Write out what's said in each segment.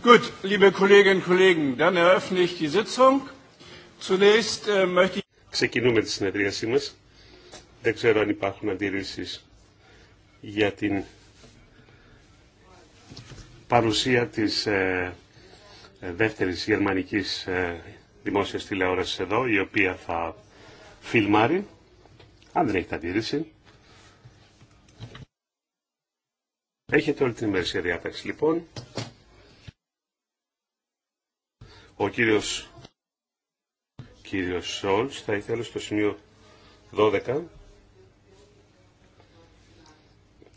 Gut, liebe Kolleginnen und Kollegen, dann eröffne ich die Sitzung. Zunächst äh, möchte ich... Ξεκινούμε τη συνεδρίασή μας. Δεν ξέρω αν υπάρχουν αντιρρήσεις για την παρουσία της ε, ε δεύτερης γερμανικής ε, δημόσιας τηλεόρασης εδώ, η οποία θα φιλμάρει. Αν δεν έχετε αντίρρηση. Έχετε όλη την ημερησία διάταξη λοιπόν. Ο κύριος, κύριος Σόλτς θα ήθελε στο σημείο 12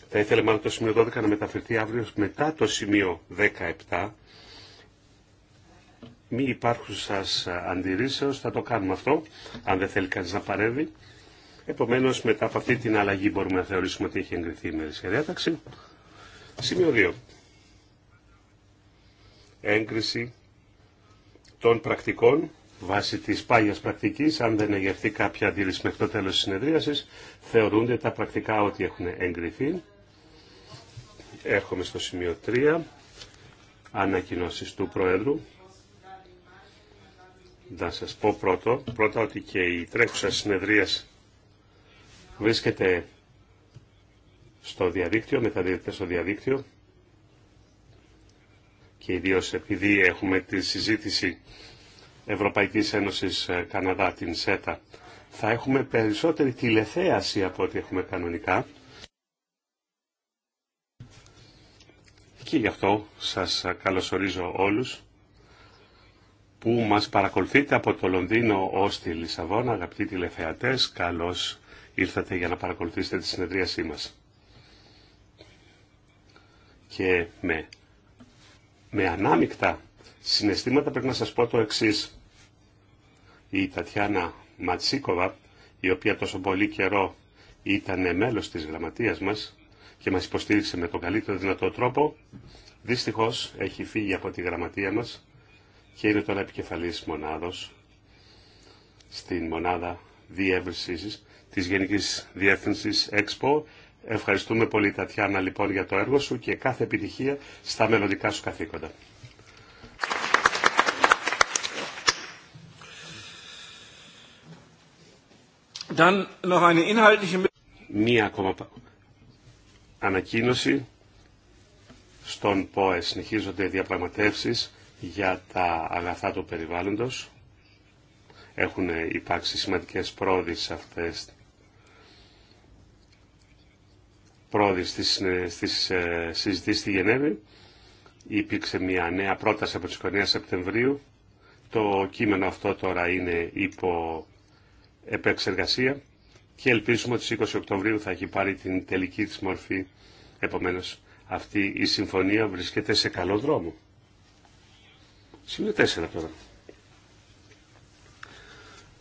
θα ήθελε μάλλον το σημείο 12 να μεταφερθεί αύριο μετά το σημείο 17 μη υπάρχουν σας αντιρρήσεως, θα το κάνουμε αυτό, αν δεν θέλει κανείς να παρεύει. Επομένως, μετά από αυτή την αλλαγή μπορούμε να θεωρήσουμε ότι έχει εγκριθεί η ημερήσια διάταξη. Σημείο 2. Έγκριση των πρακτικών βάσει της πάγιας πρακτικής, αν δεν εγερθεί κάποια αντίληση μέχρι το τέλος της συνεδρίασης, θεωρούνται τα πρακτικά ότι έχουν εγκριθεί. Έρχομαι στο σημείο 3, ανακοινώσεις του Προέδρου. Να σας πω πρώτο, πρώτα ότι και η τρέχουσα συνεδρίαση βρίσκεται στο διαδίκτυο, μεταδίδεται στο διαδίκτυο και ιδίω επειδή έχουμε τη συζήτηση Ευρωπαϊκής Ένωσης ε, Καναδά, την ΣΕΤΑ, θα έχουμε περισσότερη τηλεθέαση από ό,τι έχουμε κανονικά. Και γι' αυτό σας καλωσορίζω όλους που μας παρακολουθείτε από το Λονδίνο ως τη Λισαβόνα, αγαπητοί τηλεθεατές, καλώς ήρθατε για να παρακολουθήσετε τη συνεδρίασή μας. Και με με ανάμεικτα συναισθήματα πρέπει να σας πω το εξής. Η Τατιάνα Ματσίκοβα, η οποία τόσο πολύ καιρό ήταν μέλος της γραμματείας μας και μας υποστήριξε με τον καλύτερο δυνατό τρόπο, δυστυχώς έχει φύγει από τη γραμματεία μας και είναι τώρα επικεφαλής μονάδος στην μονάδα διεύρυνσης της Γενικής Διεύθυνσης expo Ευχαριστούμε πολύ Τατιάνα λοιπόν για το έργο σου και κάθε επιτυχία στα μελλοντικά σου καθήκοντα. eine inhaltliche... Μία ακόμα ανακοίνωση. Στον ΠΟΕ συνεχίζονται διαπραγματεύσεις για τα αγαθά του περιβάλλοντος. Έχουν υπάρξει σημαντικές πρόοδοι σε αυτές πρόοδη στις, ε, στις ε, συζητήσεις στη Γενέβη. Υπήρξε μια νέα πρόταση από τις 29 Σεπτεμβρίου. Το κείμενο αυτό τώρα είναι υπό επεξεργασία και ελπίζουμε ότι στις 20 Οκτωβρίου θα έχει πάρει την τελική της μορφή. Επομένως, αυτή η συμφωνία βρίσκεται σε καλό δρόμο. Σημείο 4 τώρα.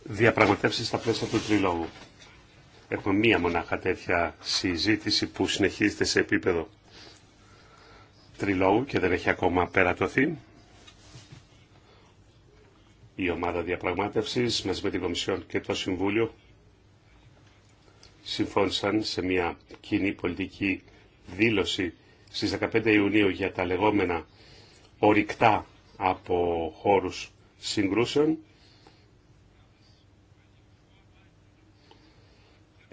Διαπραγματεύσεις στα πλαίσια του τριλόγου. Έχουμε μία μονάχα τέτοια συζήτηση που συνεχίζεται σε επίπεδο τριλόγου και δεν έχει ακόμα περατωθεί. Η ομάδα διαπραγμάτευσης μαζί με την Κομισιόν και το Συμβούλιο συμφώνησαν σε μια κοινή πολιτική δήλωση στις 15 Ιουνίου για τα λεγόμενα ορυκτά από χώρους συγκρούσεων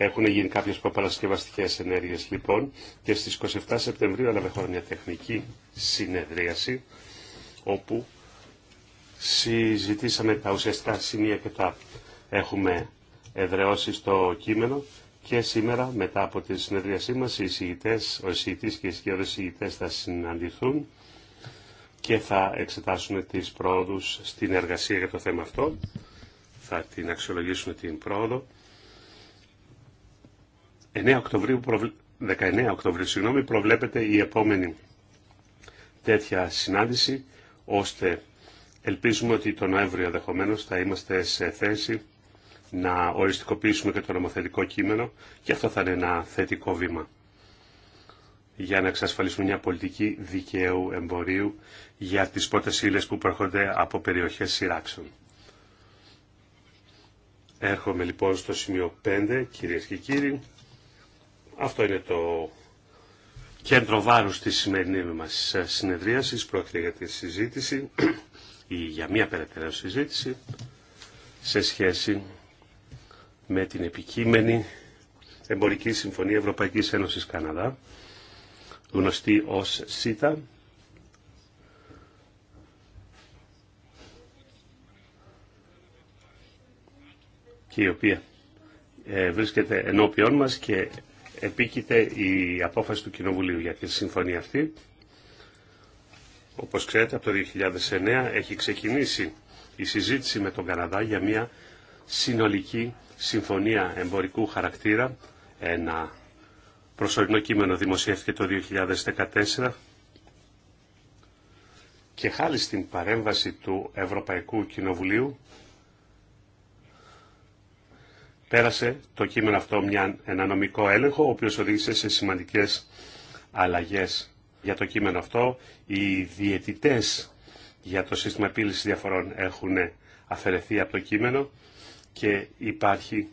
Έχουν γίνει κάποιες προπαρασκευαστικές ενέργειες λοιπόν και στις 27 Σεπτεμβρίου έλαβε χώρα μια τεχνική συνεδρίαση όπου συζητήσαμε τα ουσιαστικά σημεία και τα έχουμε εδραιώσει στο κείμενο και σήμερα μετά από τη συνεδρίασή μας οι συγητές, ο εισηγητής και οι οι εισηγητές θα συναντηθούν και θα εξετάσουν τις πρόοδους στην εργασία για το θέμα αυτό. Θα την αξιολογήσουμε την πρόοδο Οκτωβρίου, 19 Οκτωβρίου συγγνώμη, προβλέπεται η επόμενη τέτοια συνάντηση, ώστε ελπίζουμε ότι τον Νοέμβριο ενδεχομένω θα είμαστε σε θέση να οριστικοποιήσουμε και το νομοθετικό κείμενο και αυτό θα είναι ένα θετικό βήμα για να εξασφαλίσουμε μια πολιτική δικαίου εμπορίου για τις πρώτες ύλες που προέρχονται από περιοχές σειράξεων. Έρχομαι λοιπόν στο σημείο 5, κυρίες και κύριοι. Αυτό είναι το κέντρο βάρους της σημερινή μας ε, συνεδρίασης. Πρόκειται για τη συζήτηση ή για μια περαιτέρω συζήτηση σε σχέση με την επικείμενη Εμπορική Συμφωνία Ευρωπαϊκής Ένωσης Καναδά, γνωστή ως ΣΥΤΑ. και η οποία ε, βρίσκεται ενώπιόν μας και επίκειται η απόφαση του Κοινοβουλίου για τη συμφωνία αυτή. Όπως ξέρετε, από το 2009 έχει ξεκινήσει η συζήτηση με τον Καναδά για μια συνολική συμφωνία εμπορικού χαρακτήρα. Ένα προσωρινό κείμενο δημοσιεύτηκε το 2014 και χάρη στην παρέμβαση του Ευρωπαϊκού Κοινοβουλίου πέρασε το κείμενο αυτό μια, ένα νομικό έλεγχο, ο οποίος οδήγησε σε σημαντικές αλλαγές για το κείμενο αυτό. Οι διαιτητές για το σύστημα επίλυσης διαφορών έχουν αφαιρεθεί από το κείμενο και υπάρχει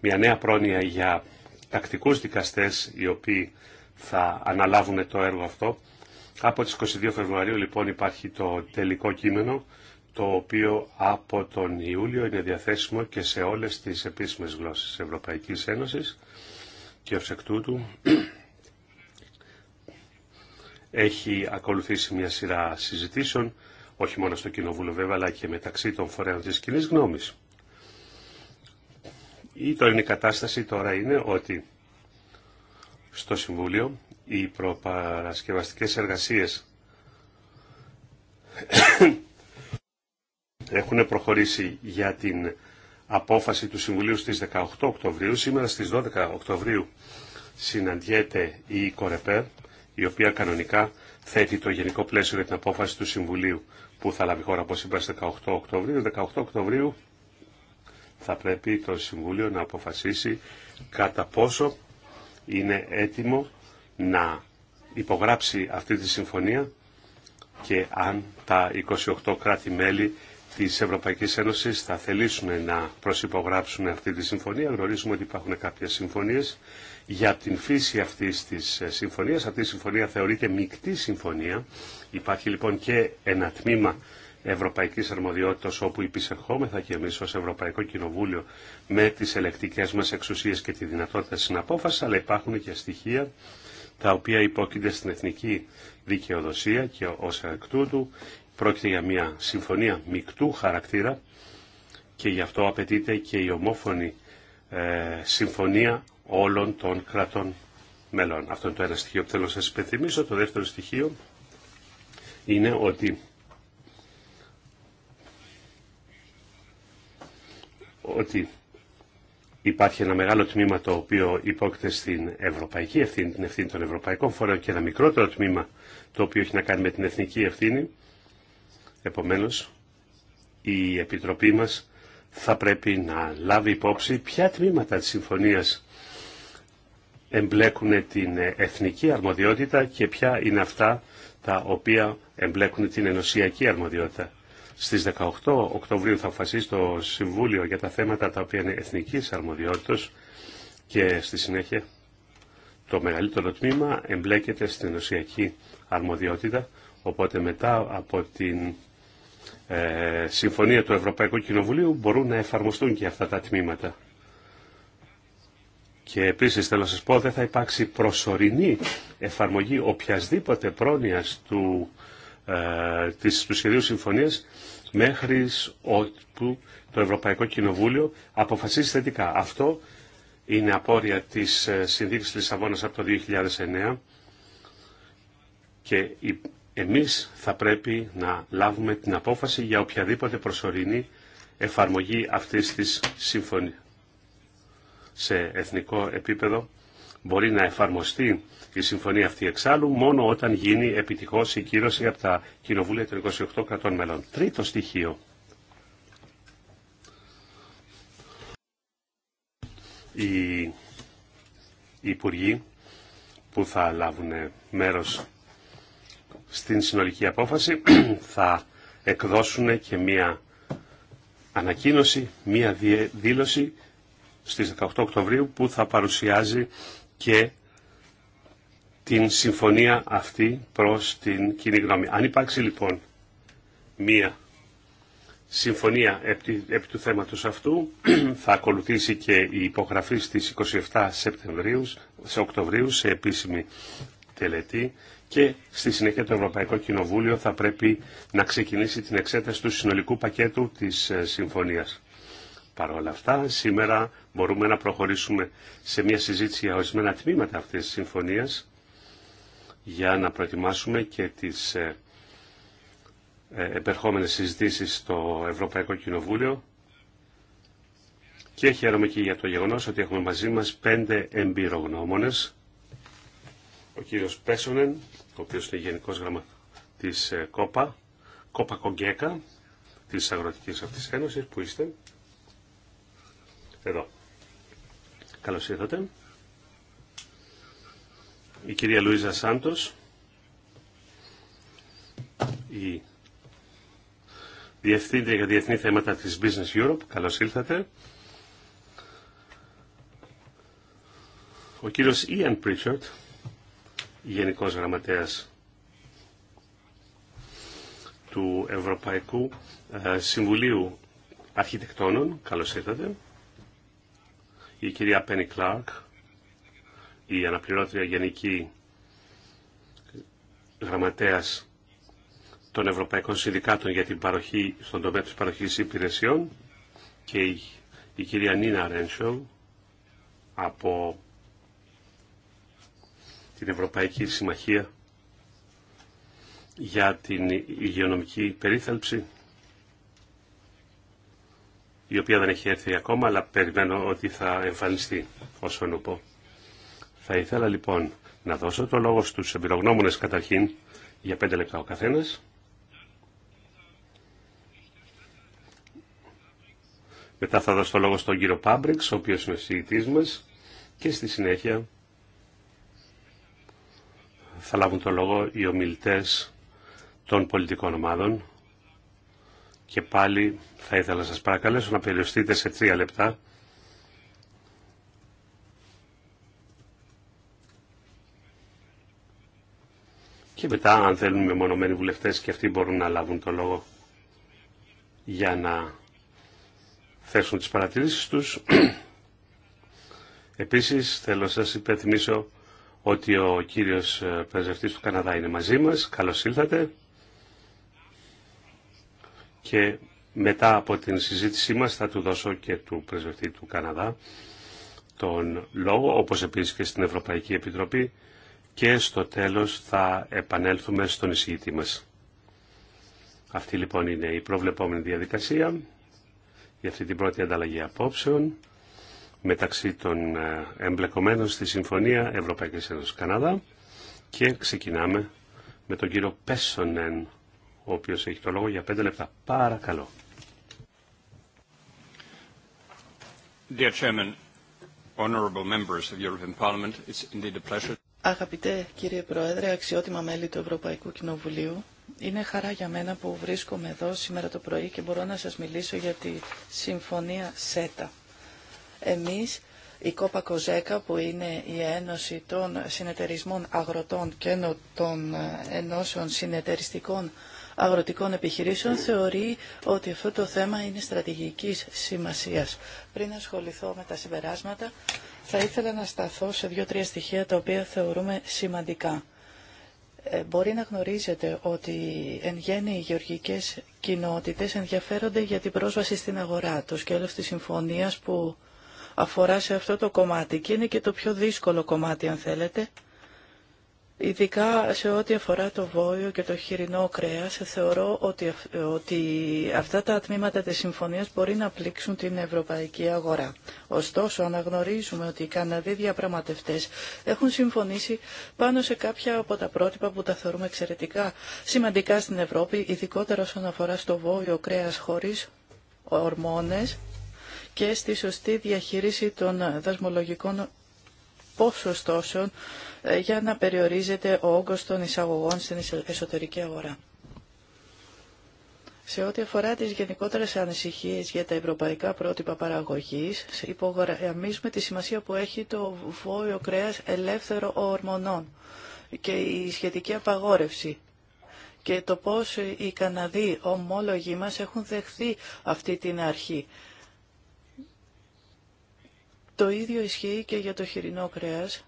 μια νέα πρόνοια για τακτικούς δικαστές οι οποίοι θα αναλάβουν το έργο αυτό. Από τις 22 Φεβρουαρίου λοιπόν υπάρχει το τελικό κείμενο το οποίο από τον Ιούλιο είναι διαθέσιμο και σε όλες τις επίσημες γλώσσες της Ευρωπαϊκής Ένωσης και ως εκ τούτου έχει ακολουθήσει μια σειρά συζητήσεων, όχι μόνο στο Κοινοβούλιο βέβαια, αλλά και μεταξύ των φορέων της κοινή γνώμης. Η τωρινή κατάσταση τώρα είναι ότι στο Συμβούλιο οι προπαρασκευαστικές εργασίες έχουν προχωρήσει για την απόφαση του Συμβουλίου στις 18 Οκτωβρίου. Σήμερα στις 12 Οκτωβρίου συναντιέται η Κορεπέρ, η οποία κανονικά θέτει το γενικό πλαίσιο για την απόφαση του Συμβουλίου που θα λάβει χώρα, όπως είπα, στις 18 Οκτωβρίου. 18 Οκτωβρίου θα πρέπει το Συμβούλιο να αποφασίσει κατά πόσο είναι έτοιμο να υπογράψει αυτή τη συμφωνία και αν τα 28 κράτη-μέλη Τη Ευρωπαϊκή Ένωση θα θελήσουν να προσυπογράψουν αυτή τη συμφωνία. Γνωρίζουμε ότι υπάρχουν κάποιες συμφωνίες για την φύση αυτής της ε, συμφωνίας. Αυτή η συμφωνία θεωρείται μεικτή συμφωνία. Υπάρχει λοιπόν και ένα τμήμα Ευρωπαϊκή αρμοδιότητα όπου υπησερχόμεθα και εμεί ω Ευρωπαϊκό Κοινοβούλιο με τι ελεκτικέ μα εξουσίε και τη δυνατότητα συναπόφαση, αλλά υπάρχουν και στοιχεία τα οποία υπόκεινται στην εθνική δικαιοδοσία και ω εκ τούτου Πρόκειται για μια συμφωνία μεικτού χαρακτήρα και γι' αυτό απαιτείται και η ομόφωνη ε, συμφωνία όλων των κρατών μέλων. Αυτό είναι το ένα στοιχείο που θέλω να σας υπενθυμίσω. Το δεύτερο στοιχείο είναι ότι, ότι υπάρχει ένα μεγάλο τμήμα το οποίο υπόκειται στην ευρωπαϊκή ευθύνη, την ευθύνη των ευρωπαϊκών φορέων και ένα μικρότερο τμήμα το οποίο έχει να κάνει με την εθνική ευθύνη Επομένως, η Επιτροπή μας θα πρέπει να λάβει υπόψη ποια τμήματα της συμφωνίας εμπλέκουν την εθνική αρμοδιότητα και ποια είναι αυτά τα οποία εμπλέκουν την ενωσιακή αρμοδιότητα. Στις 18 Οκτωβρίου θα αποφασίσει το Συμβούλιο για τα θέματα τα οποία είναι εθνικής αρμοδιότητας και στη συνέχεια το μεγαλύτερο τμήμα εμπλέκεται στην ενωσιακή αρμοδιότητα, οπότε μετά από την ε, συμφωνία του Ευρωπαϊκού Κοινοβουλίου μπορούν να εφαρμοστούν και αυτά τα τμήματα. Και επίσης θέλω να σας πω δεν θα υπάρξει προσωρινή εφαρμογή οποιασδήποτε πρόνοιας του, ε, της, του σχεδίου συμφωνίας μέχρι όπου το Ευρωπαϊκό Κοινοβούλιο αποφασίσει θετικά. Αυτό είναι απόρρια της ε, Συνδίκης Λισαβόνας από το 2009 και εμείς θα πρέπει να λάβουμε την απόφαση για οποιαδήποτε προσωρινή εφαρμογή αυτής της συμφωνίας. Σε εθνικό επίπεδο μπορεί να εφαρμοστεί η συμφωνία αυτή εξάλλου μόνο όταν γίνει επιτυχώς η κύρωση από τα κοινοβούλια των 28 κρατών μελών. Τρίτο στοιχείο. Οι υπουργοί που θα λάβουν μέρος στην συνολική απόφαση θα εκδώσουν και μία ανακοίνωση, μία δήλωση στις 18 Οκτωβρίου που θα παρουσιάζει και την συμφωνία αυτή προς την κοινή γνώμη. Αν υπάρξει λοιπόν μία συμφωνία επί, επί του θέματος αυτού, θα ακολουθήσει και η υπογραφή στις 27 Σεπτεμβρίου, σε Οκτωβρίου σε επίσημη τελετή και στη συνέχεια το Ευρωπαϊκό Κοινοβούλιο θα πρέπει να ξεκινήσει την εξέταση του συνολικού πακέτου της ε, συμφωνίας. Παρ' όλα αυτά, σήμερα μπορούμε να προχωρήσουμε σε μια συζήτηση για ορισμένα τμήματα αυτής της συμφωνίας για να προετοιμάσουμε και τις ε, ε, επερχόμενες συζητήσεις στο Ευρωπαϊκό Κοινοβούλιο και χαίρομαι και για το γεγονός ότι έχουμε μαζί μας πέντε εμπειρογνώμονες ο κύριος Πέσονεν, ο οποίος είναι γενικός γραμμα της ε, ΚΟΠΑ, ΚΟΠΑ Κογκέκα, της Αγροτικής αυτής Ένωσης, που είστε. Εδώ. Καλώς ήρθατε. Η κυρία Λουίζα Σάντος, η Διευθύντρια για Διεθνή Θέματα της Business Europe. Καλώς ήλθατε. Ο κύριος Ιαν Πρίτσορτ, Γενικός Γραμματέας του Ευρωπαϊκού ε, Συμβουλίου Αρχιτεκτόνων. Καλώς ήρθατε. Η κυρία Πένι Κλάρκ, η αναπληρώτρια Γενική Γραμματέας των Ευρωπαϊκών Συνδικάτων για την παροχή, στον τομέα της παροχής υπηρεσιών και η, κυρία Νίνα Ρένσο από την Ευρωπαϊκή Συμμαχία για την υγειονομική περίθαλψη η οποία δεν έχει έρθει ακόμα αλλά περιμένω ότι θα εμφανιστεί όσο να Θα ήθελα λοιπόν να δώσω το λόγο στους εμπειρογνώμονες καταρχήν για πέντε λεπτά ο καθένας. Μετά θα δώσω το λόγο στον κύριο Πάμπρεξ, ο οποίος είναι ο μας και στη συνέχεια θα λάβουν το λόγο οι ομιλητές των πολιτικών ομάδων και πάλι θα ήθελα να σας παρακαλέσω να περιοριστείτε σε τρία λεπτά και μετά αν θέλουν μεμονωμένοι βουλευτές και αυτοί μπορούν να λάβουν το λόγο για να θέσουν τις παρατηρήσεις τους. Επίσης θέλω να σας υπενθυμίσω ότι ο κύριος ε, πρεσβευτής του Καναδά είναι μαζί μας. Καλώς ήλθατε. Και μετά από την συζήτησή μας θα του δώσω και του πρεσβευτή του Καναδά τον λόγο, όπως επίσης και στην Ευρωπαϊκή Επιτροπή και στο τέλος θα επανέλθουμε στον εισηγητή μας. Αυτή λοιπόν είναι η προβλεπόμενη διαδικασία για αυτή την πρώτη ανταλλαγή απόψεων μεταξύ των ε, εμπλεκομένων στη Συμφωνία Ευρωπαϊκής Ένωσης Καναδά και ξεκινάμε με τον κύριο Πέσονεν, ο οποίος έχει το λόγο για πέντε λεπτά. Παρακαλώ. Dear Chairman, members of the European Parliament, it's indeed a pleasure. Αγαπητέ κύριε Πρόεδρε, αξιότιμα μέλη του Ευρωπαϊκού Κοινοβουλίου, είναι χαρά για μένα που βρίσκομαι εδώ σήμερα το πρωί και μπορώ να σας μιλήσω για τη Συμφωνία ΣΕΤΑ εμείς η ΚΟΠΑ ΚΟΖΕΚΑ που είναι η Ένωση των Συνεταιρισμών Αγροτών και των ε, Ενώσεων Συνεταιριστικών Αγροτικών Επιχειρήσεων θεωρεί ότι αυτό το θέμα είναι στρατηγικής σημασίας. Πριν ασχοληθώ με τα συμπεράσματα θα ήθελα να σταθώ σε δύο-τρία στοιχεία τα οποία θεωρούμε σημαντικά. Ε, μπορεί να γνωρίζετε ότι εν γέννη οι γεωργικές κοινότητες ενδιαφέρονται για την πρόσβαση στην αγορά. Το της συμφωνίας που αφορά σε αυτό το κομμάτι και είναι και το πιο δύσκολο κομμάτι αν θέλετε. Ειδικά σε ό,τι αφορά το βόλιο και το χοιρινό κρέας, θεωρώ ότι, αυτά τα τμήματα της συμφωνίας μπορεί να πλήξουν την ευρωπαϊκή αγορά. Ωστόσο, αναγνωρίζουμε ότι οι Καναδοί διαπραγματευτές έχουν συμφωνήσει πάνω σε κάποια από τα πρότυπα που τα θεωρούμε εξαιρετικά σημαντικά στην Ευρώπη, ειδικότερα όσον αφορά στο βόλιο κρέας χωρίς ορμόνες, και στη σωστή διαχείριση των δασμολογικών ποσοστώσεων ε, για να περιορίζεται ο όγκος των εισαγωγών στην εσωτερική αγορά. Σε ό,τι αφορά τις γενικότερες ανησυχίες για τα ευρωπαϊκά πρότυπα παραγωγής, υπογραμμίζουμε τη σημασία που έχει το βόλιο κρέας ελεύθερο ορμονών και η σχετική απαγόρευση και το πώς οι Καναδοί ομόλογοι μας έχουν δεχθεί αυτή την αρχή το ίδιο ισχύει και για το χοιρινό κρέας,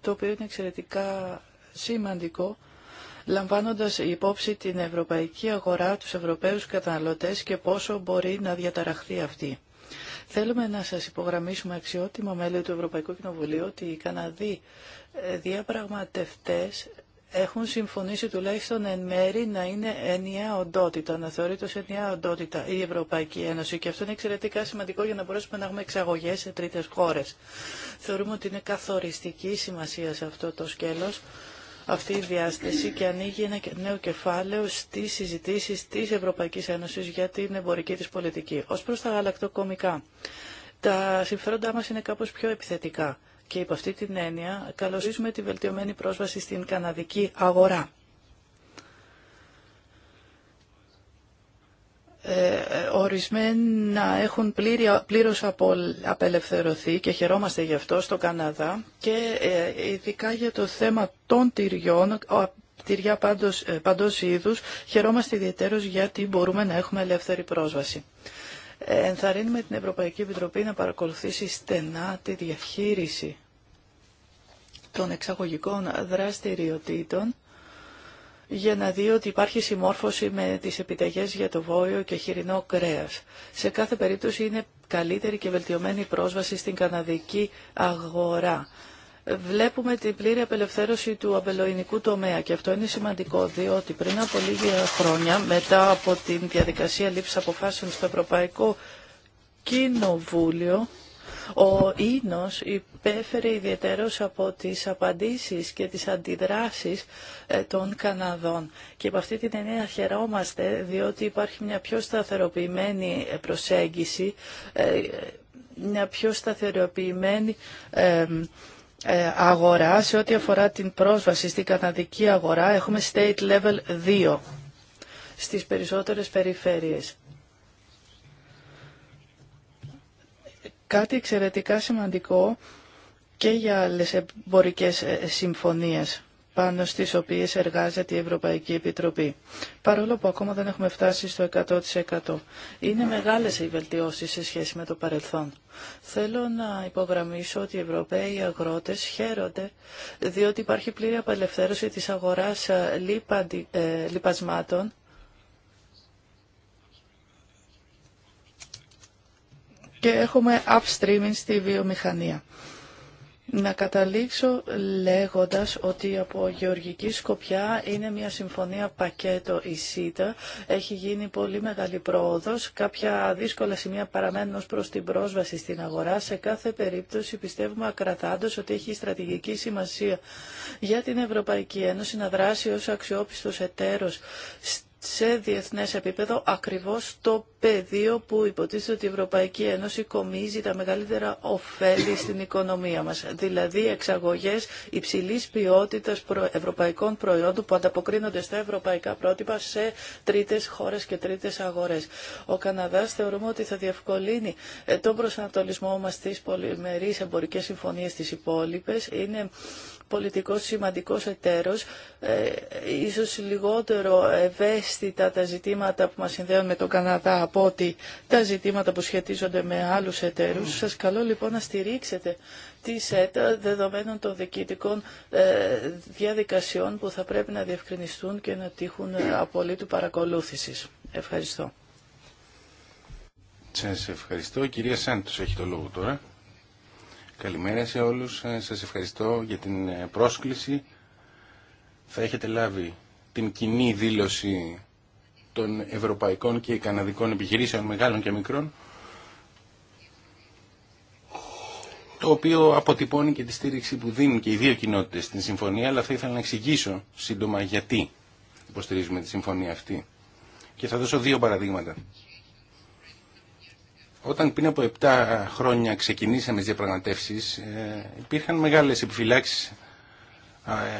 το οποίο είναι εξαιρετικά σημαντικό, λαμβάνοντας υπόψη την ευρωπαϊκή αγορά, τους ευρωπαίους καταναλωτές και πόσο μπορεί να διαταραχθεί αυτή. Θέλουμε να σας υπογραμμίσουμε αξιότιμο μέλη του Ευρωπαϊκού Κοινοβουλίου ότι οι Καναδοί ε, διαπραγματευτές έχουν συμφωνήσει τουλάχιστον εν μέρη να είναι ενιαία οντότητα, να θεωρείται ως ενιαία οντότητα η Ευρωπαϊκή Ένωση και αυτό είναι εξαιρετικά σημαντικό για να μπορέσουμε να έχουμε εξαγωγέ σε τρίτε χώρε. Θεωρούμε ότι είναι καθοριστική σημασία σε αυτό το σκέλο, αυτή η διάσταση και ανοίγει ένα νέο κεφάλαιο στι συζητήσει τη Ευρωπαϊκή Ένωση για την εμπορική τη πολιτική. Ω προ τα γαλακτοκομικά, τα συμφέροντά μα είναι κάπω πιο επιθετικά. Και υπό αυτή την έννοια καλωσορίζουμε τη βελτιωμένη πρόσβαση στην καναδική αγορά. Ε, ορισμένα έχουν πλήρη, πλήρως απελευθερωθεί και χαιρόμαστε γι' αυτό στο Καναδά και ε, ειδικά για το θέμα των τυριών, τυριά πάντως, ε, παντός είδους, χαιρόμαστε ιδιαίτερως γιατί μπορούμε να έχουμε ελεύθερη πρόσβαση ενθαρρύνουμε την Ευρωπαϊκή Επιτροπή να παρακολουθήσει στενά τη διαχείριση των εξαγωγικών δραστηριοτήτων για να δει ότι υπάρχει συμμόρφωση με τις επιταγές για το βόλιο και χοιρινό κρέας. Σε κάθε περίπτωση είναι καλύτερη και βελτιωμένη πρόσβαση στην καναδική αγορά βλέπουμε την πλήρη απελευθέρωση του αμπελοϊνικού τομέα και αυτό είναι σημαντικό διότι πριν από λίγα χρόνια μετά από την διαδικασία λήψης αποφάσεων στο Ευρωπαϊκό Κοινοβούλιο ο Ίνος υπέφερε ιδιαίτερος από τις απαντήσεις και τις αντιδράσεις ε, των Καναδών. Και από αυτή την ενέα χαιρόμαστε, διότι υπάρχει μια πιο σταθεροποιημένη προσέγγιση, ε, μια πιο σταθεροποιημένη ε, ε, αγορά, σε ό,τι αφορά την πρόσβαση στην καναδική αγορά, έχουμε state level 2 στις περισσότερες περιφέρειες. Κάτι εξαιρετικά σημαντικό και για άλλες εμπορικές ε, συμφωνίες πάνω στις οποίες εργάζεται η Ευρωπαϊκή Επιτροπή. Παρόλο που ακόμα δεν έχουμε φτάσει στο 100%. Είναι μεγάλες οι βελτιώσεις σε σχέση με το παρελθόν. Θέλω να υπογραμμίσω ότι οι Ευρωπαίοι αγρότες χαίρονται διότι υπάρχει πλήρη απελευθέρωση της αγοράς ε, ε, λιπασμάτων και έχουμε upstreaming στη βιομηχανία. Να καταλήξω λέγοντας ότι από γεωργική σκοπιά είναι μια συμφωνία πακέτο η ΣΥΤΑ. Έχει γίνει πολύ μεγάλη πρόοδος. Κάποια δύσκολα σημεία παραμένουν ως προς την πρόσβαση στην αγορά. Σε κάθε περίπτωση πιστεύουμε ακρατάντως ότι έχει στρατηγική σημασία για την Ευρωπαϊκή Ένωση να δράσει ως αξιόπιστος εταίρος σε διεθνές επίπεδο ακριβώς το πεδίο που υποτίθεται ότι η Ευρωπαϊκή Ένωση κομίζει τα μεγαλύτερα ωφέλη στην οικονομία μας. Δηλαδή εξαγωγές υψηλής ποιότητας ευρωπαϊκών προϊόντων που ανταποκρίνονται στα ευρωπαϊκά πρότυπα σε τρίτες χώρες και τρίτες αγορές. Ο Καναδάς θεωρούμε ότι θα διευκολύνει ε, τον προσανατολισμό μας στις πολυμερείς εμπορικές συμφωνίες στις υπόλοιπε πολιτικός σημαντικός εταίρος, ε, ίσως λιγότερο ευαίσθητα τα ζητήματα που μας συνδέουν με τον Καναδά από ότι τα ζητήματα που σχετίζονται με άλλους εταίρους. Mm. Σας καλώ λοιπόν να στηρίξετε τη ΣΕΤΑ δεδομένων των διοικητικών ε, διαδικασιών που θα πρέπει να διευκρινιστούν και να τύχουν απολύτου παρακολούθησης. Ευχαριστώ. Σας ευχαριστώ. Η κυρία Σάντους έχει το λόγο τώρα. Καλημέρα σε όλους. Ε, σας ευχαριστώ για την ε, πρόσκληση. Θα έχετε λάβει την κοινή δήλωση των ευρωπαϊκών και καναδικών επιχειρήσεων μεγάλων και μικρών το οποίο αποτυπώνει και τη στήριξη που δίνουν και οι δύο κοινότητες στην συμφωνία αλλά θα ήθελα να εξηγήσω σύντομα γιατί υποστηρίζουμε τη συμφωνία αυτή και θα δώσω δύο παραδείγματα όταν πριν από 7 χρόνια ξεκινήσαμε τις διαπραγματεύσεις, ε, υπήρχαν μεγάλες επιφυλάξεις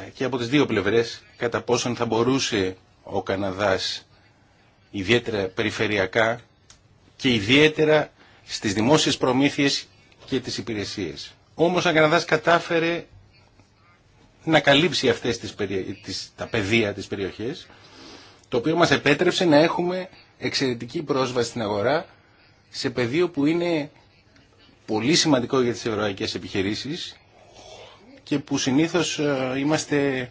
ε, και από τις δύο πλευρές κατά πόσον θα μπορούσε ο Καναδάς ιδιαίτερα περιφερειακά και ιδιαίτερα στις δημόσιες προμήθειες και τις υπηρεσίες. Όμως ο Καναδάς κατάφερε να καλύψει αυτές τις, τα πεδία της περιοχή το οποίο μας επέτρεψε να έχουμε εξαιρετική πρόσβαση στην αγορά σε πεδίο που είναι πολύ σημαντικό για τις ευρωπαϊκές επιχειρήσεις και που συνήθως ε, είμαστε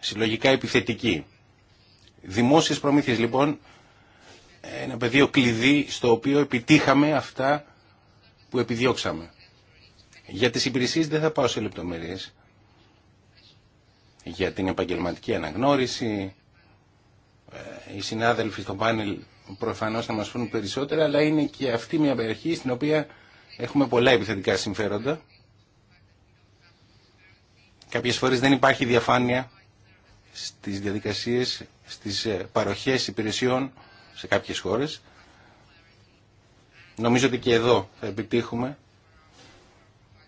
συλλογικά επιθετικοί. Δημόσιες προμήθειες λοιπόν, ένα πεδίο κλειδί στο οποίο επιτύχαμε αυτά που επιδιώξαμε. Για τις υπηρεσίες δεν θα πάω σε λεπτομέρειες. Για την επαγγελματική αναγνώριση, ε, οι συνάδελφοι στο πάνελ προφανώς θα μας φούν περισσότερα, αλλά είναι και αυτή μια περιοχή στην οποία έχουμε πολλά επιθετικά συμφέροντα. Κάποιες φορές δεν υπάρχει διαφάνεια στις διαδικασίες, στις ε, παροχές υπηρεσιών σε κάποιες χώρες. Νομίζω ότι και εδώ θα επιτύχουμε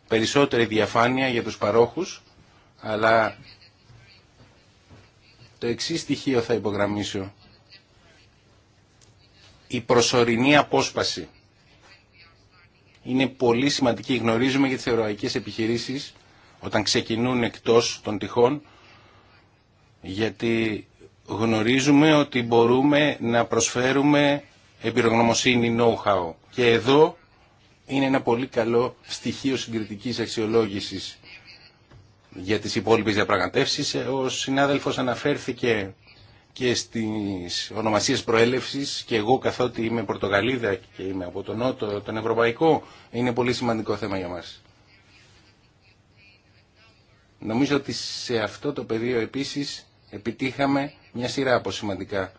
περισσότερη διαφάνεια για τους παρόχους, αλλά το εξής στοιχείο θα υπογραμμίσω η προσωρινή απόσπαση είναι πολύ σημαντική. Γνωρίζουμε για τις ευρωπαϊκές επιχειρήσεις όταν ξεκινούν εκτός των τυχών γιατί γνωρίζουμε ότι μπορούμε να προσφέρουμε εμπειρογνωμοσύνη know-how. Και εδώ είναι ένα πολύ καλό στοιχείο συγκριτικής αξιολόγησης για τις υπόλοιπες διαπραγματεύσεις. Ο συνάδελφος αναφέρθηκε και στις ονομασίες προέλευσης και εγώ καθότι είμαι Πορτογαλίδα και είμαι από τον Νότο, τον Ευρωπαϊκό, είναι πολύ σημαντικό θέμα για μας. Νομίζω ότι σε αυτό το πεδίο επίσης επιτύχαμε μια σειρά από σημαντικά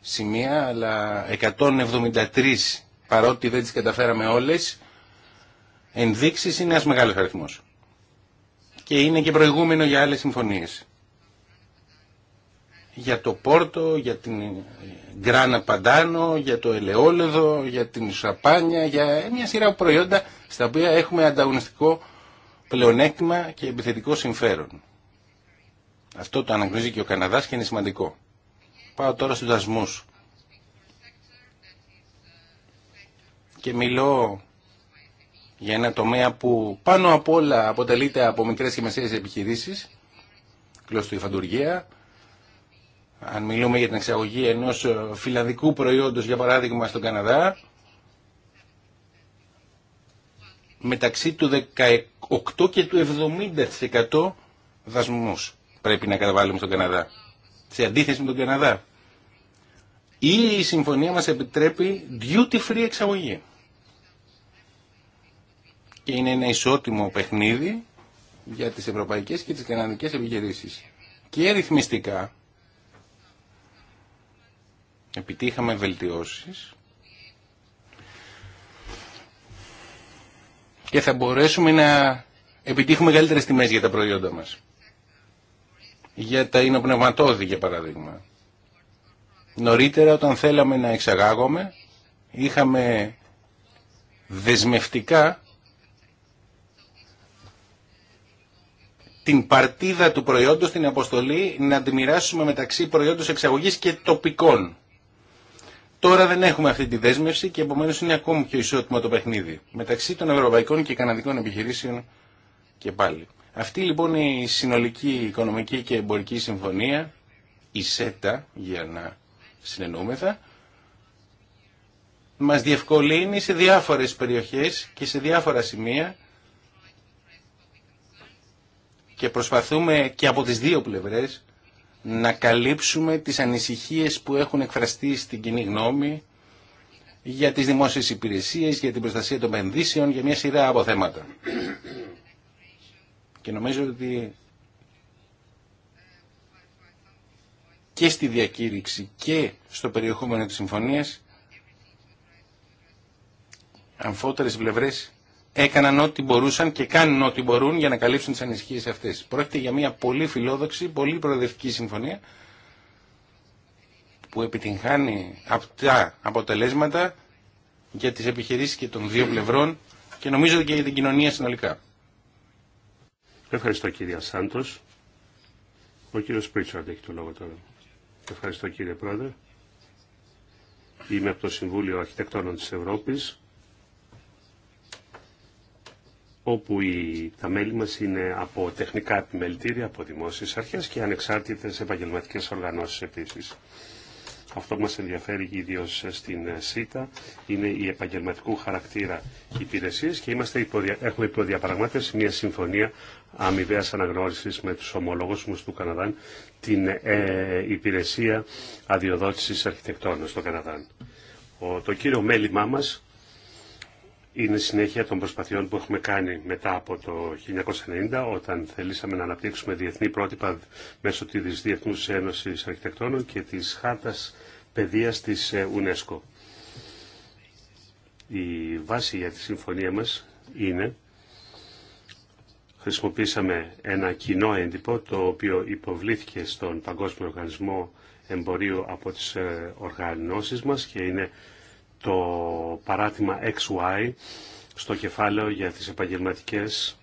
σημεία, αλλά 173 παρότι δεν τις καταφέραμε όλες, ενδείξεις είναι ένας μεγάλος αριθμός. Και είναι και προηγούμενο για άλλες συμφωνίες για το Πόρτο, για την Γκράνα Παντάνο, για το ελαιόλεδο... για την Σαπάνια, για μια σειρά προϊόντα στα οποία έχουμε ανταγωνιστικό πλεονέκτημα και επιθετικό συμφέρον. Αυτό το αναγνωρίζει και ο Καναδάς και είναι σημαντικό. Πάω τώρα στους δασμούς. Και μιλώ για ένα τομέα που πάνω απ' όλα αποτελείται από μικρές και μεσαίες επιχειρήσεις, κλωστοϊφαντουργία, αν μιλούμε για την εξαγωγή ενός ε, φιλανδικού προϊόντος, για παράδειγμα, στον Καναδά, μεταξύ του 18 και του 70% δασμούς πρέπει να καταβάλουμε στον Καναδά. Σε αντίθεση με τον Καναδά. Ή η συμφωνία μας επιτρέπει duty free εξαγωγή. Και είναι ένα ισότιμο παιχνίδι για τις ευρωπαϊκές και τις καναδικές επιχειρήσεις. Και ρυθμιστικά επιτύχαμε βελτιώσεις και θα μπορέσουμε να επιτύχουμε καλύτερες τιμές για τα προϊόντα μας. Για τα είναι για παράδειγμα. Νωρίτερα, όταν θέλαμε να εξαγάγουμε, είχαμε δεσμευτικά την παρτίδα του προϊόντος, την αποστολή, να τη μοιράσουμε μεταξύ προϊόντος εξαγωγής και τοπικών Τώρα δεν έχουμε αυτή τη δέσμευση και επομένως είναι ακόμη πιο ισότιμο το παιχνίδι μεταξύ των ευρωπαϊκών και καναδικών επιχειρήσεων και πάλι. Αυτή λοιπόν η συνολική οικονομική και εμπορική συμφωνία, η ΣΕΤΑ για να συνεννοούμεθα, μας διευκολύνει σε διάφορες περιοχές και σε διάφορα σημεία και προσπαθούμε και από τις δύο πλευρές να καλύψουμε τις ανησυχίες που έχουν εκφραστεί στην κοινή γνώμη για τις δημόσιες υπηρεσίες, για την προστασία των επενδύσεων, για μια σειρά από θέματα. Και νομίζω ότι και στη διακήρυξη και στο περιεχόμενο της συμφωνίας αμφότερες πλευρές έκαναν ό,τι μπορούσαν και κάνουν ό,τι μπορούν για να καλύψουν τις ανησυχίες αυτές. Πρόκειται για μια πολύ φιλόδοξη, πολύ προοδευτική συμφωνία που επιτυγχάνει αυτά αποτελέσματα για τις επιχειρήσεις και των δύο πλευρών και νομίζω και για την κοινωνία συνολικά. Ευχαριστώ κύριε Σάντος. Ο κύριος Πρίτσαρντ έχει το λόγο τώρα. Ευχαριστώ κύριε Πρόεδρε. Είμαι από το Συμβούλιο Αρχιτεκτόνων της Ευρώπης όπου τα μέλη μας είναι από τεχνικά επιμελητήρια, από δημόσιες αρχές και ανεξάρτητες επαγγελματικές οργανώσεις επίσης. Αυτό που μας ενδιαφέρει ιδίω στην ΣΥΤΑ είναι η επαγγελματικού χαρακτήρα υπηρεσίες και είμαστε υποδια... έχουμε υποδιαπραγμάτευση μια συμφωνία αμοιβαίας αναγνώρισης με τους ομολόγους μου του Καναδά την ε, υπηρεσία αδειοδότησης αρχιτεκτών στο Καναδά. Ο, το κύριο μέλημά μας είναι συνέχεια των προσπαθειών που έχουμε κάνει μετά από το 1990 όταν θελήσαμε να αναπτύξουμε διεθνή πρότυπα μέσω της Διεθνούς Ένωσης Αρχιτεκτόνων και της Χάρτας Παιδείας της ε, UNESCO. Η βάση για τη συμφωνία μας είναι χρησιμοποίησαμε ένα κοινό έντυπο το οποίο υποβλήθηκε στον Παγκόσμιο Οργανισμό Εμπορίου από τις ε, οργανώσεις μας και είναι το παράδειγμα XY στο κεφάλαιο για τις επαγγελματικές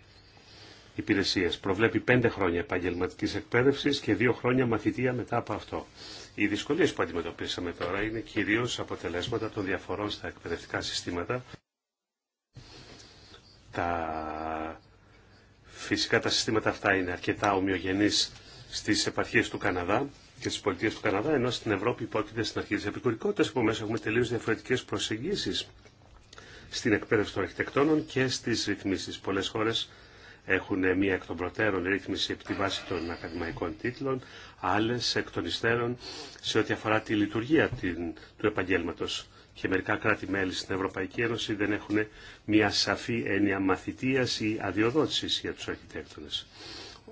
υπηρεσίες. Προβλέπει πέντε χρόνια επαγγελματικής εκπαίδευσης και δύο χρόνια μαθητεία μετά από αυτό. Οι δυσκολίες που αντιμετωπίσαμε τώρα είναι κυρίως αποτελέσματα των διαφορών στα εκπαιδευτικά συστήματα. Τα... Φυσικά τα συστήματα αυτά είναι αρκετά ομοιογενείς στις επαρχίες του Καναδά και τι πολιτείε του Καναδά, ενώ στην Ευρώπη υπόκειται στην αρχή της επικουρικότητας, επομένως έχουμε τελείω διαφορετικέ προσεγγίσει στην εκπαίδευση των αρχιτεκτόνων και στι ρυθμίσει. Πολλέ χώρε έχουν μία εκ των προτέρων ρύθμιση επί τη βάση των ακαδημαϊκών τίτλων, άλλε εκ των υστέρων σε ό,τι αφορά τη λειτουργία του επαγγελματό. Και μερικά κράτη-μέλη στην Ευρωπαϊκή Ένωση δεν έχουν μία σαφή έννοια μαθητία ή αδειοδότηση για του αρχιτέκτονε.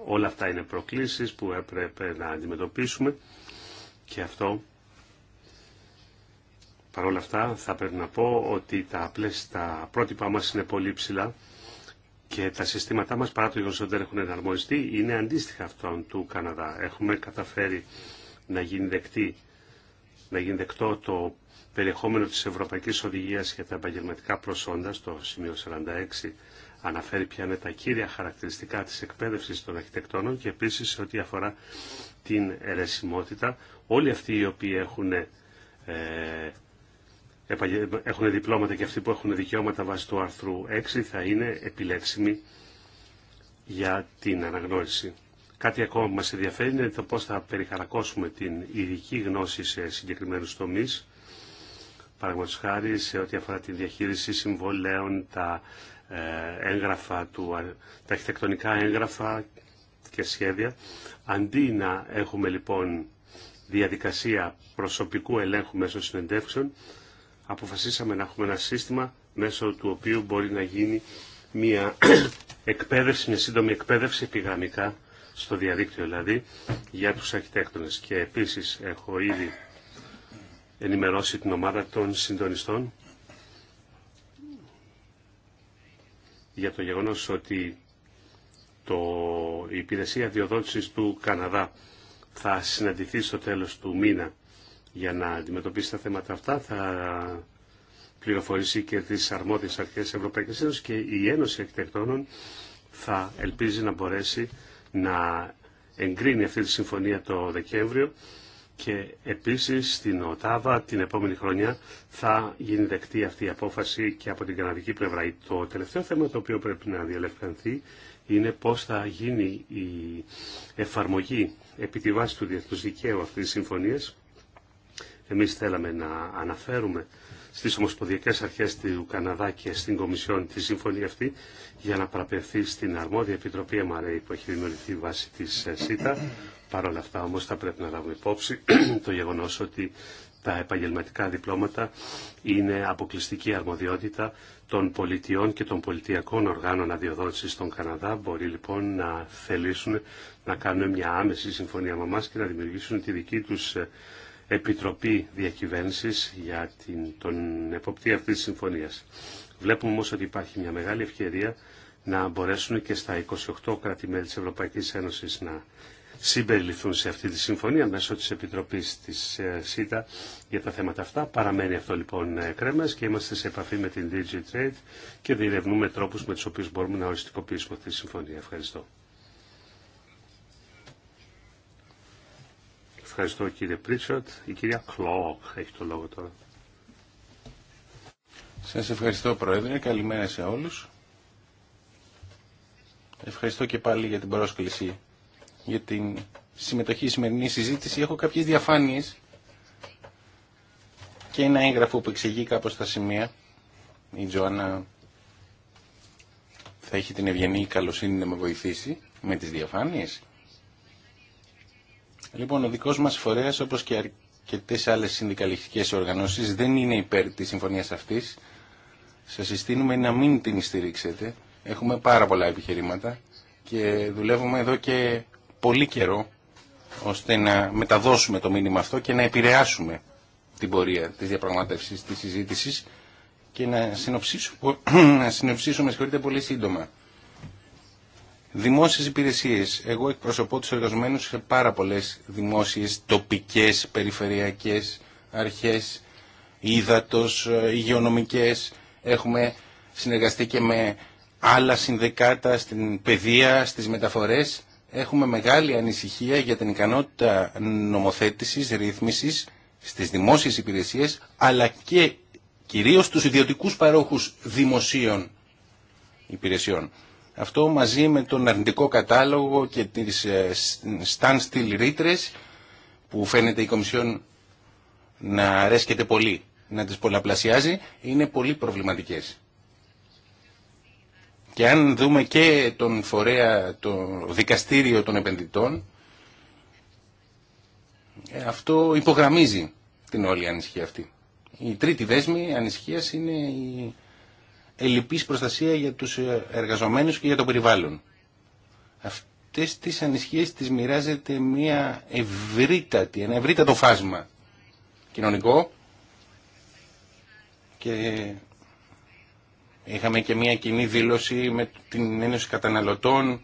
Όλα αυτά είναι προκλήσεις που έπρεπε να αντιμετωπίσουμε και αυτό παρόλα αυτά θα πρέπει να πω ότι τα, πλαίσια, τα πρότυπά μας είναι πολύ ψηλά και τα συστήματά μας παρά το γεγονός ότι δεν έχουν εναρμοστεί είναι αντίστοιχα αυτών του Καναδά. Έχουμε καταφέρει να γίνει, δεκτή, να γίνει δεκτό το περιεχόμενο της Ευρωπαϊκής Οδηγίας για τα επαγγελματικά προσόντα στο σημείο 46 αναφέρει ποια είναι τα κύρια χαρακτηριστικά της εκπαίδευσης των αρχιτεκτόνων και επίσης σε ό,τι αφορά την ερεσιμότητα. Όλοι αυτοί οι οποίοι έχουν, ε, έχουν διπλώματα και αυτοί που έχουν δικαιώματα βάσει του άρθρου 6 θα είναι επιλέξιμοι για την αναγνώριση. Κάτι ακόμα που μας ενδιαφέρει είναι το πώς θα περιχαρακώσουμε την ειδική γνώση σε συγκεκριμένους τομείς. Παραγματικά χάρη σε ό,τι αφορά τη διαχείριση συμβολέων, τα ε, έγγραφα, του, τα αρχιτεκτονικά έγγραφα και σχέδια. Αντί να έχουμε λοιπόν διαδικασία προσωπικού ελέγχου μέσω συνεντεύξεων, αποφασίσαμε να έχουμε ένα σύστημα μέσω του οποίου μπορεί να γίνει μια εκπαίδευση, μια σύντομη εκπαίδευση επιγραμμικά στο διαδίκτυο δηλαδή για τους αρχιτέκτονες. Και επίσης έχω ήδη ενημερώσει την ομάδα των συντονιστών για το γεγονός ότι το, η υπηρεσία διοδότησης του Καναδά θα συναντηθεί στο τέλος του μήνα για να αντιμετωπίσει τα θέματα αυτά. Θα πληροφορήσει και τις αρμόδιες αρχές τη Ευρωπαϊκής Ένωσης και η Ένωση Εκτεκτώνων θα ελπίζει να μπορέσει να εγκρίνει αυτή τη συμφωνία το Δεκέμβριο και επίσης στην ΟΤΑΒΑ την επόμενη χρονιά θα γίνει δεκτή αυτή η απόφαση και από την καναδική πλευρά. Το τελευταίο θέμα το οποίο πρέπει να διαλευκανθεί είναι πώς θα γίνει η εφαρμογή επί τη βάση του διεθνούς δικαίου αυτής της συμφωνίας. Εμείς θέλαμε να αναφέρουμε Στι Ομοσπονδιακέ αρχέ του Καναδά και στην Κομισιόν τη σύμφωνη αυτή για να παραπευθεί στην αρμόδια Επιτροπή MRA που έχει δημιουργηθεί βάσει τη ε, ΣΥΤΑ. Παρ' όλα αυτά όμω θα πρέπει να λάβουμε υπόψη το γεγονό ότι τα επαγγελματικά διπλώματα είναι αποκλειστική αρμοδιότητα των πολιτιών και των πολιτιακών οργάνων αδειοδότησης στον Καναδά. Μπορεί λοιπόν να θελήσουν να κάνουν μια άμεση συμφωνία με εμά και να δημιουργήσουν τη δική τους ε, Επιτροπή Διακυβέρνησης για την, τον εποπτεία αυτής της συμφωνίας. Βλέπουμε όμως ότι υπάρχει μια μεγάλη ευκαιρία να μπορέσουν και στα 28 κράτη-μέλη της Ευρωπαϊκής Ένωσης να συμπεριληφθούν σε αυτή τη συμφωνία μέσω της Επιτροπής της ε, ΣΥΤΑ για τα θέματα αυτά. Παραμένει αυτό λοιπόν ε, κρέμας και είμαστε σε επαφή με την Trade και διερευνούμε τρόπους με τους οποίους μπορούμε να οριστικοποιήσουμε αυτή τη συμφωνία. Ευχαριστώ. Ευχαριστώ κύριε Πρίτσοτ. Η κυρία Κλόκ έχει το λόγο τώρα. Σας ευχαριστώ Πρόεδρε. Καλημέρα σε όλους. Ευχαριστώ και πάλι για την πρόσκληση, για την συμμετοχή σημερινή συζήτηση. Έχω κάποιες διαφάνειες και ένα έγγραφο που εξηγεί κάπως τα σημεία. Η Τζοάννα θα έχει την ευγενή καλοσύνη να με βοηθήσει με τις διαφάνειες. Λοιπόν, ο δικός μας φορέας, όπως και αρκετέ άλλες συνδικαλιστικές οργανώσεις, δεν είναι υπέρ τη συμφωνία αυτή. Σα συστήνουμε να μην την στηρίξετε. Έχουμε πάρα πολλά επιχειρήματα και δουλεύουμε εδώ και πολύ καιρό ώστε να μεταδώσουμε το μήνυμα αυτό και να επηρεάσουμε την πορεία της διαπραγματεύσης, της συζήτησης και να συνοψίσουμε, να συνοψίσουμε πολύ σύντομα Δημόσιες υπηρεσίες. Εγώ εκπροσωπώ τους εργαζομένους σε πάρα πολλές δημόσιες, τοπικές, περιφερειακές αρχές, ύδατο, ε, υγειονομικέ, Έχουμε συνεργαστεί και με άλλα συνδεκάτα στην παιδεία, στις μεταφορές. Έχουμε μεγάλη ανησυχία για την ικανότητα νομοθέτησης, ρύθμιση στις δημόσιες υπηρεσίες, αλλά και κυρίω στου ιδιωτικού παρόχους δημοσίων υπηρεσιών. Αυτό μαζί με τον αρνητικό κατάλογο και τις ε, standstill ρήτρες που φαίνεται η Κομισιόν να αρέσκεται πολύ, να τις πολλαπλασιάζει, είναι πολύ προβληματικές. Και αν δούμε και τον φορέα, το δικαστήριο των επενδυτών, ε, αυτό υπογραμμίζει την όλη ανησυχία αυτή. Η τρίτη δέσμη ανησυχίας είναι η ελλειπής προστασία για τους ε, εργαζομένους και για το περιβάλλον. Αυτές τις ανισχύες τις μοιράζεται μια ευρύτατη, ένα ευρύτατο φάσμα κοινωνικό και είχαμε και μια κοινή δήλωση με την Ένωση Καταναλωτών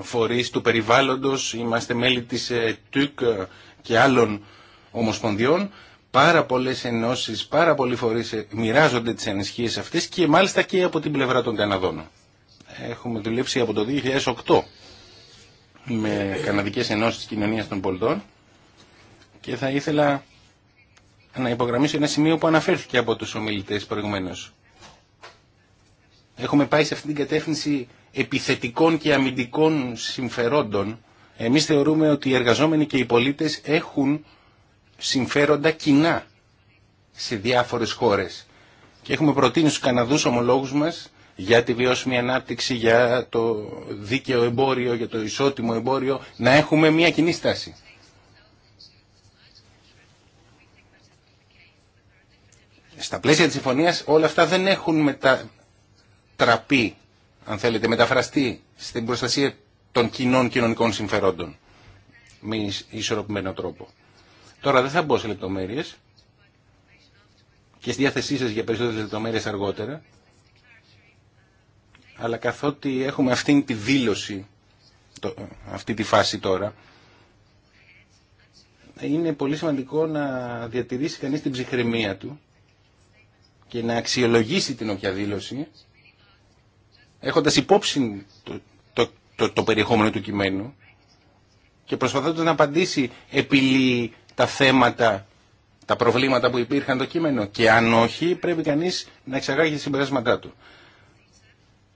φορείς του περιβάλλοντος, είμαστε μέλη της ε, ΤΟΥΚ ε, και άλλων ομοσπονδιών πάρα πολλές ενώσεις, πάρα πολλοί φορείς ε, μοιράζονται τις ανησυχίες αυτές και μάλιστα και από την πλευρά των Καναδών. Έχουμε δουλέψει από το 2008 με Καναδικές Ενώσεις Κοινωνίας των Πολιτών και θα ήθελα να υπογραμμίσω ένα σημείο που αναφέρθηκε από τους ομιλητές προηγουμένως. Έχουμε πάει σε αυτή την κατεύθυνση επιθετικών και αμυντικών συμφερόντων. Εμείς θεωρούμε ότι οι εργαζόμενοι και οι πολίτες έχουν συμφέροντα κοινά σε διάφορες χώρες. Και έχουμε προτείνει στους Καναδούς ομολόγους μας για τη βιώσιμη ανάπτυξη, για το δίκαιο εμπόριο, για το ισότιμο εμπόριο, να έχουμε μια κοινή στάση. Στα πλαίσια της συμφωνίας όλα αυτά δεν έχουν μετατραπεί, αν θέλετε, μεταφραστεί στην προστασία των κοινών κοινωνικών συμφερόντων με ισορροπημένο τρόπο. Τώρα δεν θα μπω σε λεπτομέρειες και στη διάθεσή σας για περισσότερες λεπτομέρειες αργότερα, αλλά καθότι έχουμε αυτήν τη δήλωση, αυτή τη φάση τώρα, είναι πολύ σημαντικό να διατηρήσει κανείς την ψυχραιμία του και να αξιολογήσει την όποια δήλωση, έχοντας υπόψη το, το, το, περιεχόμενο του κειμένου και προσπαθώντας να απαντήσει επί τα θέματα, τα προβλήματα που υπήρχαν το κείμενο και αν όχι πρέπει κανείς να εξαγάγει τα συμπεράσματά του.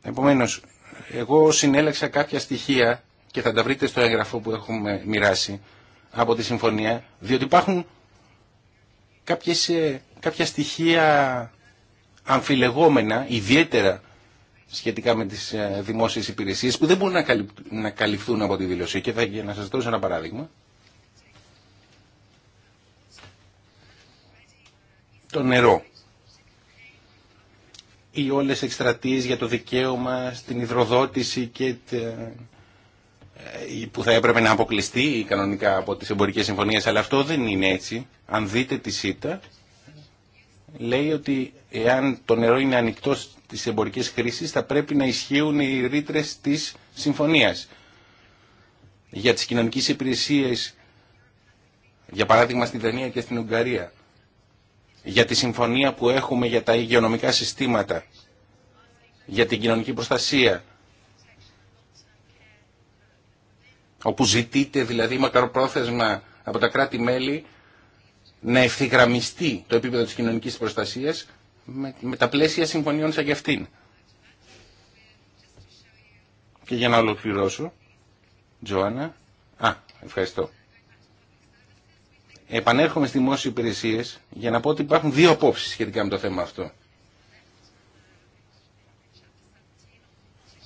Επομένως, εγώ συνέλεξα κάποια στοιχεία και θα τα βρείτε στο έγγραφο που έχουμε μοιράσει από τη συμφωνία, διότι υπάρχουν κάποιες, ε, κάποια στοιχεία αμφιλεγόμενα, ιδιαίτερα σχετικά με τις ε, δημόσιες υπηρεσίες, που δεν μπορούν να καλυφθούν από τη δηλωσία. Και θα να σας δώσω ένα παράδειγμα. Το νερό ή όλες οι εκστρατείες για το δικαίωμα στην υδροδότηση και ε, ε, που θα έπρεπε να αποκλειστεί κανονικά από τις εμπορικές συμφωνίες, αλλά αυτό δεν είναι έτσι. Αν δείτε τη ΣΥΤΑ, λέει ότι εάν το νερό είναι ανοιχτό στις εμπορικές χρήσεις, θα πρέπει να ισχύουν οι ρήτρε της συμφωνίας. Για τις κοινωνικές υπηρεσίες, για παράδειγμα στην Δανία και στην Ουγγαρία, για τη συμφωνία που έχουμε για τα υγειονομικά συστήματα, για την κοινωνική προστασία, όπου ζητείται δηλαδή μακροπρόθεσμα από τα κράτη-μέλη να ευθυγραμμιστεί το επίπεδο της κοινωνικής προστασίας με, με τα πλαίσια συμφωνιών σαν και αυτήν. Και για να ολοκληρώσω, Τζοάννα, α, ευχαριστώ επανέρχομαι στις δημόσιες υπηρεσίες για να πω ότι υπάρχουν δύο απόψεις σχετικά με το θέμα αυτό.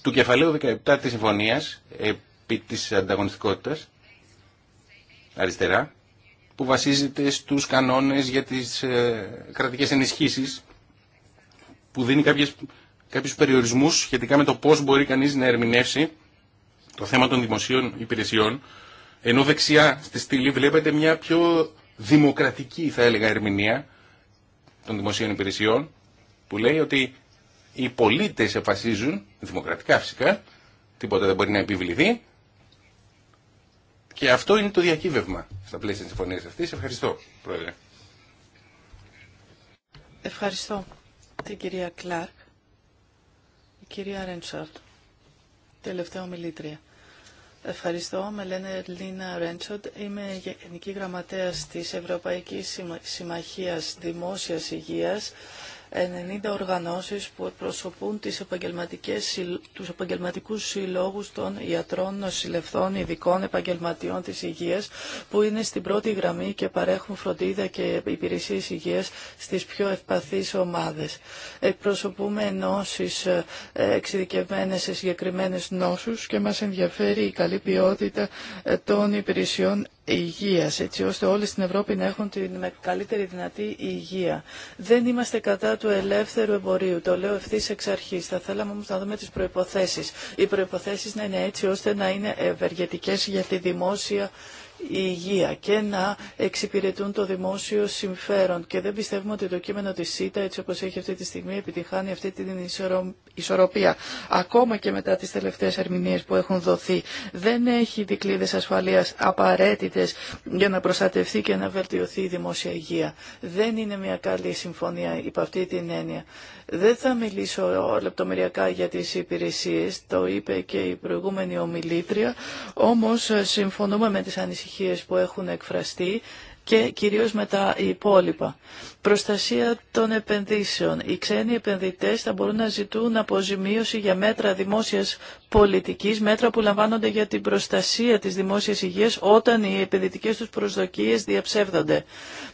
Του κεφαλαίου 17 της συμφωνίας επί της ανταγωνιστικότητας, αριστερά, που βασίζεται στους κανόνες για τις ε, κρατικές ενισχύσεις, που δίνει κάποιες, κάποιους περιορισμούς σχετικά με το πώς μπορεί κανείς να ερμηνεύσει το θέμα των δημοσίων υπηρεσιών ενώ δεξιά στη στήλη βλέπετε μια πιο δημοκρατική θα έλεγα ερμηνεία των δημοσίων υπηρεσιών που λέει ότι οι πολίτες εφασίζουν, δημοκρατικά φυσικά, τίποτα δεν μπορεί να επιβληθεί και αυτό είναι το διακύβευμα στα πλαίσια τη συμφωνία αυτής. Ευχαριστώ, Πρόεδρε. Ευχαριστώ την κυρία Κλάρκ, η κυρία Ρέντσαρτ, τελευταία ομιλήτρια. Ευχαριστώ. Με λένε Λίνα Ρέντσοντ. Είμαι Γενική Γραμματέας της Ευρωπαϊκής Συμμαχίας Δημόσιας Υγείας 90 οργανώσεις που εκπροσωπούν τις επαγγελματικές, τους επαγγελματικούς συλλόγους των ιατρών, νοσηλευτών, ειδικών επαγγελματιών της υγείας που είναι στην πρώτη γραμμή και παρέχουν φροντίδα και υπηρεσίες υγείας στις πιο ευπαθείς ομάδες. Εκπροσωπούμε ενώσεις ε, εξειδικευμένες σε συγκεκριμένες νόσους και μας ενδιαφέρει η καλή ποιότητα ε, των υπηρεσιών υγεία, έτσι ώστε όλοι στην Ευρώπη να έχουν την καλύτερη δυνατή υγεία. Δεν είμαστε κατά του ελεύθερου εμπορίου, το λέω ευθύ εξ αρχή. Θα θέλαμε όμως να δούμε τις προϋποθέσεις. Οι προϋποθέσεις να είναι έτσι ώστε να είναι ευεργετικέ για τη δημόσια υγεία και να εξυπηρετούν το δημόσιο συμφέρον. Και δεν πιστεύουμε ότι το κείμενο της ΣΥΤΑ, έτσι όπως έχει αυτή τη στιγμή, επιτυχάνει αυτή την ισορροπία. Ακόμα και μετά τις τελευταίες ερμηνείες που έχουν δοθεί, δεν έχει δικλείδες ασφαλείας απαραίτητες για να προστατευτεί και να βελτιωθεί η δημόσια υγεία. Δεν είναι μια καλή συμφωνία υπ' αυτή την έννοια. Δεν θα μιλήσω λεπτομεριακά για τις υπηρεσίες, το είπε και η προηγούμενη ομιλήτρια, όμως συμφωνούμε με τις ανησυχίες που έχουν εκφραστεί και κυρίως με τα υπόλοιπα. Προστασία των επενδύσεων. Οι ξένοι επενδυτές θα μπορούν να ζητούν αποζημίωση για μέτρα δημόσιας πολιτικής, μέτρα που λαμβάνονται για την προστασία της δημόσιας υγείας όταν οι επενδυτικές τους προσδοκίες διαψεύδονται.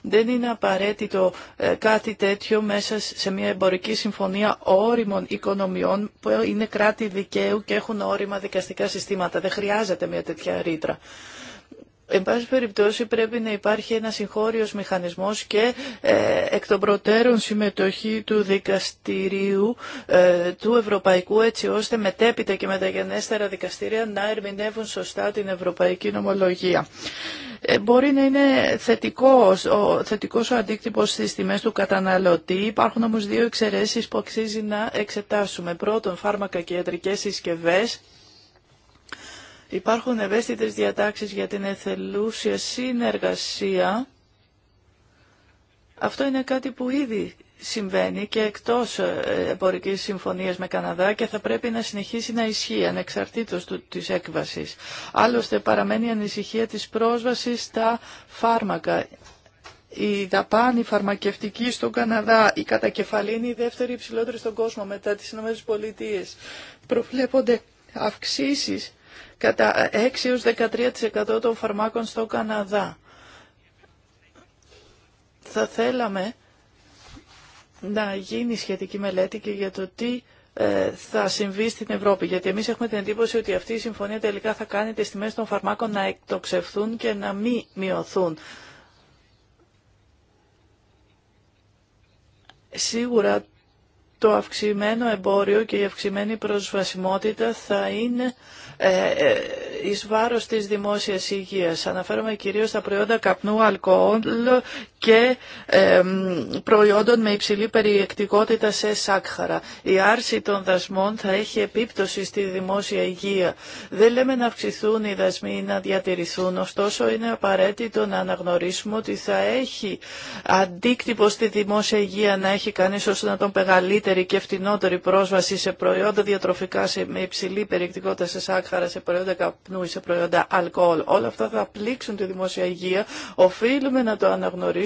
Δεν είναι απαραίτητο ε, κάτι τέτοιο μέσα σε μια εμπορική συμφωνία όριμων οικονομιών που είναι κράτη δικαίου και έχουν όριμα δικαστικά συστήματα. Δεν χρειάζεται μια τέτοια ρήτρα. Εν πάση περιπτώσει πρέπει να υπάρχει ένα συγχώριος μηχανισμός και ε, εκ των προτέρων συμμετοχή του δικαστηρίου ε, του Ευρωπαϊκού έτσι ώστε μετέπειτα και μεταγενέστερα δικαστήρια να ερμηνεύουν σωστά την ευρωπαϊκή νομολογία. Ε, μπορεί να είναι θετικός ο, θετικός ο αντίκτυπος στις τιμές του καταναλωτή. Υπάρχουν όμως δύο εξαιρέσεις που αξίζει να εξετάσουμε. Πρώτον, φάρμακα και ιατρικές συσκευές Υπάρχουν ευαίσθητες διατάξεις για την εθελούσια συνεργασία. Αυτό είναι κάτι που ήδη συμβαίνει και εκτός ε, εμπορικής συμφωνίας με Καναδά και θα πρέπει να συνεχίσει να ισχύει ανεξαρτήτως του, της έκβασης. Άλλωστε παραμένει η ανησυχία της πρόσβασης στα φάρμακα. Η δαπάνη φαρμακευτική στον Καναδά, η κατακεφαλή η δεύτερη υψηλότερη στον κόσμο μετά τις ΗΠΑ. Προβλέπονται αυξήσεις κατά 6-13% των φαρμάκων στο Καναδά. Θα θέλαμε να γίνει σχετική μελέτη και για το τι ε, θα συμβεί στην Ευρώπη. Γιατί εμείς έχουμε την εντύπωση ότι αυτή η συμφωνία τελικά θα κάνει τις τιμές των φαρμάκων να εκτοξευθούν και να μην μειωθούν. Σίγουρα το αυξημένο εμπόριο και η αυξημένη προσβασιμότητα θα είναι ε, ε, εις βάρος της δημόσιας υγείας. Αναφέρομαι κυρίως στα προϊόντα καπνού, αλκοόλ και προϊόντων με υψηλή περιεκτικότητα σε σάκχαρα. Η άρση των δασμών θα έχει επίπτωση στη δημόσια υγεία. Δεν λέμε να αυξηθούν οι δασμοί ή να διατηρηθούν, ωστόσο είναι απαραίτητο να αναγνωρίσουμε ότι θα έχει αντίκτυπο στη δημόσια υγεία να έχει κανείς ώστε να τον μεγαλύτερη και φτηνότερη πρόσβαση σε προϊόντα διατροφικά σε, με υψηλή περιεκτικότητα σε σάκχαρα, σε προϊόντα καπνού ή σε προϊόντα αλκοόλ. Όλα αυτά θα πλήξουν τη δημόσια υγεία. Οφείλουμε να το αναγνωρίσουμε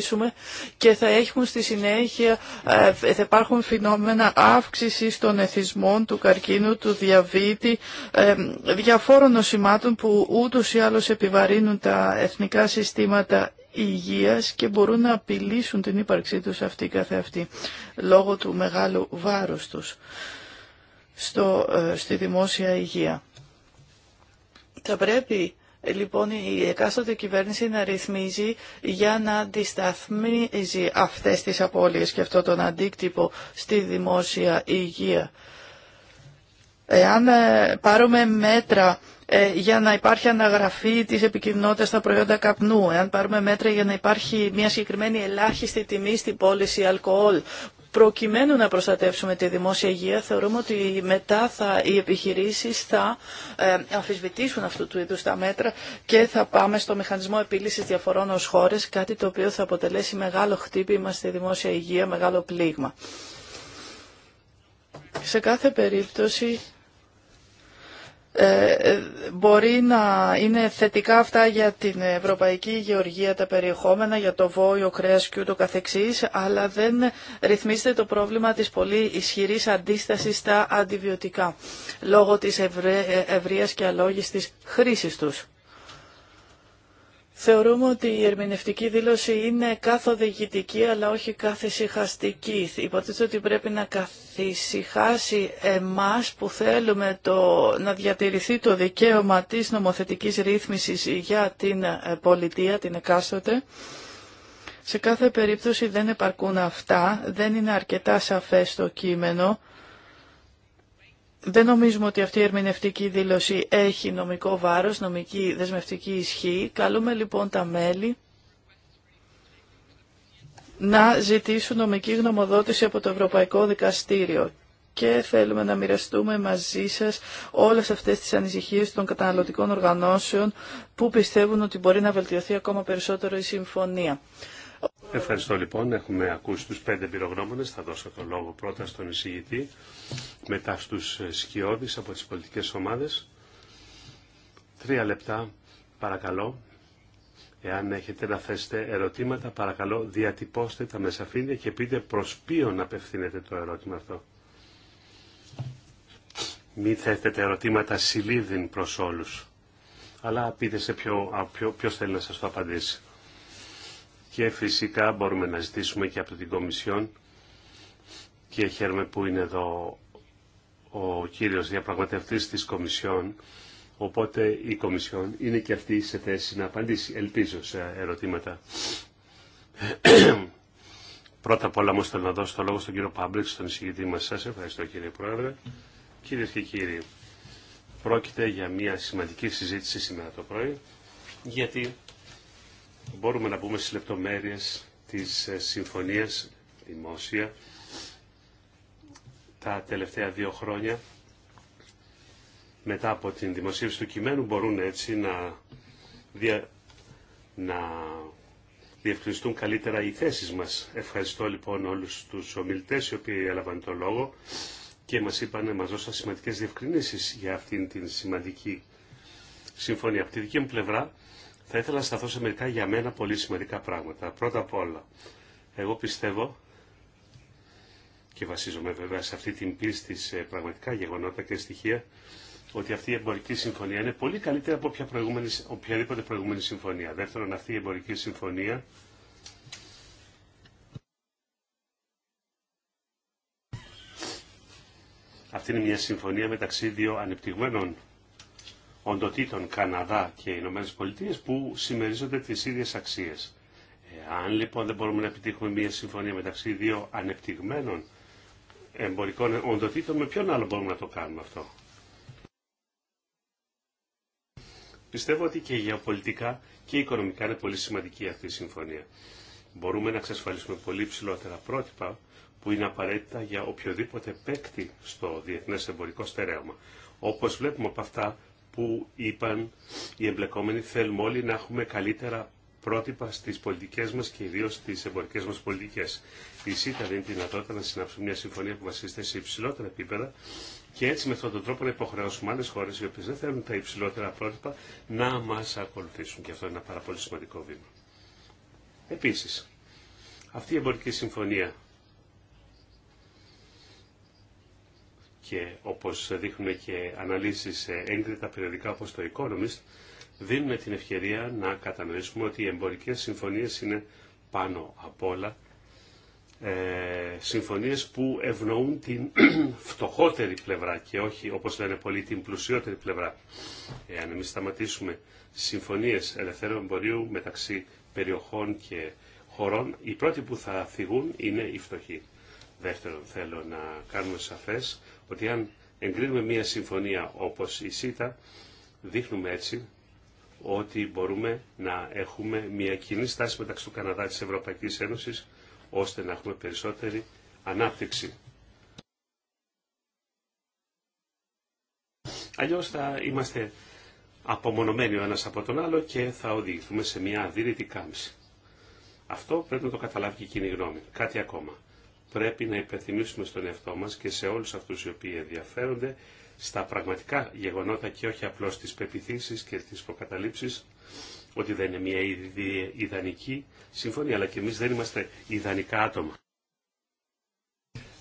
και θα έχουν στη συνέχεια, ε, θα υπάρχουν φαινόμενα αύξησης των εθισμών, του καρκίνου, του διαβήτη, ε, διαφόρων νοσημάτων που ούτως ή άλλως επιβαρύνουν τα εθνικά συστήματα υγείας και μπορούν να απειλήσουν την ύπαρξή τους αυτή καθεαυτή λόγω του μεγάλου βάρους τους στο, ε, στη δημόσια υγεία. Θα πρέπει ε, λοιπόν η εκάστοτε κυβέρνηση να ρυθμίζει για να αντισταθμίζει αυτές τις απώλειες και αυτό τον αντίκτυπο στη δημόσια υγεία. Εάν ε, πάρουμε μέτρα ε, για να υπάρχει αναγραφή της επικοινωνία στα προϊόντα καπνού, εάν πάρουμε μέτρα για να υπάρχει μια συγκεκριμένη ελάχιστη τιμή στην πώληση αλκοόλ, προκειμένου να προστατεύσουμε τη δημόσια υγεία, θεωρούμε ότι μετά θα, οι επιχειρήσεις θα ε, αμφισβητήσουν αυτού του είδους τα μέτρα και θα πάμε στο μηχανισμό επίλυσης διαφορών ως χώρες, κάτι το οποίο θα αποτελέσει μεγάλο χτύπημα στη δημόσια υγεία, μεγάλο πλήγμα. Σε κάθε περίπτωση ε, ε, μπορεί να είναι θετικά αυτά για την Ευρωπαϊκή Γεωργία τα περιεχόμενα, για το βόηο κρέας και ούτω καθεξής, αλλά δεν ρυθμίζεται το πρόβλημα της πολύ ισχυρής αντίστασης στα αντιβιωτικά, λόγω της ευρείας και αλόγης της χρήσης τους. Θεωρούμε ότι η ερμηνευτική δήλωση είναι καθοδηγητική αλλά όχι καθησυχαστική. Υποτίθεται ότι πρέπει να καθυσυχάσει εμάς που θέλουμε το, να διατηρηθεί το δικαίωμα της νομοθετικής ρύθμισης για την ε, πολιτεία, την εκάστοτε. Σε κάθε περίπτωση δεν επαρκούν αυτά, δεν είναι αρκετά σαφές το κείμενο δεν νομίζουμε ότι αυτή η ερμηνευτική δήλωση έχει νομικό βάρος, νομική δεσμευτική ισχύ. Καλούμε λοιπόν τα μέλη να ζητήσουν νομική γνωμοδότηση από το Ευρωπαϊκό Δικαστήριο και θέλουμε να μοιραστούμε μαζί σας όλες αυτές τις ανησυχίες των καταναλωτικών οργανώσεων που πιστεύουν ότι μπορεί να βελτιωθεί ακόμα περισσότερο η συμφωνία. Ευχαριστώ λοιπόν. Έχουμε ακούσει τους πέντε πυρογνώμονες. Θα δώσω το λόγο πρώτα στον εισηγητή, μετά στους σκιώδεις από τις πολιτικές ομάδες. Τρία λεπτά παρακαλώ. Εάν έχετε να θέσετε ερωτήματα, παρακαλώ διατυπώστε τα μεσαφήνια και πείτε προς ποιον απευθύνεται το ερώτημα αυτό. Μην θέτετε ερωτήματα συλλήδιν προς όλους. Αλλά πείτε σε ποιο, ποιος θέλει να σας το απαντήσει και φυσικά μπορούμε να ζητήσουμε και από την Κομισιόν και χαίρομαι που είναι εδώ ο κύριος διαπραγματευτής της Κομισιόν οπότε η Κομισιόν είναι και αυτή σε θέση να απαντήσει ελπίζω σε ερωτήματα Πρώτα απ' όλα όμως θέλω να δώσω το λόγο στον κύριο Πάμπλεξ, στον εισηγητή μας σας. Ευχαριστώ κύριε Πρόεδρε. Κυρίε και κύριοι, πρόκειται για μια σημαντική συζήτηση σήμερα το πρωί, γιατί μπορούμε να μπούμε στις λεπτομέρειες της ε, συμφωνίας δημόσια τα τελευταία δύο χρόνια μετά από την δημοσίευση του κειμένου μπορούν έτσι να, να διευκρινιστούν καλύτερα οι θέσεις μας. Ευχαριστώ λοιπόν όλους τους ομιλητές οι οποίοι έλαβαν το λόγο και μας είπαν, μας δώσαν σημαντικές διευκρινήσεις για αυτήν την σημαντική συμφωνία. Από τη δική μου πλευρά θα ήθελα να σταθώ σε μερικά για μένα πολύ σημαντικά πράγματα. Πρώτα απ' όλα, εγώ πιστεύω και βασίζομαι βέβαια σε αυτή την πίστη σε πραγματικά γεγονότα και στοιχεία ότι αυτή η εμπορική συμφωνία είναι πολύ καλύτερη από οποια οποιαδήποτε προηγούμενη συμφωνία. Δεύτερον, αυτή η εμπορική συμφωνία αυτή είναι μια συμφωνία μεταξύ δύο ανεπτυγμένων οντοτήτων Καναδά και Ηνωμένες Πολιτείες που συμμερίζονται τις ίδιες αξίες. Αν λοιπόν δεν μπορούμε να επιτύχουμε μια συμφωνία μεταξύ δύο ανεπτυγμένων εμπορικών οντοτήτων, με ποιον άλλο μπορούμε να το κάνουμε αυτό. Πιστεύω ότι και γεωπολιτικά και οικονομικά είναι πολύ σημαντική αυτή η συμφωνία. Μπορούμε να εξασφαλίσουμε πολύ ψηλότερα πρότυπα που είναι απαραίτητα για οποιοδήποτε παίκτη στο διεθνές εμπορικό στερέωμα. Όπως βλέπουμε από αυτά που είπαν οι εμπλεκόμενοι θέλουμε όλοι να έχουμε καλύτερα πρότυπα στις πολιτικές μας και ιδίως στις εμπορικές μας πολιτικές. Η ΣΥΤΑ δίνει τη δυνατότητα να συνάψουμε μια συμφωνία που βασίζεται σε υψηλότερα επίπεδα και έτσι με αυτόν τον τρόπο να υποχρεώσουμε άλλες χώρες οι οποίες δεν θέλουν τα υψηλότερα πρότυπα να μας ακολουθήσουν και αυτό είναι ένα πάρα πολύ σημαντικό βήμα. Επίσης, αυτή η εμπορική συμφωνία και όπως δείχνουν και αναλύσεις έγκριτα περιοδικά όπως το Economist, δίνουν την ευκαιρία να κατανοήσουμε ότι οι εμπορικές συμφωνίες είναι πάνω απ' όλα ε, συμφωνίες που ευνοούν την φτωχότερη πλευρά και όχι, όπως λένε πολλοί, την πλουσιότερη πλευρά. Εάν εμείς σταματήσουμε συμφωνίες ελευθέρου εμπορίου μεταξύ περιοχών και χωρών, οι πρώτοι που θα φυγούν είναι οι φτωχοί. Δεύτερον, θέλω να κάνουμε σαφές ότι αν εγκρίνουμε μια συμφωνία όπως η ΣΥΤΑ, δείχνουμε έτσι ότι μπορούμε να έχουμε μια κοινή στάση μεταξύ του Καναδά της Ευρωπαϊκής Ένωσης, ώστε να έχουμε περισσότερη ανάπτυξη. Αλλιώς θα είμαστε απομονωμένοι ο ένας από τον άλλο και θα οδηγηθούμε σε μια αδύρυτη κάμψη. Αυτό πρέπει να το καταλάβει και η κοινή γνώμη. Κάτι ακόμα πρέπει να υπενθυμίσουμε στον εαυτό μας και σε όλους αυτούς οι οποίοι ενδιαφέρονται στα πραγματικά γεγονότα και όχι απλώς τις πεπιθήσεις και τις προκαταλήψεις ότι δεν είναι μια ιδανική συμφωνία, αλλά και εμείς δεν είμαστε ιδανικά άτομα.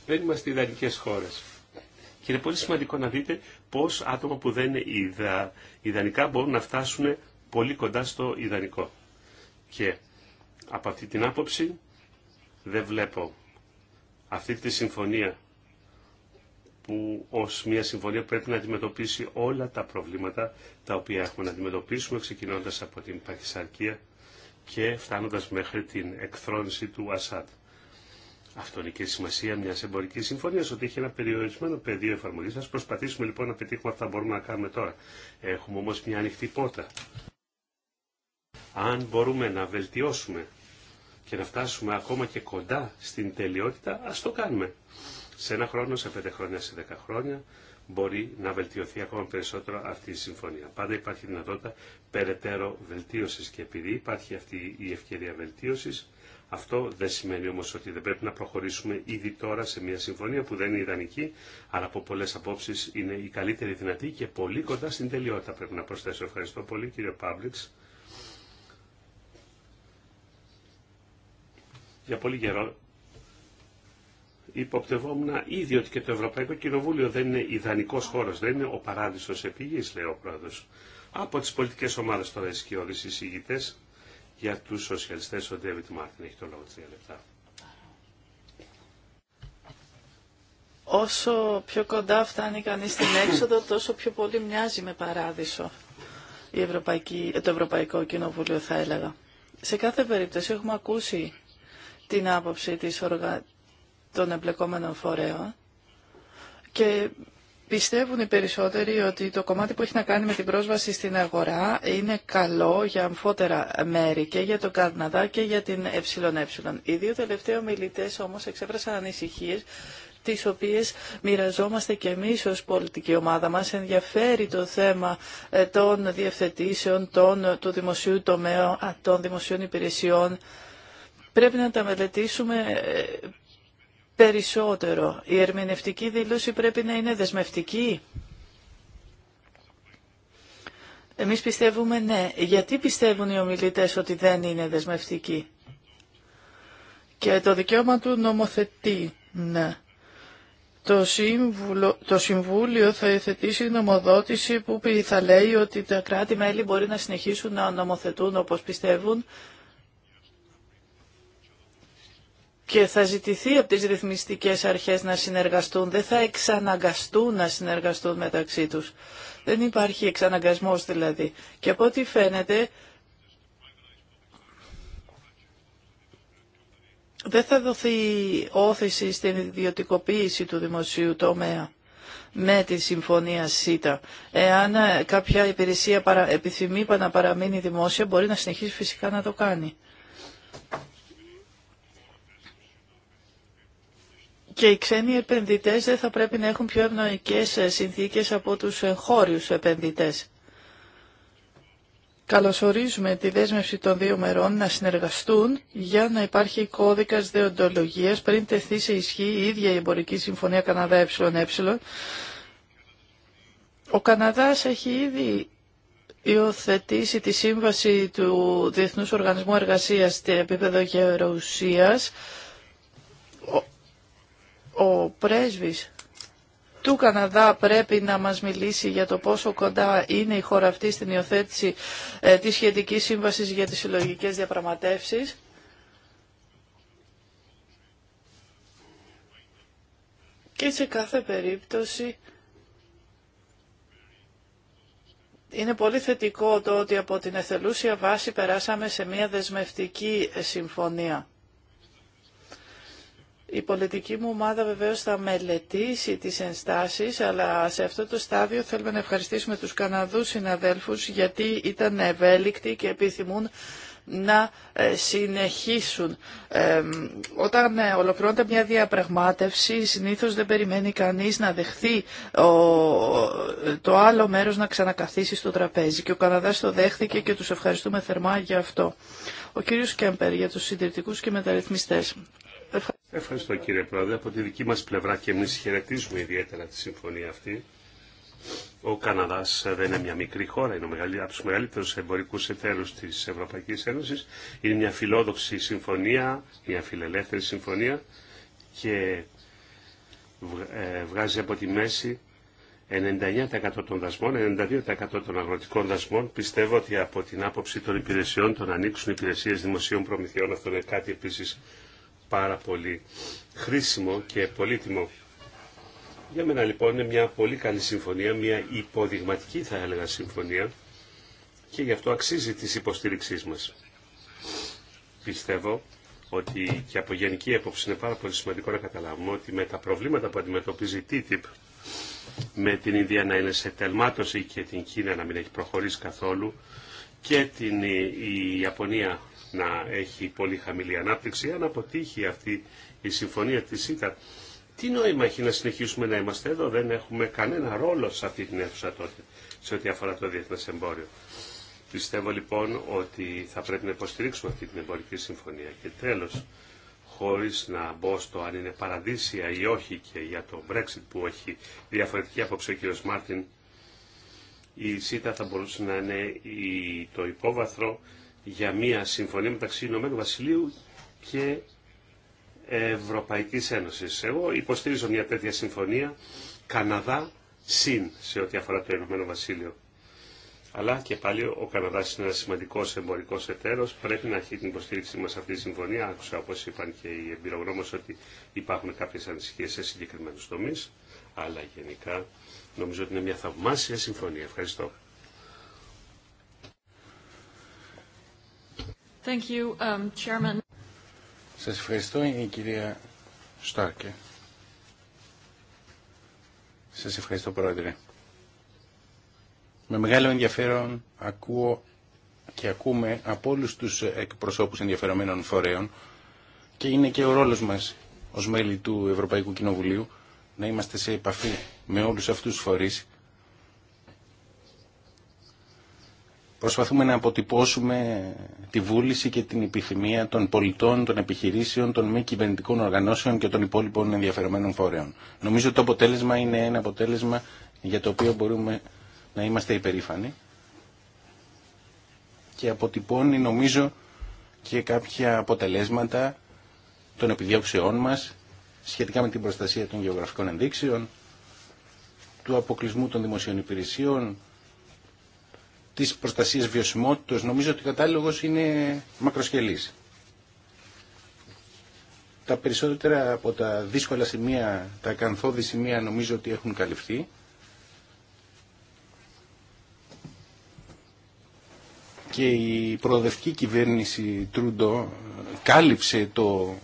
Δεν είμαστε ιδανικές χώρες. Και είναι πολύ σημαντικό να δείτε πώς άτομα που δεν είναι ιδα... ιδανικά μπορούν να φτάσουν πολύ κοντά στο ιδανικό. Και από αυτή την άποψη δεν βλέπω αυτή τη συμφωνία που ως μια συμφωνία πρέπει να αντιμετωπίσει όλα τα προβλήματα τα οποία έχουμε να αντιμετωπίσουμε ξεκινώντας από την παχυσαρκία και φτάνοντας μέχρι την εκθρόνηση του Ασάτ. Αυτό είναι και η σημασία μια εμπορική συμφωνία, ότι έχει ένα περιορισμένο πεδίο εφαρμογή. Α προσπαθήσουμε λοιπόν να πετύχουμε αυτά που μπορούμε να κάνουμε τώρα. Έχουμε όμω μια ανοιχτή πόρτα. Αν μπορούμε να βελτιώσουμε και να φτάσουμε ακόμα και κοντά στην τελειότητα, ας το κάνουμε. Σε ένα χρόνο, σε πέντε χρόνια, σε δέκα χρόνια μπορεί να βελτιωθεί ακόμα περισσότερο αυτή η συμφωνία. Πάντα υπάρχει δυνατότητα περαιτέρω βελτίωσης και επειδή υπάρχει αυτή η ευκαιρία βελτίωσης, αυτό δεν σημαίνει όμω ότι δεν πρέπει να προχωρήσουμε ήδη τώρα σε μια συμφωνία που δεν είναι ιδανική, αλλά από πολλέ απόψει είναι η καλύτερη δυνατή και πολύ κοντά στην τελειότητα πρέπει να προσθέσω. Ευχαριστώ πολύ κύριε Πάμπληξ. για πολύ καιρό υποπτευόμουν ήδη ότι και το Ευρωπαϊκό Κοινοβούλιο δεν είναι ιδανικός χώρος, δεν είναι ο παράδεισος επίγης, λέει ο πρόεδρος. Από τις πολιτικές ομάδες τώρα οι εισηγητές, για τους σοσιαλιστές ο Ντέβιτ Μάρτιν έχει το λόγο τρία λεπτά. Όσο πιο κοντά φτάνει κανείς στην έξοδο, τόσο πιο πολύ μοιάζει με παράδεισο η Ευρωπαϊκή, το Ευρωπαϊκό Κοινοβούλιο, θα έλεγα. Σε κάθε περίπτωση έχουμε ακούσει την άποψη της οργα... των εμπλεκόμενων φορέων και Πιστεύουν οι περισσότεροι ότι το κομμάτι που έχει να κάνει με την πρόσβαση στην αγορά είναι καλό για αμφότερα μέρη και για τον Καναδά και για την ΕΕ. Οι δύο τελευταίοι ομιλητέ όμως εξέφρασαν ανησυχίες τις οποίες μοιραζόμαστε και εμείς ως πολιτική ομάδα μας. Ενδιαφέρει το θέμα ε, των διευθετήσεων, των, του δημοσίου τομέα, των δημοσίων υπηρεσιών, Πρέπει να τα μελετήσουμε ε, περισσότερο. Η ερμηνευτική δήλωση πρέπει να είναι δεσμευτική. Εμείς πιστεύουμε ναι. Γιατί πιστεύουν οι ομιλητές ότι δεν είναι δεσμευτική. Και το δικαίωμα του νομοθετεί. Ναι. Το, το Συμβούλιο θα υιοθετήσει νομοδότηση που θα λέει ότι τα κράτη-μέλη μπορεί να συνεχίσουν να νομοθετούν όπως πιστεύουν και θα ζητηθεί από τις ρυθμιστικές αρχές να συνεργαστούν, δεν θα εξαναγκαστούν να συνεργαστούν μεταξύ τους. Δεν υπάρχει εξαναγκασμός δηλαδή. Και από ό,τι φαίνεται δεν θα δοθεί όθηση στην ιδιωτικοποίηση του δημοσίου τομέα με τη συμφωνία ΣΥΤΑ. Εάν κάποια υπηρεσία επιθυμεί να παραμείνει δημόσια, μπορεί να συνεχίσει φυσικά να το κάνει. και οι ξένοι επενδυτές δεν θα πρέπει να έχουν πιο ευνοϊκές συνθήκες από τους χώριους επενδυτές. Καλωσορίζουμε τη δέσμευση των δύο μερών να συνεργαστούν για να υπάρχει κώδικας δεοντολογίας πριν τεθεί σε ισχύ η ίδια η Εμπορική Συμφωνία Καναδά-ΕΕ. Ο Καναδάς έχει ήδη υιοθετήσει τη σύμβαση του Διεθνούς Οργανισμού Εργασίας σε επίπεδο γεωρουσίας ο πρέσβης του Καναδά πρέπει να μας μιλήσει για το πόσο κοντά είναι η χώρα αυτή στην υιοθέτηση ε, της σχετικής σύμβασης για τις συλλογικές διαπραγματεύσεις. Και σε κάθε περίπτωση είναι πολύ θετικό το ότι από την εθελούσια βάση περάσαμε σε μια δεσμευτική συμφωνία. Η πολιτική μου ομάδα βεβαίως θα μελετήσει τις ενστάσεις, αλλά σε αυτό το στάδιο θέλουμε να ευχαριστήσουμε τους Καναδούς συναδέλφους γιατί ήταν ευέλικτοι και επιθυμούν να ε, συνεχίσουν. Ε, όταν ε, ολοκληρώνεται μια διαπραγμάτευση, συνήθως δεν περιμένει κανείς να δεχθεί το άλλο μέρος να ξανακαθίσει στο τραπέζι. Και ο Καναδάς το δέχθηκε και τους ευχαριστούμε θερμά για αυτό. Ο κύριος Κέμπερ για τους συντηρητικούς και μεταρρυθμιστές. Ευχαριστώ. κύριε Πρόεδρε. Από τη δική μας πλευρά και εμείς χαιρετίζουμε ιδιαίτερα τη συμφωνία αυτή. Ο Καναδάς δεν είναι μια μικρή χώρα, είναι από τους μεγαλύτερους εμπορικούς εταίρους της Ευρωπαϊκής Ένωσης. Είναι μια φιλόδοξη συμφωνία, μια φιλελεύθερη συμφωνία και ε, βγάζει από τη μέση 99% των δασμών, 92% των αγροτικών δασμών. Πιστεύω ότι από την άποψη των υπηρεσιών, των ανοίξουν υπηρεσίε δημοσίων προμηθειών, αυτό είναι κάτι επίση πάρα πολύ χρήσιμο και πολύτιμο. Για μένα λοιπόν είναι μια πολύ καλή συμφωνία, μια υποδειγματική θα έλεγα συμφωνία και γι' αυτό αξίζει της υποστήριξής μας. Πιστεύω ότι και από γενική έποψη είναι πάρα πολύ σημαντικό να καταλάβουμε ότι με τα προβλήματα που αντιμετωπίζει η TTIP, με την Ινδία να είναι σε τελμάτωση και την Κίνα να μην έχει προχωρήσει καθόλου και την Ιαπωνία να έχει πολύ χαμηλή ανάπτυξη, αν αποτύχει αυτή η συμφωνία της ΣΥΤΑ, τι νόημα έχει να συνεχίσουμε να είμαστε εδώ, δεν έχουμε κανένα ρόλο σε αυτή την αίθουσα τότε, σε ό,τι αφορά το διεθνές εμπόριο. Πιστεύω λοιπόν ότι θα πρέπει να υποστηρίξουμε αυτή την εμπορική συμφωνία. Και τέλος, χωρίς να μπω στο αν είναι παραδείσια ή όχι και για το Brexit που έχει διαφορετική άποψη ο κ. Μάρτιν, η ΣΥΤΑ θα μπορούσε να είναι το υπόβαθρο για μια συμφωνία μεταξύ Ηνωμένου Βασιλείου και Ευρωπαϊκής Ένωσης. Εγώ υποστήριζω μια τέτοια συμφωνία Καναδά συν σε ό,τι αφορά το Ηνωμένο Βασίλειο. Αλλά και πάλι ο Καναδάς είναι ένα σημαντικό εμπορικό εταίρο. Πρέπει να έχει την υποστήριξή μα αυτή τη συμφωνία. Άκουσα, όπω είπαν και οι εμπειρογνώμε, ότι υπάρχουν κάποιε ανησυχίε σε συγκεκριμένου τομεί. Αλλά γενικά νομίζω ότι είναι μια θαυμάσια συμφωνία. Ευχαριστώ. Thank you, um, chairman. Σας ευχαριστώ, η κυρία Στάρκε. Σας ευχαριστώ, Πρόεδρε. Με μεγάλο ενδιαφέρον ακούω και ακούμε από όλους τους εκπροσώπους ενδιαφερομένων φορέων και είναι και ο ρόλος μας ως μέλη του Ευρωπαϊκού Κοινοβουλίου να είμαστε σε επαφή με όλους αυτούς τους φορείς Προσπαθούμε να αποτυπώσουμε τη βούληση και την επιθυμία των πολιτών, των επιχειρήσεων, των μη κυβερνητικών οργανώσεων και των υπόλοιπων ενδιαφερομένων φορέων. Νομίζω το αποτέλεσμα είναι ένα αποτέλεσμα για το οποίο μπορούμε να είμαστε υπερήφανοι και αποτυπώνει νομίζω και κάποια αποτελέσματα των επιδιώξεών μας σχετικά με την προστασία των γεωγραφικών ενδείξεων, του αποκλεισμού των δημοσίων υπηρεσιών, Τη προστασία βιωσιμότητα, νομίζω ότι ο κατάλογο είναι μακροσκελή. Τα περισσότερα από τα δύσκολα σημεία, τα κανθόδη σημεία νομίζω ότι έχουν καλυφθεί. Και η προοδευτική κυβέρνηση Τρούντο κάλυψε το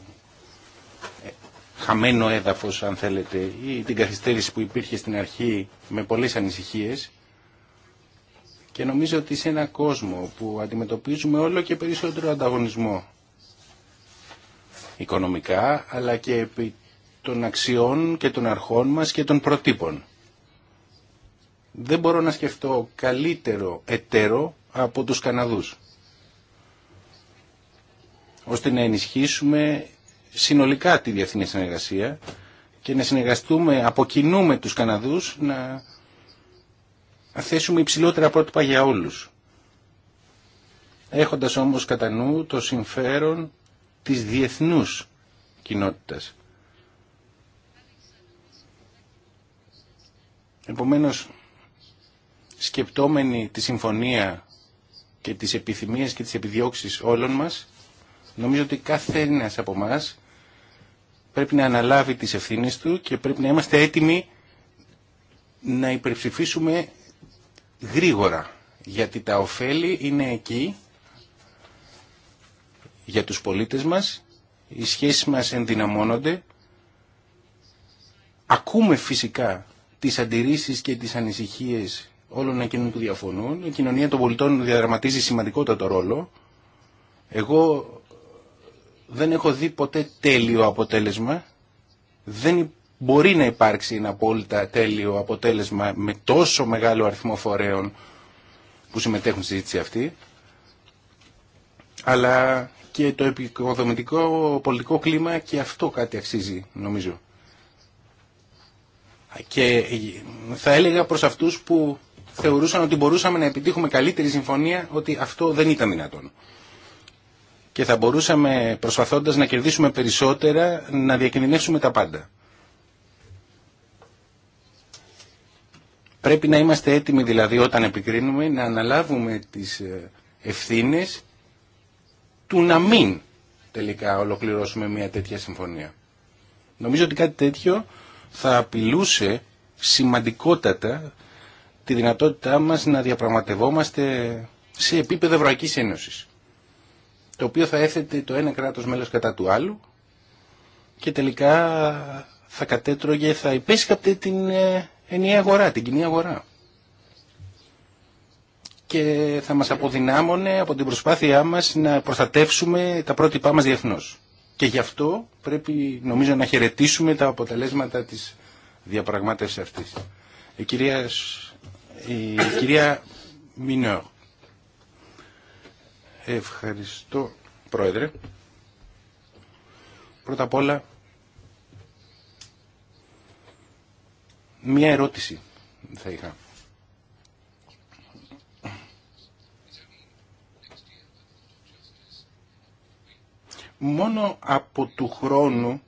χαμένο έδαφος αν θέλετε ή την καθυστέρηση που υπήρχε στην αρχή με πολλές ανησυχίες και νομίζω ότι σε ένα κόσμο που αντιμετωπίζουμε όλο και περισσότερο ανταγωνισμό οικονομικά, αλλά και επί των αξιών και των αρχών μας και των προτύπων. Δεν μπορώ να σκεφτώ καλύτερο εταίρο από τους Καναδούς, ώστε να ενισχύσουμε συνολικά τη διεθνή συνεργασία και να συνεργαστούμε αποκινούμε τους Καναδούς να θέσουμε υψηλότερα πρότυπα για όλους. Έχοντας όμως κατά νου το συμφέρον της διεθνούς κοινότητας. Επομένως, σκεπτόμενοι τη συμφωνία και τις επιθυμίες και τις επιδιώξεις όλων μας, νομίζω ότι κάθε ένας από εμά πρέπει να αναλάβει τις ευθύνες του και πρέπει να είμαστε έτοιμοι να υπερψηφίσουμε γρήγορα, γιατί τα ωφέλη είναι εκεί για τους πολίτες μας, οι σχέσεις μας ενδυναμώνονται, ακούμε φυσικά τις αντιρρήσεις και τις ανησυχίες όλων εκείνων που διαφωνούν, η κοινωνία των πολιτών διαδραματίζει σημαντικότατο ρόλο, εγώ δεν έχω δει ποτέ τέλειο αποτέλεσμα, δεν μπορεί να υπάρξει ένα απόλυτα τέλειο αποτέλεσμα με τόσο μεγάλο αριθμό φορέων που συμμετέχουν στη συζήτηση αυτή, αλλά και το επικοδομητικό πολιτικό κλίμα και αυτό κάτι αξίζει νομίζω. Και θα έλεγα προς αυτούς που θεωρούσαν ότι μπορούσαμε να επιτύχουμε καλύτερη συμφωνία ότι αυτό δεν ήταν δυνατόν. Και θα μπορούσαμε προσπαθώντας να κερδίσουμε περισσότερα να διακινδυνεύσουμε τα πάντα. Πρέπει να είμαστε έτοιμοι δηλαδή όταν επικρίνουμε να αναλάβουμε τις ε, ευθύνες του να μην τελικά ολοκληρώσουμε μια τέτοια συμφωνία. Νομίζω ότι κάτι τέτοιο θα απειλούσε σημαντικότατα τη δυνατότητά μας να διαπραγματευόμαστε σε επίπεδο Ευρωπαϊκής Ένωσης, το οποίο θα έθετε το ένα κράτος μέλος κατά του άλλου και τελικά θα κατέτρωγε, θα υπέσχαπτε την ε, ενιαία αγορά, την κοινή αγορά. Και θα μας αποδυνάμωνε από την προσπάθειά μας να προστατεύσουμε τα πρότυπά μας διεθνώς. Και γι' αυτό πρέπει νομίζω να χαιρετήσουμε τα αποτελέσματα της διαπραγμάτευσης αυτής. Η ε, ε, κυρία, η κυρία Ευχαριστώ, Πρόεδρε. Πρώτα απ' όλα Μία ερώτηση θα είχα. Μόνο από του χρόνου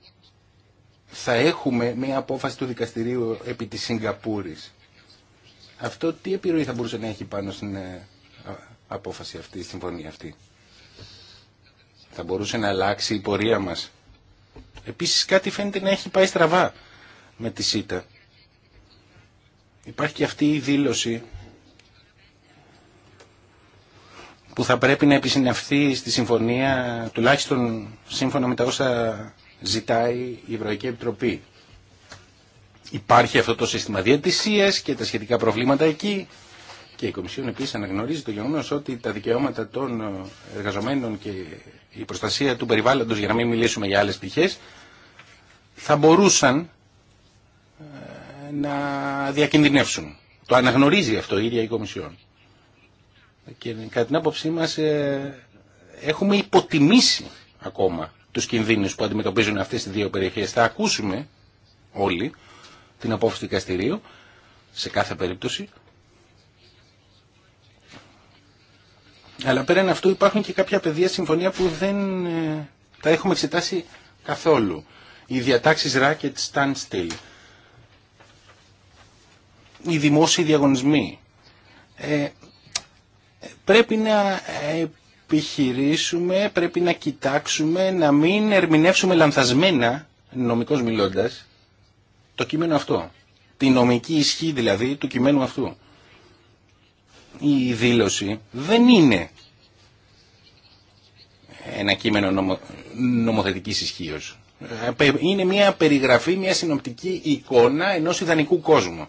θα έχουμε μία απόφαση του δικαστηρίου επί της Σιγκαπούρης. Αυτό τι επιρροή θα μπορούσε να έχει πάνω στην ε, απόφαση αυτή, στην συμφωνία αυτή. Θα μπορούσε να αλλάξει η πορεία μας. Επίσης κάτι φαίνεται να έχει πάει στραβά με τη ΣΥΤΑ. Υπάρχει και αυτή η δήλωση που θα πρέπει να επισυναυθεί στη συμφωνία, τουλάχιστον σύμφωνα με τα όσα ζητάει η Ευρωπαϊκή Επιτροπή. Υπάρχει αυτό το σύστημα διατησίας και τα σχετικά προβλήματα εκεί και η Κομισιόν επίσης αναγνωρίζει το γεγονός ότι τα δικαιώματα των εργαζομένων και η προστασία του περιβάλλοντος, για να μην μιλήσουμε για άλλες πτυχές, θα μπορούσαν να διακινδυνεύσουν. Το αναγνωρίζει αυτό η ίδια η Κομισιόν. Και κατά την άποψή μας ε, έχουμε υποτιμήσει ακόμα τους κινδύνους που αντιμετωπίζουν αυτές οι δύο περιοχές. Θα ακούσουμε όλοι την απόφαση του δικαστηρίου σε κάθε περίπτωση. Αλλά πέραν αυτού υπάρχουν και κάποια πεδία συμφωνία που δεν ε, τα έχουμε εξετάσει καθόλου. Οι διατάξεις racket stand still οι δημόσιοι διαγωνισμοί. Ε, πρέπει να επιχειρήσουμε, πρέπει να κοιτάξουμε, να μην ερμηνεύσουμε λανθασμένα, νομικός μιλώντας, το κείμενο αυτό. Τη νομική ισχύ δηλαδή του κειμένου αυτού. Η δήλωση δεν είναι ένα κείμενο νομο, νομοθετικής ισχύω. Ε, είναι μια περιγραφή, μια συνοπτική εικόνα ενός ιδανικού κόσμου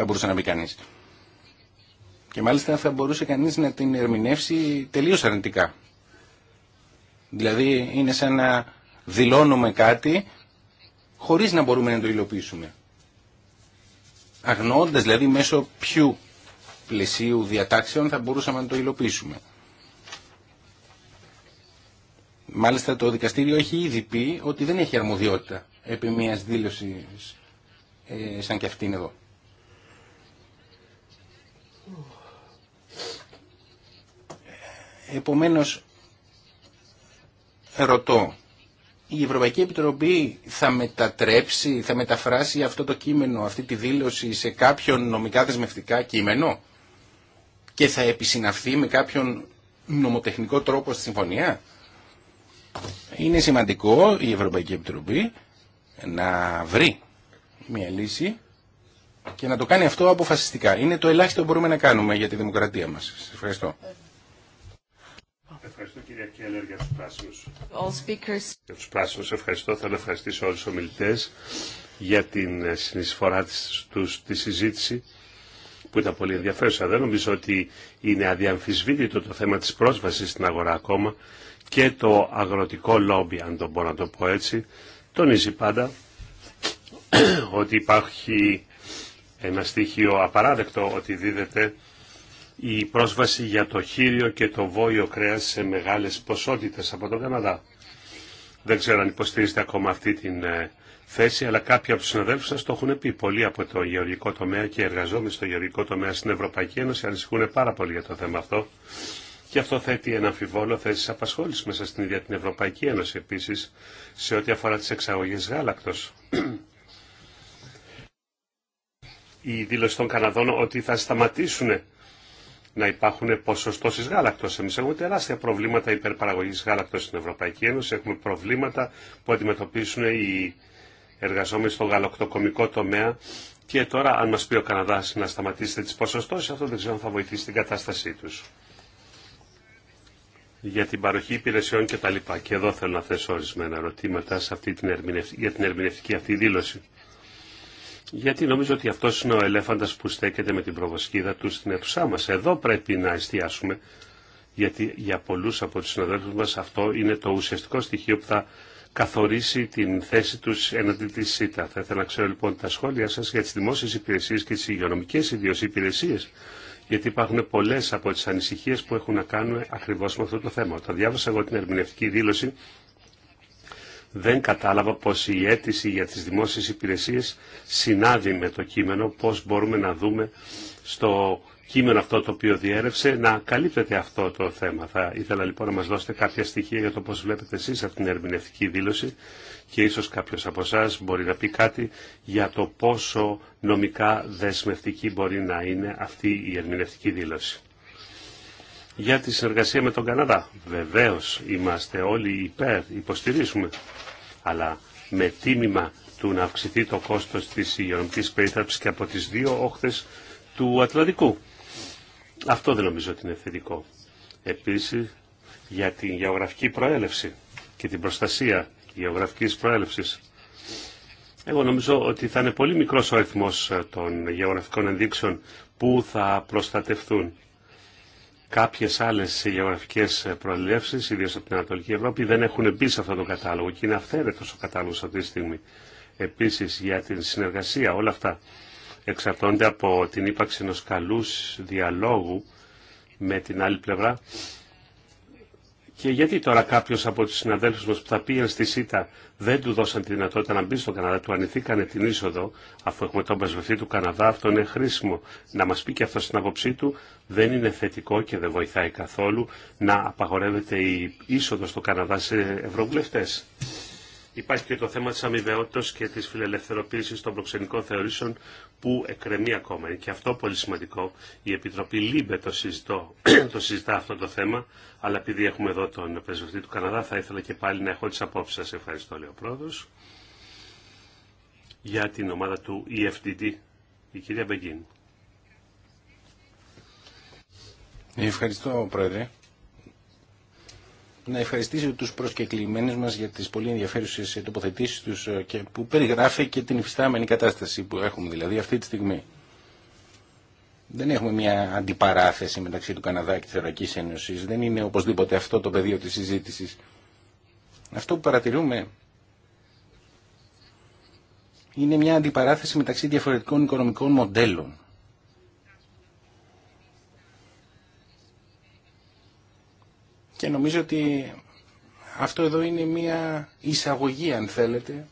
θα μπορούσε να πει κανείς. Και μάλιστα θα μπορούσε κανεί να την ερμηνεύσει τελείως αρνητικά. Δηλαδή είναι σαν να δηλώνουμε κάτι χωρίς να μπορούμε να το υλοποιήσουμε. Αγνώντας δηλαδή μέσω ποιου πλαισίου διατάξεων θα μπορούσαμε να το υλοποιήσουμε. Μάλιστα το δικαστήριο έχει ήδη πει ότι δεν έχει αρμοδιότητα επί μιας δήλωσης ε, σαν και αυτήν εδώ. Επομένως, ρωτώ, η Ευρωπαϊκή Επιτροπή θα μετατρέψει, θα μεταφράσει αυτό το κείμενο, αυτή τη δήλωση σε κάποιον νομικά δεσμευτικά κείμενο και θα επισυναυθεί με κάποιον νομοτεχνικό τρόπο στη συμφωνία. Είναι σημαντικό η Ευρωπαϊκή Επιτροπή να βρει μια λύση και να το κάνει αυτό αποφασιστικά. Είναι το ελάχιστο που μπορούμε να κάνουμε για τη δημοκρατία μας. Σας ευχαριστώ. Ευχαριστώ κυρία Κέλλερ για τους πράσινους. Για τους πράσινους ευχαριστώ. Θέλω να ευχαριστήσω όλους τους ομιλητές για την ε, συνεισφορά της, τους, τη συζήτηση που ήταν πολύ ενδιαφέρουσα. Δεν νομίζω ότι είναι αδιαμφισβήτητο το θέμα της πρόσβασης στην αγορά ακόμα και το αγροτικό λόμπι, αν το μπορώ να το πω έτσι, τονίζει πάντα ότι υπάρχει ένα στοιχείο απαράδεκτο ότι δίδεται η πρόσβαση για το χείριο και το βόλιο κρέας σε μεγάλες ποσότητες από τον Καναδά. Δεν ξέρω αν υποστηρίζετε ακόμα αυτή την ε, θέση, αλλά κάποιοι από τους συναδέλφους σας το έχουν πει. Πολλοί από το γεωργικό τομέα και εργαζόμενοι στο γεωργικό τομέα στην Ευρωπαϊκή Ένωση ανησυχούν πάρα πολύ για το θέμα αυτό. Και αυτό θέτει ένα αμφιβόλο θέση απασχόληση μέσα στην ίδια την Ευρωπαϊκή Ένωση επίση σε ό,τι αφορά τι εξαγωγέ γάλακτο η δήλωση των Καναδών ότι θα σταματήσουν να υπάρχουν ποσοστώσεις γάλακτό. Εμεί. έχουμε τεράστια προβλήματα υπερπαραγωγής γαλακτό στην Ευρωπαϊκή Ένωση. Έχουμε προβλήματα που αντιμετωπίσουν οι εργαζόμενοι στο γαλακτοκομικό τομέα. Και τώρα, αν μα πει ο Καναδάς να σταματήσετε τι ποσοστώσεις, αυτό δεν ξέρω αν θα βοηθήσει την κατάστασή του. Για την παροχή υπηρεσιών και Και εδώ θέλω να θέσω ορισμένα ερωτήματα σε αυτή την ερμηνευ... για την ερμηνευτική αυτή δήλωση γιατί νομίζω ότι αυτός είναι ο ελέφαντας που στέκεται με την προβοσκίδα του στην αίθουσά μας. Εδώ πρέπει να εστιάσουμε, γιατί για πολλούς από τους συναδέλφους μας αυτό είναι το ουσιαστικό στοιχείο που θα καθορίσει την θέση τους εναντί της ΣΥΤΑ. Θα ήθελα να ξέρω λοιπόν τα σχόλια σας για τις δημόσιες υπηρεσίες και τις υγειονομικές ιδιωσίες υπηρεσίες, γιατί υπάρχουν πολλές από τις ανησυχίες που έχουν να κάνουν ακριβώς με αυτό το θέμα. Όταν διάβασα εγώ την ερμηνευτική δήλωση δεν κατάλαβα πως η αίτηση για τις δημόσιες υπηρεσίες συνάδει με το κείμενο, πώς μπορούμε να δούμε στο κείμενο αυτό το οποίο διέρευσε να καλύπτεται αυτό το θέμα. Θα ήθελα λοιπόν να μας δώσετε κάποια στοιχεία για το πώς βλέπετε εσείς αυτή την ερμηνευτική δήλωση και ίσως κάποιος από εσά μπορεί να πει κάτι για το πόσο νομικά δεσμευτική μπορεί να είναι αυτή η ερμηνευτική δήλωση για τη συνεργασία με τον Καναδά. Βεβαίως είμαστε όλοι υπέρ, υποστηρίζουμε, αλλά με τίμημα του να αυξηθεί το κόστος της υγειονομικής περίθαψης και από τις δύο όχθες του Ατλαντικού. Αυτό δεν νομίζω ότι είναι θετικό. Επίσης, για την γεωγραφική προέλευση και την προστασία γεωγραφικής προέλευσης. Εγώ νομίζω ότι θα είναι πολύ μικρός ο αριθμός ε, των γεωγραφικών ενδείξεων που θα προστατευτούν. Κάποιες άλλες γεωγραφικέ προελεύσεις, ιδίω από την Ανατολική Ευρώπη, δεν έχουν μπει σε αυτόν τον κατάλογο και είναι αυθαίρετο ο κατάλογο αυτή τη στιγμή. Επίσης για την συνεργασία, όλα αυτά εξαρτώνται από την ύπαρξη ενό καλού διαλόγου με την άλλη πλευρά και γιατί τώρα κάποιο από του συναδέλφου μα που θα πήγαν στη ΣΥΤΑ δεν του δώσαν τη δυνατότητα να μπει στον Καναδά, του ανηθήκανε την είσοδο, αφού έχουμε τον πρεσβευτή του Καναδά, αυτό είναι χρήσιμο. Να μα πει και αυτό στην άποψή του, δεν είναι θετικό και δεν βοηθάει καθόλου να απαγορεύεται η είσοδο στο Καναδά σε ευρωβουλευτέ. Υπάρχει και το θέμα τη αμοιβαιότητα και τη φιλελευθερωποίηση των προξενικών θεωρήσεων που εκκρεμεί ακόμα. Είναι και αυτό πολύ σημαντικό. Η Επιτροπή ΛΥΜΠΕ το, συζητώ, το συζητά αυτό το θέμα, αλλά επειδή έχουμε εδώ τον πρεσβευτή του Καναδά, θα ήθελα και πάλι να έχω τις απόψεις σας. Ευχαριστώ, λέει ο για την ομάδα του EFDD, η κυρία Μπεγκίν. Ευχαριστώ, πρόεδρε να ευχαριστήσω τους προσκεκλημένους μας για τις πολύ ενδιαφέρουσες τοποθετήσεις τους ε, και που περιγράφει και την υφιστάμενη κατάσταση που έχουμε δηλαδή αυτή τη στιγμή. Δεν έχουμε μια αντιπαράθεση μεταξύ του Καναδά και της Ευρωπαϊκής Ένωσης. Δεν είναι οπωσδήποτε αυτό το πεδίο της συζήτησης. Αυτό που παρατηρούμε είναι μια αντιπαράθεση μεταξύ διαφορετικών οικονομικών μοντέλων. Και νομίζω ότι αυτό εδώ είναι μια εισαγωγή αν θέλετε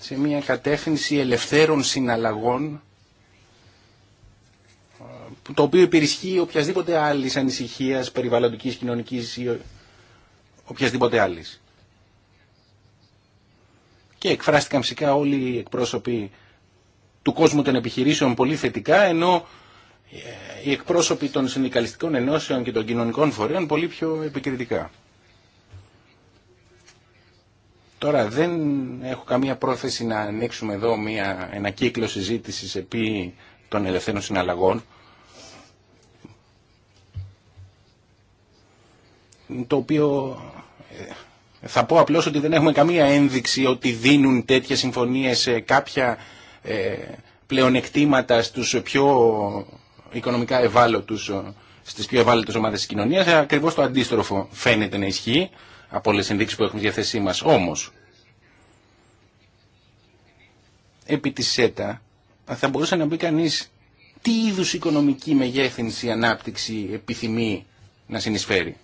σε μια κατεύθυνση ελευθέρων συναλλαγών ε, το οποίο υπερισχύει οποιασδήποτε άλλη ανησυχίας περιβαλλοντικής, κοινωνικής ή οποιασδήποτε άλλης. Και εκφράστηκαν φυσικά όλοι οι εκπρόσωποι του κόσμου των επιχειρήσεων πολύ θετικά, ενώ ε, οι εκπρόσωποι των συνδικαλιστικών ενώσεων και των κοινωνικών φορέων πολύ πιο επικριτικά. Τώρα δεν έχω καμία πρόθεση να ανοίξουμε εδώ μια, ένα κύκλο συζήτησης επί των ελευθέρων συναλλαγών. Το οποίο ε, θα πω απλώς ότι δεν έχουμε καμία ένδειξη ότι δίνουν τέτοιες συμφωνίες κάποια ε, πλεονεκτήματα στους πιο οικονομικά ευάλωτους, στις πιο ευάλωτες ομάδε τη κοινωνία. Ε, ακριβώς το αντίστροφο φαίνεται να ισχύει από όλε τι ενδείξει που έχουμε στη διαθέσή μας. Όμως, επί τη ΣΕΤΑ θα μπορούσε να μπει κανεί τι είδους οικονομική μεγέθυνση, ανάπτυξη επιθυμεί να συνεισφέρει.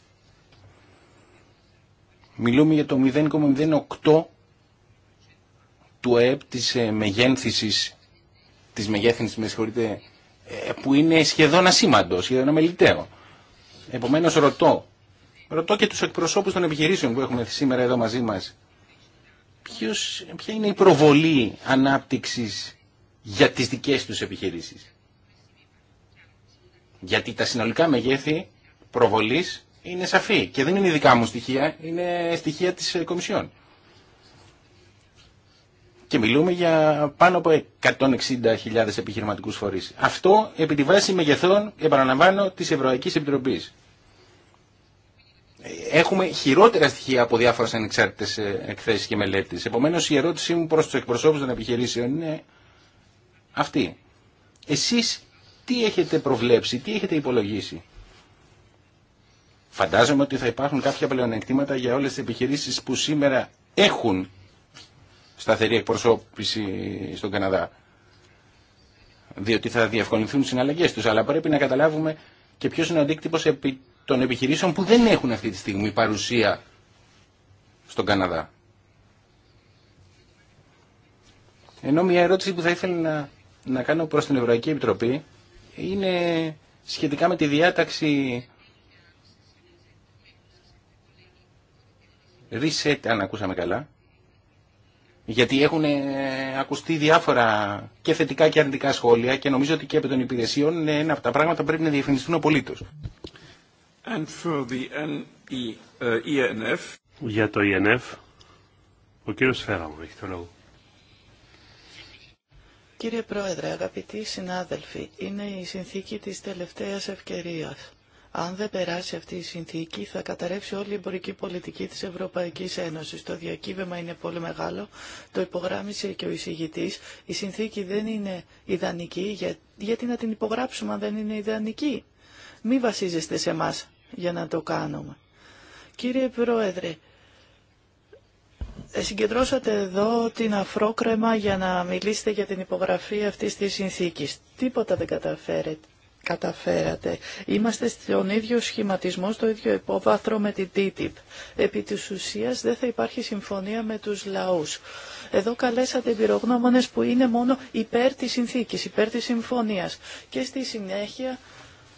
Μιλούμε για το 0,08 του ΕΕΠ της ε, μεγέθυνσης, της μεγέθυνσης, με συγχωρείτε, ε, που είναι σχεδόν ασήμαντο, σχεδόν αμεληταίο. Επομένω ρωτώ, ρωτώ και του εκπροσώπους των επιχειρήσεων που έχουμε σήμερα εδώ μαζί μας, ποια είναι η προβολή ανάπτυξη για τις δικές τους επιχειρήσεις. Γιατί τα συνολικά μεγέθη προβολής είναι σαφή και δεν είναι δικά μου στοιχεία, είναι στοιχεία της ε, Κομισιόν. Και μιλούμε για πάνω από 160.000 επιχειρηματικούς φορείς. Αυτό επί τη βάση μεγεθών, επαναλαμβάνω, της Ευρωπαϊκής Επιτροπής. Έχουμε χειρότερα στοιχεία από διάφορες ανεξάρτητες ε, εκθέσεις και μελέτες. Επομένως η ερώτησή μου προς τους εκπροσώπους των επιχειρήσεων είναι αυτή. Εσείς τι έχετε προβλέψει, τι έχετε υπολογίσει. Φαντάζομαι ότι θα υπάρχουν κάποια πλεονεκτήματα για όλες τις επιχειρήσεις που σήμερα έχουν σταθερή εκπροσώπηση στον Καναδά. Διότι θα διευκολυνθούν οι συναλλαγές τους, αλλά πρέπει να καταλάβουμε και ποιο είναι ο αντίκτυπο των επιχειρήσεων που δεν έχουν αυτή τη στιγμή παρουσία στον Καναδά. Ενώ μια ερώτηση που θα ήθελα να, να κάνω προς την Ευρωπαϊκή Επιτροπή είναι σχετικά με τη διάταξη reset, αν ακούσαμε καλά, γιατί έχουν ε, ακουστεί διάφορα και θετικά και αρνητικά σχόλια και νομίζω ότι και από των υπηρεσιών είναι ένα από τα πράγματα που πρέπει να διευθυνιστούν απολύτω. E, uh, e Για το ENF, ο κύριο Φέραμο έχει το λόγο. Κύριε Πρόεδρε, αγαπητοί συνάδελφοι, είναι η συνθήκη της τελευταίας ευκαιρίας. Αν δεν περάσει αυτή η συνθήκη θα καταρρεύσει όλη η εμπορική πολιτική της Ευρωπαϊκής Ένωσης. Το διακύβευμα είναι πολύ μεγάλο, το υπογράμμισε και ο εισηγητή. Η συνθήκη δεν είναι ιδανική, γιατί να την υπογράψουμε αν δεν είναι ιδανική. Μη βασίζεστε σε εμά για να το κάνουμε. Κύριε Πρόεδρε, ε, συγκεντρώσατε εδώ την αφρόκρεμα για να μιλήσετε για την υπογραφή αυτής της συνθήκης. Τίποτα δεν καταφέρετε καταφέρατε. Είμαστε στον ίδιο σχηματισμό, στο ίδιο υπόβαθρο με την TTIP. Επί της ουσίας δεν θα υπάρχει συμφωνία με τους λαούς. Εδώ καλέσατε εμπειρογνώμονες που είναι μόνο υπέρ της συνθήκης, υπέρ της συμφωνίας. Και στη συνέχεια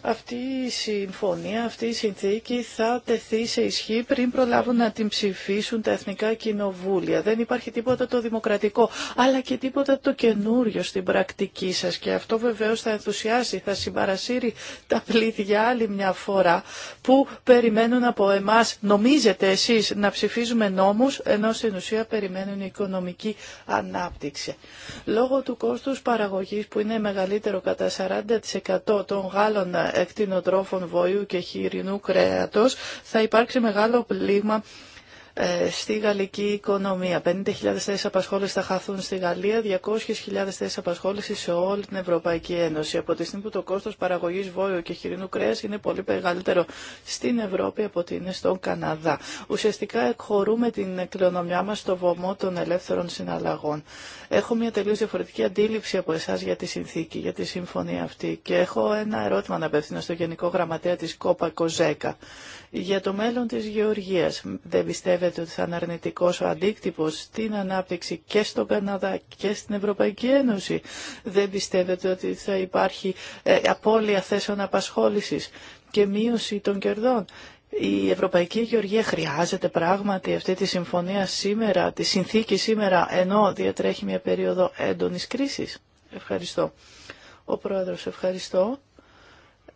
αυτή η συμφωνία, αυτή η συνθήκη θα τεθεί σε ισχύ πριν προλάβουν να την ψηφίσουν τα εθνικά κοινοβούλια. Δεν υπάρχει τίποτα το δημοκρατικό, αλλά και τίποτα το καινούριο στην πρακτική σας. Και αυτό βεβαίως θα ενθουσιάσει, θα συμπαρασύρει τα πλήθη άλλη μια φορά που περιμένουν από εμάς, νομίζετε εσείς, να ψηφίζουμε νόμους, ενώ στην ουσία περιμένουν οικονομική ανάπτυξη. Λόγω του κόστους παραγωγής που είναι μεγαλύτερο κατά 40% των Γάλλων εκτινοτρόφων βόλου και χοιρινού κρέατος θα υπάρξει μεγάλο πλήγμα ε, στη γαλλική οικονομία. 50.000 θέσει απασχόληση θα χαθούν στη Γαλλία, 200.000 θέσει απασχόληση σε όλη την Ευρωπαϊκή Ένωση. Από τη στιγμή που το κόστο παραγωγή βόλου και χοιρινού κρέα είναι πολύ μεγαλύτερο στην Ευρώπη από ότι είναι στον Καναδά. Ουσιαστικά εκχωρούμε την κληρονομιά μα στο βωμό των ελεύθερων συναλλαγών. Έχω μια τελείω διαφορετική αντίληψη από εσά για τη συνθήκη, για τη συμφωνία αυτή και έχω ένα ερώτημα να απευθύνω στο Γενικό Γραμματέα τη ΚΟΠΑ ΚΟΖΕΚΑ. Για το μέλλον της γεωργίας, δεν πιστεύετε ότι θα είναι αρνητικός ο αντίκτυπος στην ανάπτυξη και στον Καναδά και στην Ευρωπαϊκή Ένωση. Δεν πιστεύετε ότι θα υπάρχει ε, απώλεια θέσεων απασχόλησης και μείωση των κερδών. Η Ευρωπαϊκή Γεωργία χρειάζεται πράγματι αυτή τη συμφωνία σήμερα, τη συνθήκη σήμερα, ενώ διατρέχει μια περίοδο έντονης κρίσης. Ευχαριστώ. Ο Πρόεδρος, ευχαριστώ.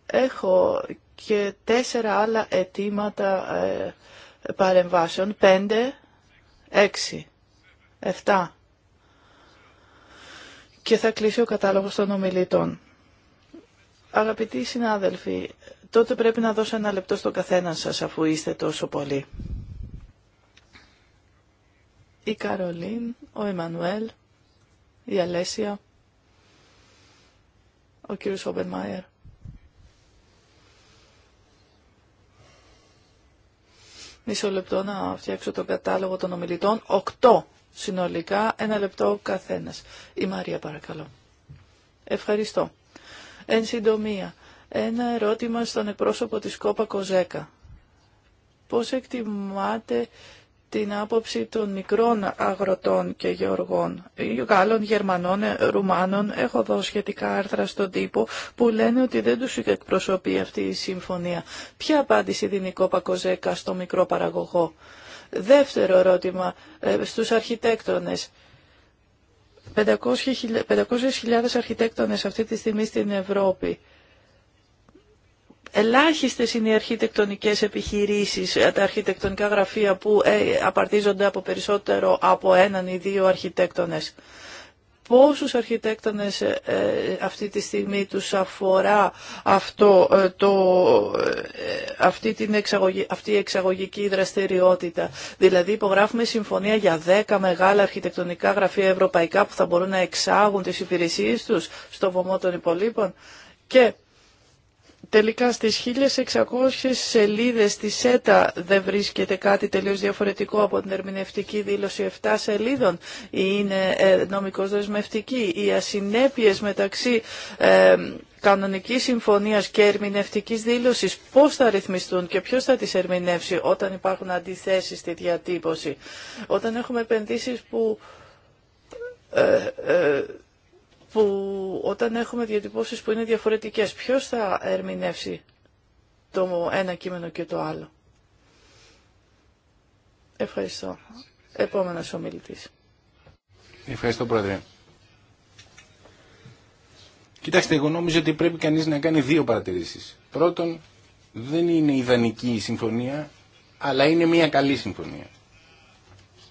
Έχω και τέσσερα άλλα αιτήματα ε, παρεμβάσεων. Πέντε, έξι, εφτά. Και θα κλείσει ο κατάλογος των ομιλητών. Αγαπητοί συνάδελφοι, τότε πρέπει να δώσω ένα λεπτό στον καθένα σας αφού είστε τόσο πολλοί. Η Καρολίν, ο Εμμανουέλ, η Αλέσια, ο κύριος Μάιερ. Μισό λεπτό να φτιάξω τον κατάλογο των ομιλητών. Οκτώ συνολικά, ένα λεπτό ο καθένας. Η Μαρία παρακαλώ. Ευχαριστώ. Εν συντομία, ένα ερώτημα στον εκπρόσωπο της Κόπα Κοζέκα. Πώς εκτιμάτε την άποψη των μικρών αγροτών και γεωργών, Γάλλων, Γερμανών, ε, Ρουμάνων. Έχω δώσει σχετικά άρθρα στον τύπο που λένε ότι δεν τους εκπροσωπεί αυτή η συμφωνία. Ποια απάντηση δίνει η Κόπα Κοζέκα στο μικρό παραγωγό. Δεύτερο ερώτημα ε, στους αρχιτέκτονες. 500.000 αρχιτέκτονες αυτή τη στιγμή στην Ευρώπη. Ελάχιστες είναι οι αρχιτεκτονικές επιχειρήσεις, ε, τα αρχιτεκτονικά γραφεία που ε, απαρτίζονται από περισσότερο από έναν ή δύο αρχιτέκτονες. Πόσους αρχιτέκτονες ε, αυτή τη στιγμή τους αφορά αυτό, το, αυτή, την εξαγωγη, αυτή η εξαγωγική δραστηριότητα. Δηλαδή υπογράφουμε συμφωνία για 10 μεγάλα αρχιτεκτονικά γραφεία ευρωπαϊκά που θα μπορούν να εξάγουν τις υπηρεσίες τους στο βωμό των υπολείπων. Και Τελικά στις 1600 σελίδες της ΣΕΤΑ δεν βρίσκεται κάτι τελείως διαφορετικό από την ερμηνευτική δήλωση 7 σελίδων ή είναι ε, νομικός δεσμευτική. Οι ασυνέπειες μεταξύ ε, κανονικής συμφωνίας και ερμηνευτικής δήλωσης πώς θα ρυθμιστούν και ποιος θα τις ερμηνεύσει όταν υπάρχουν αντιθέσεις στη διατύπωση. Όταν έχουμε επενδύσεις που... Ε, ε, που όταν έχουμε διατυπώσεις που είναι διαφορετικές, ποιος θα ερμηνεύσει το ένα κείμενο και το άλλο. Ευχαριστώ. Επόμενος ομιλητής. Ευχαριστώ Πρόεδρε. Κοιτάξτε, εγώ νόμιζα ότι πρέπει κανείς να κάνει δύο παρατηρήσεις. Πρώτον, δεν είναι ιδανική η συμφωνία, αλλά είναι μια καλή συμφωνία.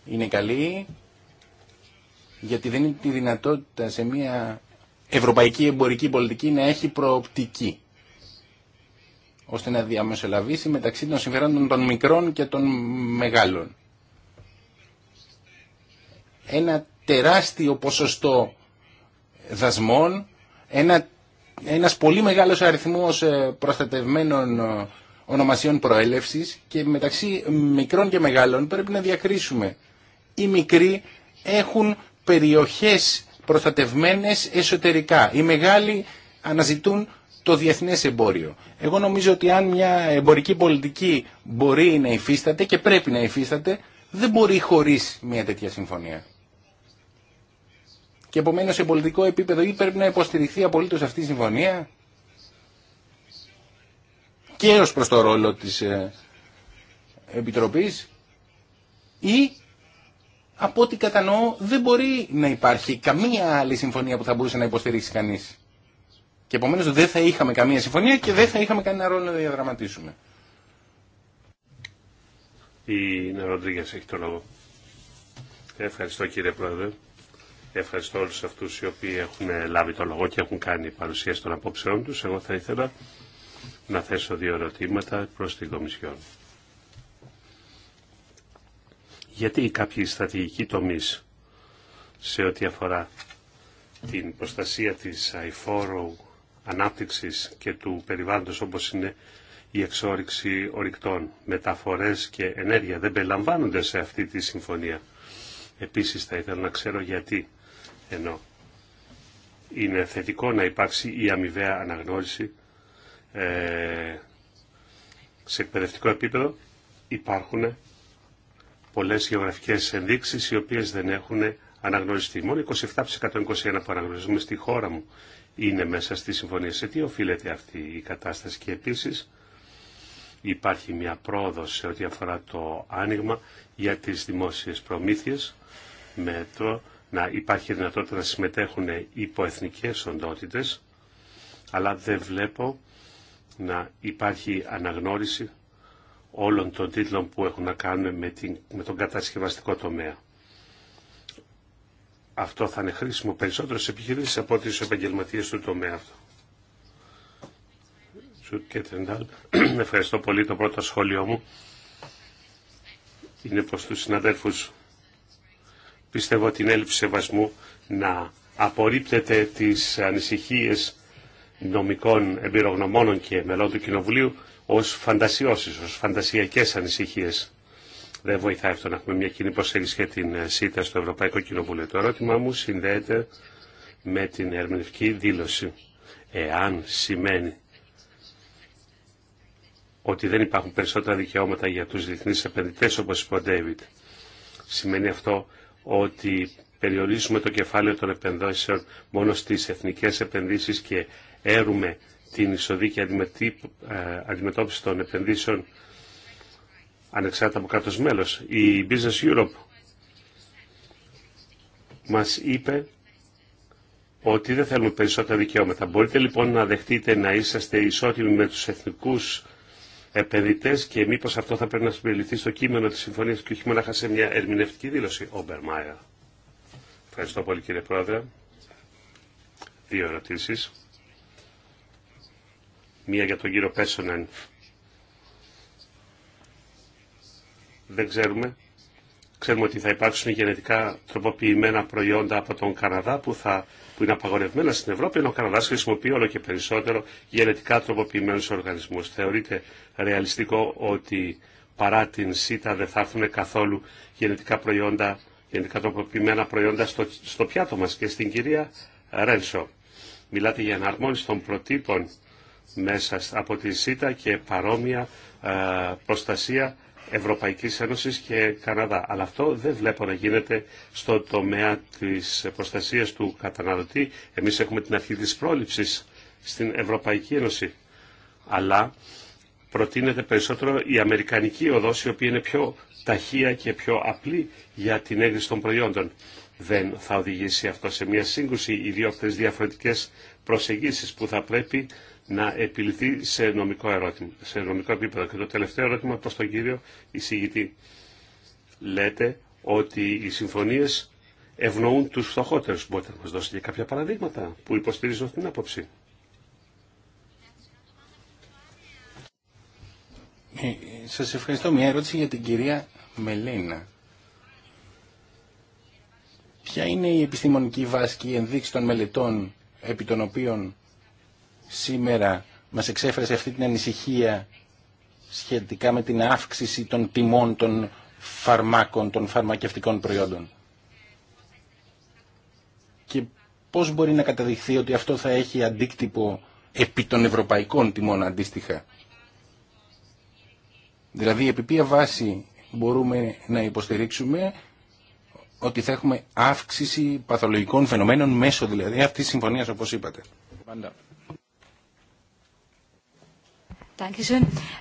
Είναι καλή, γιατί είναι τη δυνατότητα σε μια ευρωπαϊκή εμπορική πολιτική να έχει προοπτική ώστε να διαμεσολαβήσει μεταξύ των συμφερόντων των μικρών και των μεγάλων. Ένα τεράστιο ποσοστό δασμών, ένα, ένας πολύ μεγάλος αριθμός ε, προστατευμένων ε, ονομασιών προέλευσης και μεταξύ μικρών και μεγάλων πρέπει να διακρίσουμε. Οι μικροί έχουν περιοχές προστατευμένες εσωτερικά. Οι μεγάλοι αναζητούν το διεθνές εμπόριο. Εγώ νομίζω ότι αν μια εμπορική πολιτική μπορεί να υφίσταται και πρέπει να υφίσταται, δεν μπορεί χωρίς μια τέτοια συμφωνία. Και επομένω σε πολιτικό επίπεδο ή πρέπει να υποστηριχθεί απολύτως αυτή η συμφωνία και ως προς το ρόλο της ε, Επιτροπής ή από ό,τι κατανοώ δεν μπορεί να υπάρχει καμία άλλη συμφωνία που θα μπορούσε να υποστηρίξει κανεί. Και επομένω δεν θα είχαμε καμία συμφωνία και δεν θα είχαμε κανένα ρόλο να διαδραματίσουμε. Η Νεροντρίγιας έχει το λόγο. Ευχαριστώ κύριε Πρόεδρε. Ευχαριστώ όλου αυτού οι οποίοι έχουν λάβει το λόγο και έχουν κάνει παρουσίαση των απόψεών του. Εγώ θα ήθελα να θέσω δύο ερωτήματα προ την Κομισιόν γιατί κάποιοι στρατηγικοί τομείς σε ό,τι αφορά την προστασία της αηφόρου ανάπτυξης και του περιβάλλοντος όπως είναι η εξόριξη ορυκτών, μεταφορές και ενέργεια δεν περιλαμβάνονται σε αυτή τη συμφωνία. Επίσης θα ήθελα να ξέρω γιατί ενώ είναι θετικό να υπάρξει η αμοιβαία αναγνώριση ε, σε εκπαιδευτικό επίπεδο υπάρχουν πολλές γεωγραφικές ενδείξεις οι οποίες δεν έχουν αναγνωριστεί. Μόνο 27 121 που αναγνωρίζουμε στη χώρα μου είναι μέσα στη συμφωνία. Σε τι οφείλεται αυτή η κατάσταση και επίσης υπάρχει μια πρόοδος σε ό,τι αφορά το άνοιγμα για τις δημόσιες προμήθειες με το να υπάρχει δυνατότητα να συμμετέχουν υποεθνικές οντότητες αλλά δεν βλέπω να υπάρχει αναγνώριση όλων των τίτλων που έχουν να κάνουν με, την, με τον κατασκευαστικό τομέα. Αυτό θα είναι χρήσιμο περισσότερο σε επιχειρήσεις από τις επαγγελματίες του τομέα αυτό. Ευχαριστώ πολύ το πρώτο σχόλιο μου. Είναι προς τους συναδέλφους. Πιστεύω την έλλειψη σεβασμού να απορρίπτεται τις ανησυχίες νομικών εμπειρογνωμόνων και μελών του Κοινοβουλίου ως φαντασιώσεις, ως φαντασιακές ανησυχίες. Δεν βοηθάει αυτό να έχουμε μια κοινή προσέγγιση για την ε, ΣΥΤΑ στο Ευρωπαϊκό Κοινοβούλιο. Το ερώτημά μου συνδέεται με την ερμηνευτική δήλωση. Εάν σημαίνει ότι δεν υπάρχουν περισσότερα δικαιώματα για τους διεθνείς επενδυτές, όπως είπε ο Ντέιβιτ, σημαίνει αυτό ότι περιορίζουμε το κεφάλαιο των επενδύσεων μόνο στις εθνικές επενδύσεις και έρουμε την και ε, αντιμετώπιση των επενδύσεων ανεξάρτητα από κάτω μέλος. Η Business Europe μας είπε ότι δεν θέλουμε περισσότερα δικαιώματα. Μπορείτε λοιπόν να δεχτείτε να είσαστε ισότιμοι με τους εθνικούς επενδυτές και μήπως αυτό θα πρέπει να συμπεριληφθεί στο κείμενο της συμφωνίας και όχι μόνο σε μια ερμηνευτική δήλωση. Ευχαριστώ πολύ κύριε Πρόεδρε. Δύο ερωτήσεις μία για τον κύριο Πέσονεν. Δεν ξέρουμε. Ξέρουμε ότι θα υπάρξουν γενετικά τροποποιημένα προϊόντα από τον Καναδά που, θα, που είναι απαγορευμένα στην Ευρώπη, ενώ ο Καναδά χρησιμοποιεί όλο και περισσότερο γενετικά τροποποιημένους οργανισμού. Θεωρείται ρεαλιστικό ότι παρά την ΣΥΤΑ δεν θα έρθουν καθόλου γενετικά προϊόντα, γενετικά τροποποιημένα προϊόντα στο, στο πιάτο μα και στην κυρία Ρένσο. Μιλάτε για εναρμόνιση των προτύπων μέσα από τη ΣΥΤΑ και παρόμοια ε, προστασία Ευρωπαϊκής Ένωσης και Καναδά. Αλλά αυτό δεν βλέπω να γίνεται στο τομέα της προστασίας του καταναλωτή. Εμείς έχουμε την αρχή της πρόληψης στην Ευρωπαϊκή Ένωση. Αλλά προτείνεται περισσότερο η Αμερικανική οδός, η οποία είναι πιο ταχεία και πιο απλή για την έγκριση των προϊόντων. Δεν θα οδηγήσει αυτό σε μια σύγκρουση οι δύο αυτές διαφορετικές προσεγγίσεις που θα πρέπει να επιληθεί σε νομικό, ερώτημα, σε νομικό επίπεδο. Και το τελευταίο ερώτημα προς τον κύριο εισηγητή. Λέτε ότι οι συμφωνίες ευνοούν τους φτωχότερους. Μπορείτε να μας δώσετε κάποια παραδείγματα που υποστηρίζουν αυτήν την άποψη. Ναι, σας ευχαριστώ. Μια ερώτηση για την κυρία Μελένα. Ποια είναι η επιστημονική βάση και η ενδείξη των μελετών επί των οποίων σήμερα μας εξέφρασε αυτή την ανησυχία σχετικά με την αύξηση των τιμών των φαρμάκων, των φαρμακευτικών προϊόντων. Και πώς μπορεί να καταδειχθεί ότι αυτό θα έχει αντίκτυπο επί των ευρωπαϊκών τιμών αντίστοιχα. Δηλαδή, επί ποια βάση μπορούμε να υποστηρίξουμε ότι θα έχουμε αύξηση παθολογικών φαινομένων μέσω δηλαδή αυτής της συμφωνίας όπως είπατε.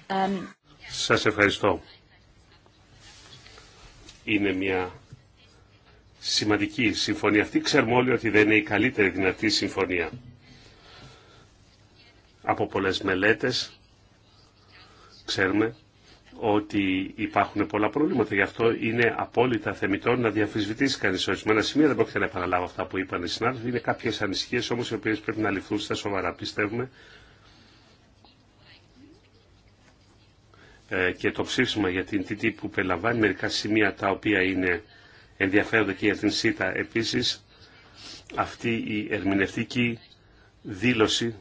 Ähm, Σας ευχαριστώ. Είναι μια σημαντική συμφωνία αυτή. Ξέρουμε όλοι ότι δεν είναι η καλύτερη δυνατή συμφωνία. Από πολλές μελέτες ξέρουμε ότι υπάρχουν πολλά προβλήματα. Γι' αυτό είναι απόλυτα θεμητό να διαφυσβητήσει κανεί ορισμένα σημεία. Δεν πρόκειται να επαναλάβω αυτά που είπαν οι συνάδελφοι. Είναι κάποιε ανησυχίε όμω οι οποίε πρέπει να ληφθούν στα σοβαρά. Πιστεύουμε Ε, και το ψήφισμα για την TTIP που περιλαμβάνει μερικά σημεία τα οποία είναι ενδιαφέροντα και για την ΣΥΤΑ επίσης αυτή η ερμηνευτική δήλωση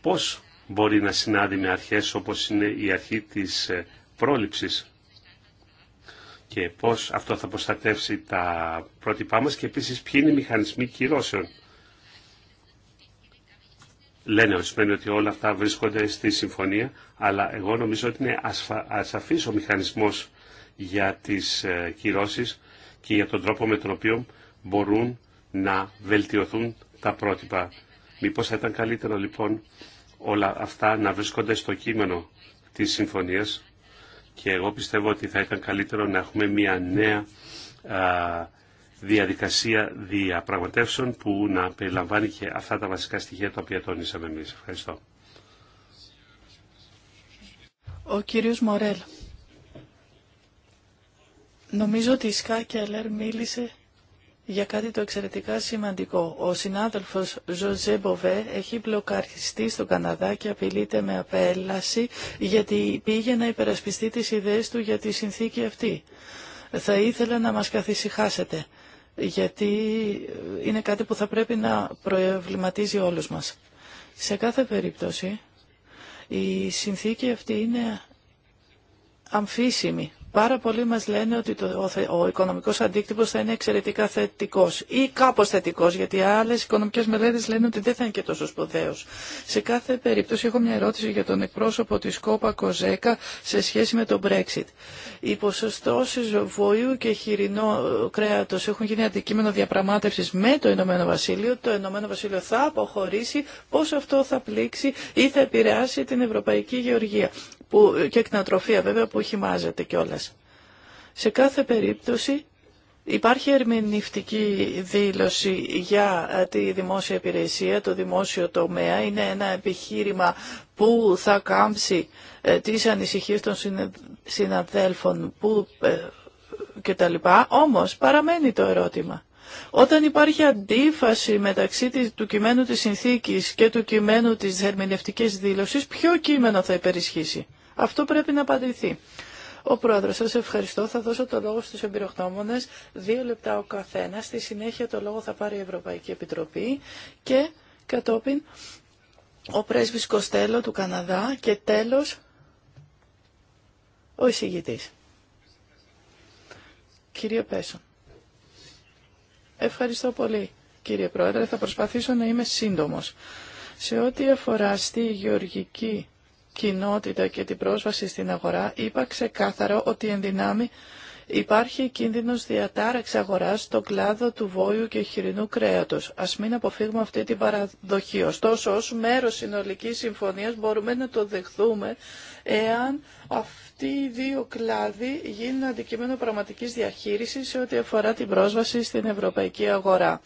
πώς μπορεί να συνάδει με αρχές όπως είναι η αρχή της ε, πρόληψης και πώς αυτό θα προστατεύσει τα πρότυπά μας και επίσης ποιοι είναι οι μηχανισμοί κυρώσεων λένε ορισμένοι ότι όλα αυτά βρίσκονται στη συμφωνία, αλλά εγώ νομίζω ότι είναι ασφα... ασαφής ο μηχανισμός για τις ε, κυρώσεις και για τον τρόπο με τον οποίο μπορούν να βελτιωθούν τα πρότυπα. Μήπως θα ήταν καλύτερο λοιπόν όλα αυτά να βρίσκονται στο κείμενο της συμφωνίας και εγώ πιστεύω ότι θα ήταν καλύτερο να έχουμε μια νέα διαδικασία διαπραγματεύσεων που να περιλαμβάνει και αυτά τα βασικά στοιχεία τα οποία τόνισαμε εμεί. Ευχαριστώ. Ο κύριος Μορέλ. Νομίζω ότι η Σκά μίλησε για κάτι το εξαιρετικά σημαντικό. Ο συνάδελφος Ζωζέ Μποβέ έχει μπλοκαριστεί στον Καναδά και απειλείται με απέλαση γιατί πήγε να υπερασπιστεί τις ιδέες του για τη συνθήκη αυτή. Θα ήθελα να μας καθησυχάσετε γιατί είναι κάτι που θα πρέπει να προεβληματίζει όλους μας. Σε κάθε περίπτωση η συνθήκη αυτή είναι αμφίσιμη Πάρα πολλοί μας λένε ότι το, ο, ο οικονομικός αντίκτυπος θα είναι εξαιρετικά θετικός ή κάπως θετικός, γιατί άλλες οικονομικές μελέτες λένε ότι δεν θα είναι και τόσο σπουδαίος. Σε κάθε περίπτωση έχω μια ερώτηση για τον εκπρόσωπο της Κόπα Κοζέκα σε σχέση με το Brexit. Οι ποσοστώσεις βοήου και χοιρινό κρέατος έχουν γίνει αντικείμενο διαπραγμάτευσης με το Ηνωμένο Βασίλειο. Το Ηνωμένο Βασίλειο θα αποχωρήσει πώς αυτό θα πλήξει ή θα επηρεάσει την Ευρωπαϊκή Γεωργία που, και ατροφία βέβαια που χυμάζεται κιόλα. Σε κάθε περίπτωση Υπάρχει ερμηνευτική δήλωση για ε, τη δημόσια υπηρεσία, το δημόσιο τομέα. Είναι ένα επιχείρημα που θα κάμψει ε, τις ανησυχίες των συναδέλφων που, ε, και τα λοιπά. Όμως παραμένει το ερώτημα. Όταν υπάρχει αντίφαση μεταξύ του κειμένου της συνθήκης και του κειμένου της ερμηνευτικής δήλωσης, ποιο κείμενο θα υπερισχύσει. Αυτό πρέπει να απαντηθεί. Ο Πρόεδρος, σας ευχαριστώ. Θα δώσω το λόγο στους εμπειροχνόμονες. δύο λεπτά ο καθένας. Στη συνέχεια το λόγο θα πάρει η Ευρωπαϊκή Επιτροπή και κατόπιν ο πρέσβης Κοστέλο του Καναδά και τέλος ο εισηγητής. Κύριε Πέσον. Ευχαριστώ πολύ κύριε Πρόεδρε. Θα προσπαθήσω να είμαι σύντομος. Σε ό,τι αφορά στη γεωργική κοινότητα και την πρόσβαση στην αγορά, είπα ξεκάθαρο ότι εν δυνάμει υπάρχει κίνδυνος διατάραξη αγοράς στον κλάδο του βόλου και χοιρινού κρέατος. Ας μην αποφύγουμε αυτή την παραδοχή. Ωστόσο, ω μέρος συνολικής συμφωνίας μπορούμε να το δεχθούμε εάν αυτοί οι δύο κλάδοι γίνουν αντικείμενο πραγματικής διαχείρισης σε ό,τι αφορά την πρόσβαση στην ευρωπαϊκή αγορά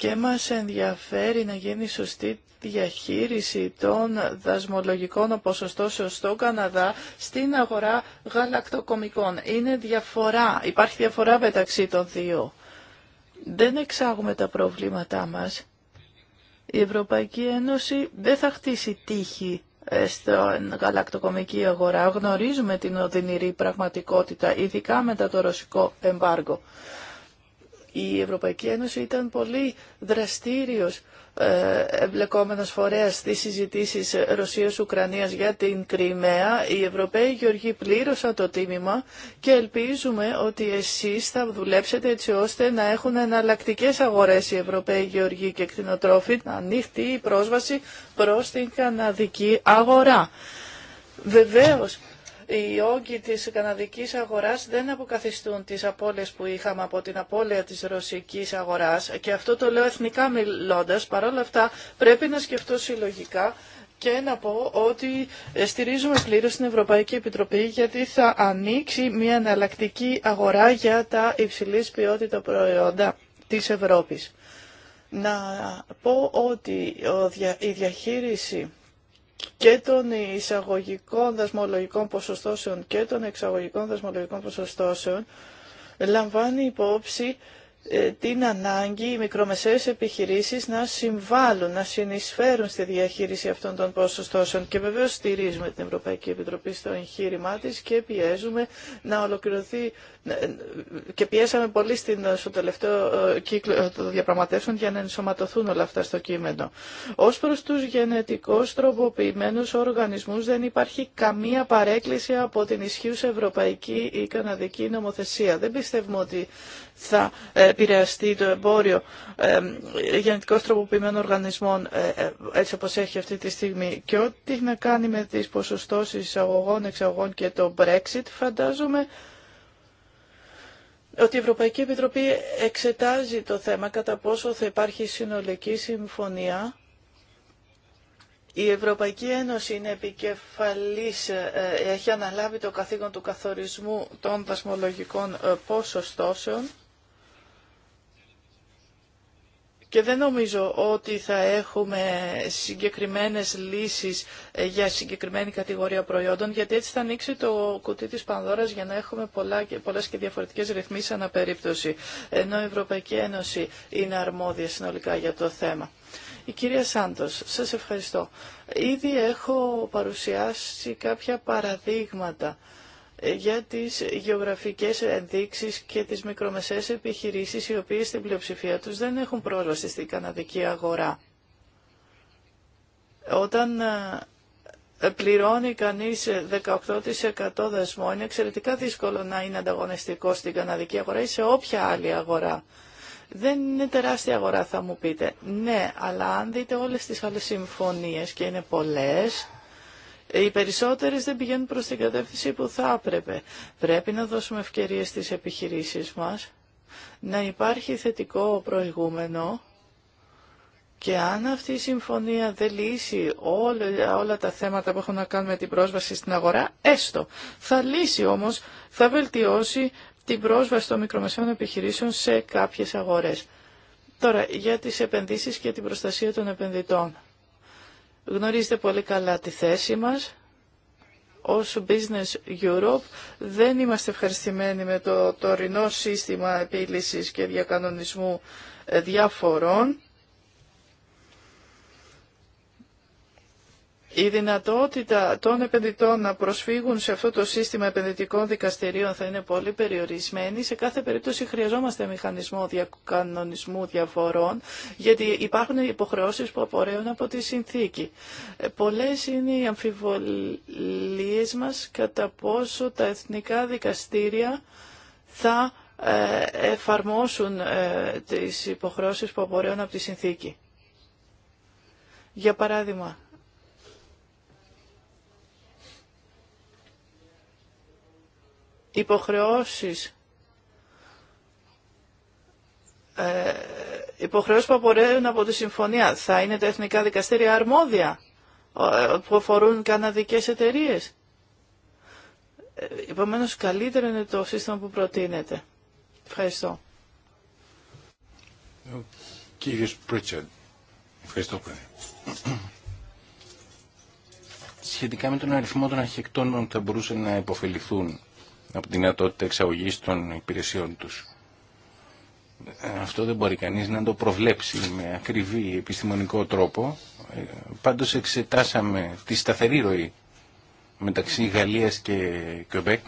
και μας ενδιαφέρει να γίνει σωστή διαχείριση των δασμολογικών ποσοστό στο Καναδά στην αγορά γαλακτοκομικών. Είναι διαφορά, υπάρχει διαφορά μεταξύ των δύο. Δεν εξάγουμε τα προβλήματά μας. Η Ευρωπαϊκή Ένωση δεν θα χτίσει τύχη ε, στην γαλακτοκομική αγορά. Γνωρίζουμε την οδυνηρή πραγματικότητα, ειδικά μετά το ρωσικό εμπάργο η Ευρωπαϊκή Ένωση ήταν πολύ δραστήριος ε, εμπλεκόμενος φορέας στις συζητήσεις Ρωσίας-Ουκρανίας για την Κρυμαία. Οι Ευρωπαίοι Γεωργοί πλήρωσαν το τίμημα και ελπίζουμε ότι εσείς θα δουλέψετε έτσι ώστε να έχουν εναλλακτικέ αγορές οι Ευρωπαίοι Γεωργοί και κτηνοτρόφοι να ανοιχτεί η πρόσβαση προς την καναδική αγορά. Βεβαίως οι όγκοι της καναδικής αγοράς δεν αποκαθιστούν τις απώλειες που είχαμε από την απώλεια της ρωσικής αγοράς και αυτό το λέω εθνικά μιλώντας, παρόλα αυτά πρέπει να σκεφτώ συλλογικά και να πω ότι στηρίζουμε πλήρως την Ευρωπαϊκή Επιτροπή γιατί θα ανοίξει μια εναλλακτική αγορά για τα υψηλής ποιότητα προϊόντα της Ευρώπης. Να πω ότι η διαχείριση και των εισαγωγικών δασμολογικών ποσοστώσεων και των εξαγωγικών δασμολογικών ποσοστώσεων λαμβάνει υπόψη ε, την ανάγκη οι μικρομεσαίες επιχειρήσεις να συμβάλλουν, να συνεισφέρουν στη διαχείριση αυτών των ποσοστώσεων και βεβαίως στηρίζουμε την Ευρωπαϊκή Επιτροπή στο εγχείρημά της και πιέζουμε να ολοκληρωθεί ε, και πιέσαμε πολύ στο τελευταίο ε, κύκλο των διαπραγματεύσεων για να ενσωματωθούν όλα αυτά στο κείμενο. Ως προς τους γενετικώς τροποποιημένους οργανισμούς δεν υπάρχει καμία παρέκκληση από την ισχύουσα ευρωπαϊκή ή καναδική νομοθεσία. Δεν πιστεύουμε ότι θα ε, επηρεαστεί το εμπόριο ε, γενετικό τροποποιημένων οργανισμών ε, έτσι όπως έχει αυτή τη στιγμή και ό,τι να κάνει με τις ποσοστώσεις εισαγωγών, εξαγωγών και το Brexit φαντάζομαι ότι η Ευρωπαϊκή Επιτροπή εξετάζει το θέμα κατά πόσο θα υπάρχει συνολική συμφωνία. Η Ευρωπαϊκή Ένωση είναι επικεφαλής, έχει αναλάβει το καθήκον του καθορισμού των δασμολογικών ποσοστώσεων Και δεν νομίζω ότι θα έχουμε συγκεκριμένες λύσεις ε, για συγκεκριμένη κατηγορία προϊόντων, γιατί έτσι θα ανοίξει το κουτί της Πανδώρας για να έχουμε πολλά και, πολλές και διαφορετικές ρυθμίσεις ανά περίπτωση, ενώ η Ευρωπαϊκή Ένωση είναι αρμόδια συνολικά για το θέμα. Η κυρία Σάντος, σας ευχαριστώ. Ήδη έχω παρουσιάσει κάποια παραδείγματα ε, για τις γεωγραφικές ενδείξεις και τις μικρομεσαίες επιχειρήσεις οι οποίες στην πλειοψηφία τους δεν έχουν πρόσβαση στην καναδική αγορά. Όταν ε, ε, πληρώνει κανείς 18% δεσμό, είναι εξαιρετικά δύσκολο να είναι ανταγωνιστικό στην καναδική αγορά ή σε όποια άλλη αγορά. Δεν είναι τεράστια αγορά θα μου πείτε. Ναι, αλλά αν δείτε όλες τις άλλες συμφωνίες και είναι πολλές, οι περισσότερες δεν πηγαίνουν προς την κατεύθυνση που θα έπρεπε. Πρέπει να δώσουμε ευκαιρίες στις επιχειρήσεις μας, να υπάρχει θετικό προηγούμενο και αν αυτή η συμφωνία δεν λύσει όλα, τα θέματα που έχουν να κάνουν με την πρόσβαση στην αγορά, έστω. Θα λύσει όμως, θα βελτιώσει την πρόσβαση των μικρομεσαίων επιχειρήσεων σε κάποιες αγορές. Τώρα, για τις επενδύσεις και την προστασία των επενδυτών. Γνωρίζετε πολύ καλά τη θέση μας. Ως Business Europe δεν είμαστε ευχαριστημένοι με το τωρινό σύστημα επίλυσης και διακανονισμού ε, διαφορών Η δυνατότητα των επενδυτών να προσφύγουν σε αυτό το σύστημα επενδυτικών δικαστηρίων θα είναι πολύ περιορισμένη. Σε κάθε περίπτωση χρειαζόμαστε μηχανισμό διακανονισμού διαφορών, γιατί υπάρχουν υποχρεώσει που απορρέουν από τη συνθήκη. Ε, πολλές είναι οι αμφιβολίες μας κατά πόσο τα εθνικά δικαστήρια θα ε, εφαρμόσουν ε, τις υποχρεώσεις που απορρέουν από τη συνθήκη. Για παράδειγμα, υποχρεώσεις ε, υποχρεώσεις που απορρέουν από τη συμφωνία θα είναι τα εθνικά δικαστήρια αρμόδια ε, που αφορούν καναδικές εταιρείες. Ε, Επομένω, καλύτερο είναι το σύστημα που προτείνεται. Ευχαριστώ. κύριος Ευχαριστώ πολύ. Σχετικά με τον αριθμό των αρχιεκτών που θα μπορούσαν να υποφεληθούν από τη δυνατότητα εξαγωγή των υπηρεσιών τους. Αυτό δεν μπορεί κανείς να το προβλέψει με ακριβή επιστημονικό τρόπο. Ε, πάντως εξετάσαμε τη σταθερή ροή μεταξύ Γαλλίας και Κεμπέκ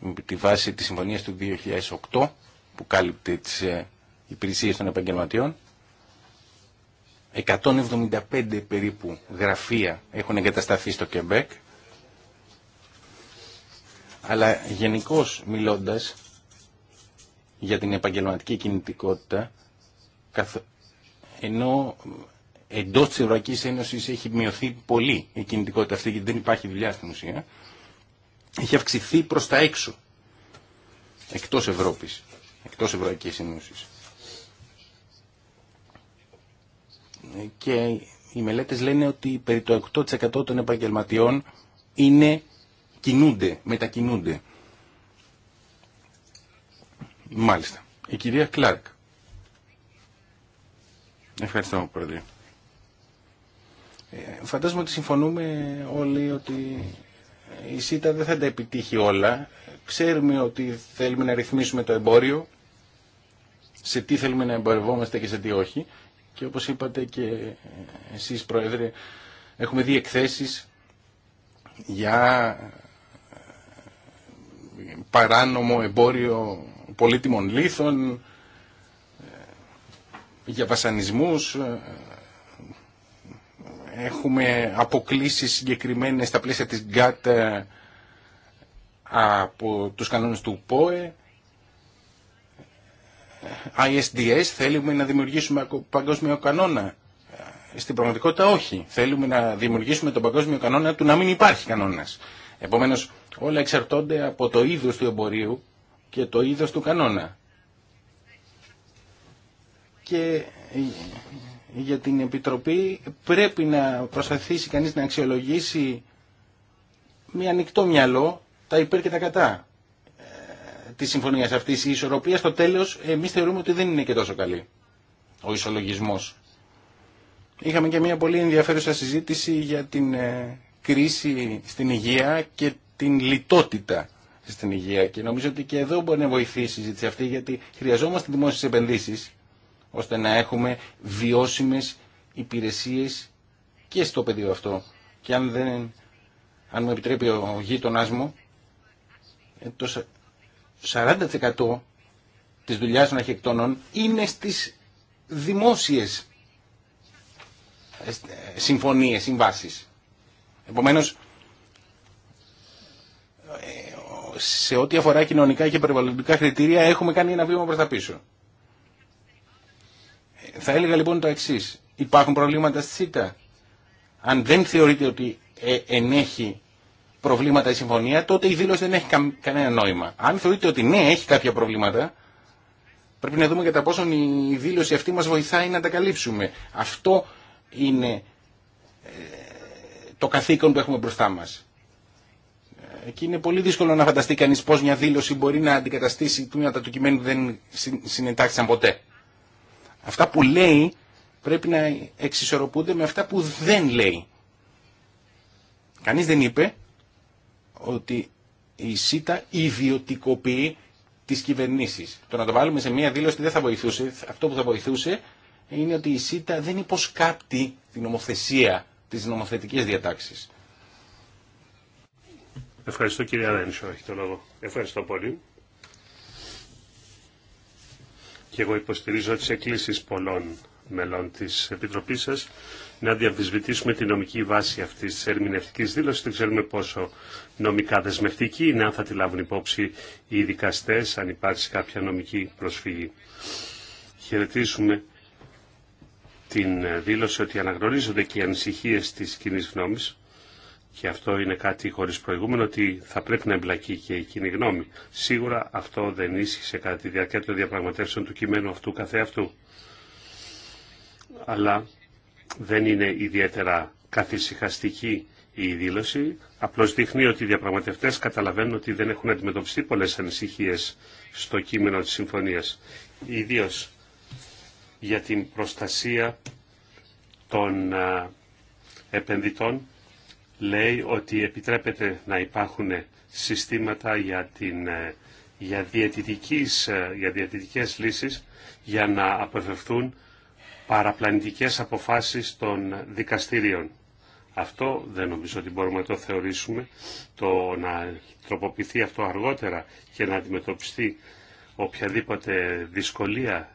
με τη βάση τη συμφωνίας του 2008 που κάλυπτε τις ε, υπηρεσίες των επαγγελματιών. 175 περίπου γραφεία έχουν εγκατασταθεί στο Κεμπέκ αλλά γενικώ μιλώντας για την επαγγελματική κινητικότητα, ενώ εντό τη Ευρωπαϊκή Ένωση έχει μειωθεί πολύ η κινητικότητα αυτή γιατί δεν υπάρχει δουλειά στην ουσία, έχει αυξηθεί προς τα έξω, εκτός Ευρώπης, εκτός Ευρωπαϊκή Ένωση. Και οι μελέτες λένε ότι περί το 8% των επαγγελματιών είναι κινούνται, μετακινούνται. Μάλιστα. Η κυρία Κλάρκ. Ευχαριστώ, Πρόεδρε. Ε, φαντάζομαι ότι συμφωνούμε όλοι ότι η ΣΥΤΑ δεν θα τα επιτύχει όλα. Ξέρουμε ότι θέλουμε να ρυθμίσουμε το εμπόριο, σε τι θέλουμε να εμπορευόμαστε και σε τι όχι. Και όπως είπατε και εσείς Πρόεδρε, έχουμε δει εκθέσεις για παράνομο εμπόριο πολύτιμων λίθων, ε, για βασανισμούς, ε, ε, έχουμε αποκλήσει συγκεκριμένες στα πλαίσια της ΓΚΑΤ από τους κανόνες του ΠΟΕ, ISDS θέλουμε να δημιουργήσουμε παγκόσμιο κανόνα. Στην πραγματικότητα όχι. Θέλουμε να δημιουργήσουμε τον παγκόσμιο κανόνα του να μην υπάρχει κανόνας. Επομένως όλα εξαρτώνται από το είδο του εμπορίου και το είδο του κανόνα. Και για την Επιτροπή πρέπει να προσπαθήσει κανείς να αξιολογήσει με ανοιχτό μυαλό τα υπέρ και τα κατά ε, τη συμφωνία αυτή. Η ισορροπία στο τέλο εμεί θεωρούμε ότι δεν είναι και τόσο καλή. Ο ισολογισμό. Είχαμε και μια πολύ ενδιαφέρουσα συζήτηση για την ε, κρίση στην υγεία και την λιτότητα στην υγεία. Και νομίζω ότι και εδώ μπορεί να βοηθήσει η συζήτηση αυτή, γιατί χρειαζόμαστε δημόσιες επενδύσεις, ώστε να έχουμε βιώσιμε υπηρεσίες και στο πεδίο αυτό. Και αν, δεν, αν μου επιτρέπει ο γείτονά μου, ε, το 40% της δουλειάς των αρχιεκτόνων είναι στις δημόσιες ε, συμφωνίες, συμβάσεις. Επομένως, σε ό,τι αφορά κοινωνικά και περιβαλλοντικά κριτήρια έχουμε κάνει ένα βήμα προς τα πίσω. Θα έλεγα λοιπόν το εξή. Υπάρχουν προβλήματα στη ΣΥΤΑ. Αν δεν θεωρείτε ότι ε, ενέχει προβλήματα η συμφωνία, τότε η δήλωση δεν έχει κανένα νόημα. Αν θεωρείτε ότι ναι, έχει κάποια προβλήματα, πρέπει να δούμε κατά πόσον η δήλωση αυτή μας βοηθάει να τα καλύψουμε. Αυτό είναι ε, το καθήκον που έχουμε μπροστά μα. Και είναι πολύ δύσκολο να φανταστεί κανεί πώ μια δήλωση μπορεί να αντικαταστήσει τμήματα του κειμένου που δεν συνετάξαν ποτέ. Αυτά που λέει πρέπει να εξισορροπούνται με αυτά που δεν λέει. Κανείς δεν είπε ότι η ΣΥΤΑ ιδιωτικοποιεί τις κυβερνήσεις. Το να το βάλουμε σε μια δήλωση δεν θα βοηθούσε. Αυτό που θα βοηθούσε είναι ότι η ΣΥΤΑ δεν υποσκάπτει την νομοθεσία τις νομοθετικές διατάξεις. Ευχαριστώ κύριε Αρένσο, έχει το λόγο. Ευχαριστώ πολύ. Και εγώ υποστηρίζω τι εκκλήσει πολλών μελών της Επιτροπής σα να διαμφισβητήσουμε τη νομική βάση αυτής τη ερμηνευτικής δήλωση. Δεν ξέρουμε πόσο νομικά δεσμευτική είναι, αν θα τη λάβουν υπόψη οι δικαστέ αν υπάρξει κάποια νομική προσφυγή. Χαιρετήσουμε την δήλωση ότι αναγνωρίζονται και οι ανησυχίες της κοινή γνώμης και αυτό είναι κάτι χωρίς προηγούμενο ότι θα πρέπει να εμπλακεί και η κοινή γνώμη. Σίγουρα αυτό δεν ίσχυσε κατά τη διάρκεια των διαπραγματεύσεων του κειμένου αυτού καθεαυτού. Αλλά δεν είναι ιδιαίτερα καθησυχαστική η δήλωση. Απλώς δείχνει ότι οι διαπραγματευτές καταλαβαίνουν ότι δεν έχουν αντιμετωπιστεί πολλές ανησυχίες στο κείμενο της συμφωνίας για την προστασία των επενδυτών λέει ότι επιτρέπεται να υπάρχουν συστήματα για, την, για, για διαιτητικές λύσεις για να αποφευθούν παραπλανητικές αποφάσεις των δικαστηρίων. Αυτό δεν νομίζω ότι μπορούμε να το θεωρήσουμε, το να τροποποιηθεί αυτό αργότερα και να αντιμετωπιστεί οποιαδήποτε δυσκολία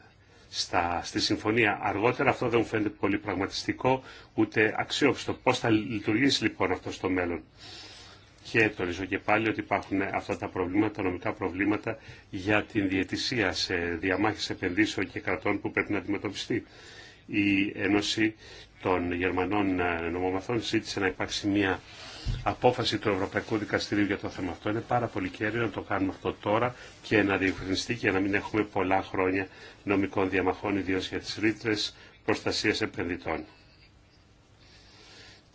στα, στη συμφωνία αργότερα. Αυτό δεν μου φαίνεται πολύ πραγματιστικό ούτε αξιόπιστο. Πώ θα λειτουργήσει λοιπόν αυτό στο μέλλον. Και τονίζω και πάλι ότι υπάρχουν αυτά τα προβλήματα, τα νομικά προβλήματα για την διαιτησία σε διαμάχες επενδύσεων και κρατών που πρέπει να αντιμετωπιστεί. Η Ένωση των Γερμανών ε, Νομομαθών ζήτησε να υπάρξει μια απόφαση του Ευρωπαϊκού Δικαστηρίου για το θέμα αυτό. Είναι πάρα πολύ κέριο να το κάνουμε αυτό τώρα και να διευκρινιστεί και να μην έχουμε πολλά χρόνια νομικών διαμαχών, ιδίω για τι ρήτρε προστασία επενδυτών.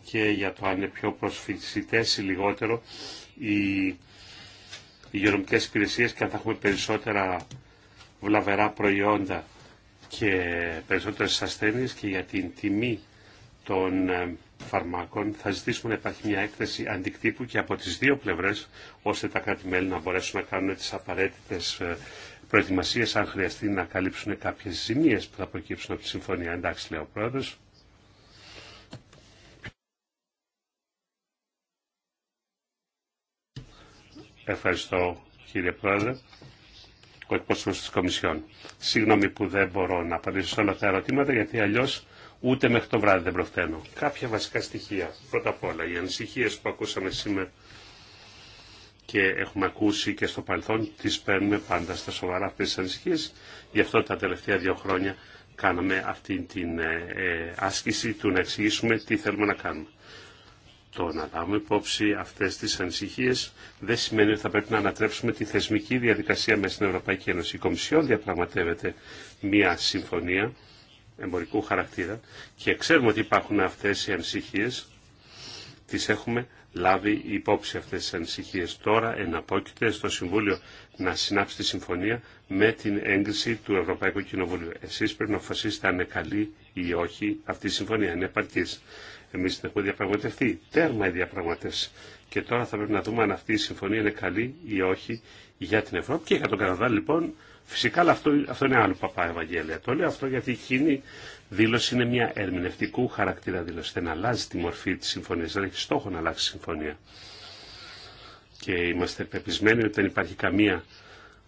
Και για το αν είναι πιο προσφυσιτέ ή λιγότερο οι υγειονομικέ υπηρεσίε και αν θα έχουμε περισσότερα βλαβερά προϊόντα και περισσότερες ασθένειες και για την τιμή των ε, φαρμάκων θα ζητήσουμε να υπάρχει μια έκθεση αντικτύπου και από τις δύο πλευρές ώστε τα κράτη-μέλη να μπορέσουν να κάνουν τις απαραίτητες ε, προετοιμασίες αν χρειαστεί να καλύψουν κάποιες ζημίες που θα προκύψουν από τη συμφωνία. Εντάξει, λέει ο πρόεδρος. Ευχαριστώ κύριε Πρόεδρε, ο εκπρόσωπος της Κομισιόν. Συγγνώμη που δεν μπορώ να απαντήσω σε όλα τα ερωτήματα, γιατί αλλιώ ούτε μέχρι το βράδυ δεν προφθαίνω. Κάποια βασικά στοιχεία. Πρώτα απ' όλα, οι ανησυχίε που ακούσαμε σήμερα και έχουμε ακούσει και στο παρελθόν, τις παίρνουμε πάντα στα σοβαρά αυτέ τι ανησυχίε Γι' αυτό τα τελευταία δύο χρόνια κάναμε αυτή την ε, ε, άσκηση του να εξηγήσουμε τι θέλουμε να κάνουμε. Το να λάβουμε υπόψη αυτέ τι ανησυχίε δεν σημαίνει ότι θα πρέπει να ανατρέψουμε τη θεσμική διαδικασία μέσα στην Ευρωπαϊκή Ένωση. Η Κομισιόν διαπραγματεύεται μία συμφωνία εμπορικού χαρακτήρα και ξέρουμε ότι υπάρχουν αυτές οι ανησυχίες, τις έχουμε λάβει υπόψη αυτές τις ανησυχίες. Τώρα εναπόκειται στο Συμβούλιο να συνάψει τη συμφωνία με την έγκριση του Ευρωπαϊκού Κοινοβουλίου. Εσείς πρέπει να αποφασίσετε αν είναι καλή ή όχι αυτή η συμφωνία, είναι επαρκής. Εμείς την έχουμε διαπραγματευτεί, τέρμα η διαπραγματεύση. Και τώρα θα πρέπει να δούμε αν αυτή η συμφωνία είναι καλή ή όχι για την Ευρώπη και για τον Καναδά λοιπόν Φυσικά, αλλά αυτό, αυτό είναι άλλο παπά Ευαγγέλια. Το λέω αυτό γιατί η κοινή δήλωση είναι μια ερμηνευτικού χαρακτήρα δήλωση. Δεν αλλάζει τη μορφή τη συμφωνία, δεν έχει στόχο να αλλάξει η συμφωνία. Και είμαστε πεπισμένοι ότι δεν υπάρχει καμία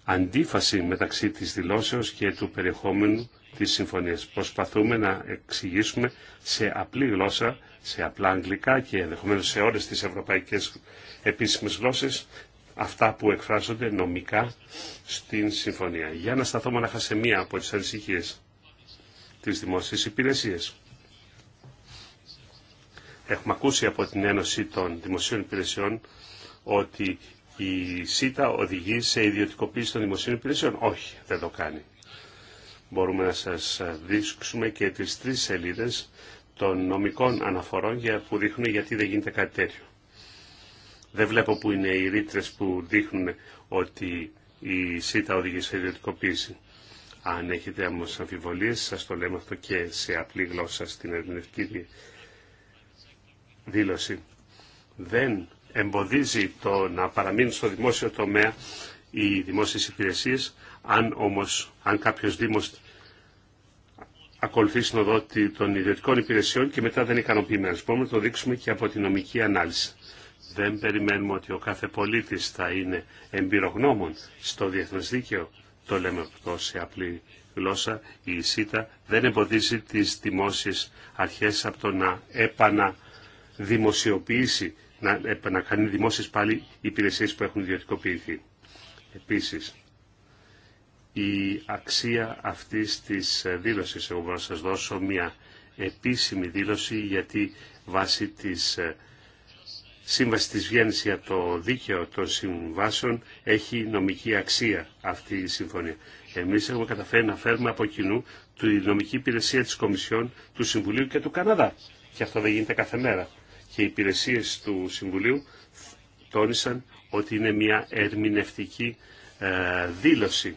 αντίφαση μεταξύ της δηλώσεως και του περιεχόμενου της συμφωνίας. Προσπαθούμε να εξηγήσουμε σε απλή γλώσσα, σε απλά αγγλικά και ενδεχομένω σε όλες τις ευρωπαϊκές επίσημες γλώσσες αυτά που εκφράζονται νομικά στην συμφωνία. Για να σταθώ μονάχα σε μία από τις ανησυχίες της δημόσιας υπηρεσίας. Έχουμε ακούσει από την Ένωση των Δημοσίων Υπηρεσιών ότι η ΣΥΤΑ οδηγεί σε ιδιωτικοποίηση των δημοσίων υπηρεσιών. Όχι, δεν το κάνει. Μπορούμε να σας δείξουμε και τις τρεις σελίδες των νομικών αναφορών που δείχνουν γιατί δεν γίνεται κάτι τέτοιο. Δεν βλέπω που είναι οι ρήτρε που δείχνουν ότι η ΣΥΤΑ οδηγεί σε ιδιωτικοποίηση. Αν έχετε όμω αμφιβολίε, σα το λέμε αυτό και σε απλή γλώσσα στην ερμηνευτική δήλωση. Δεν εμποδίζει το να παραμείνει στο δημόσιο τομέα οι δημόσιε υπηρεσίε, αν όμω αν κάποιος Δήμος ακολουθεί την των ιδιωτικών υπηρεσιών και μετά δεν ικανοποιημένο. Μπορούμε να το δείξουμε και από την νομική ανάλυση. Δεν περιμένουμε ότι ο κάθε πολίτης θα είναι εμπειρογνώμων στο διεθνές δίκαιο. Το λέμε αυτό σε απλή γλώσσα. Η ΣΥΤΑ δεν εμποδίζει τις δημόσιες αρχές από το να επαναδημοσιοποιήσει, να, να κάνει δημόσιες πάλι υπηρεσίες που έχουν ιδιωτικοποιηθεί. Επίσης, η αξία αυτής της δήλωσης, εγώ μπορώ να σας δώσω μια επίσημη δήλωση γιατί βάσει της ε, Σύμβαση της Βιέννης για το δίκαιο των συμβάσεων έχει νομική αξία αυτή η συμφωνία. Εμείς έχουμε καταφέρει να φέρουμε από κοινού τη νομική υπηρεσία της Κομισιόν, του Συμβουλίου και του Καναδά. Και αυτό δεν γίνεται κάθε μέρα. Και οι υπηρεσίες του Συμβουλίου τόνισαν ότι είναι μια ερμηνευτική ε, δήλωση.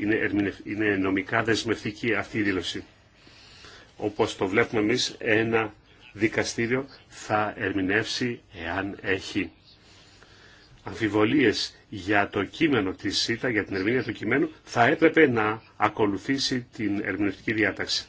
Είναι, είναι νομικά δεσμευτική αυτή η δήλωση. Όπως το βλέπουμε εμείς, ένα δικαστήριο θα ερμηνεύσει εάν έχει αμφιβολίες για το κείμενο της ΣΥΤΑ, για την ερμηνεία του κειμένου, θα έπρεπε να ακολουθήσει την ερμηνευτική διάταξη.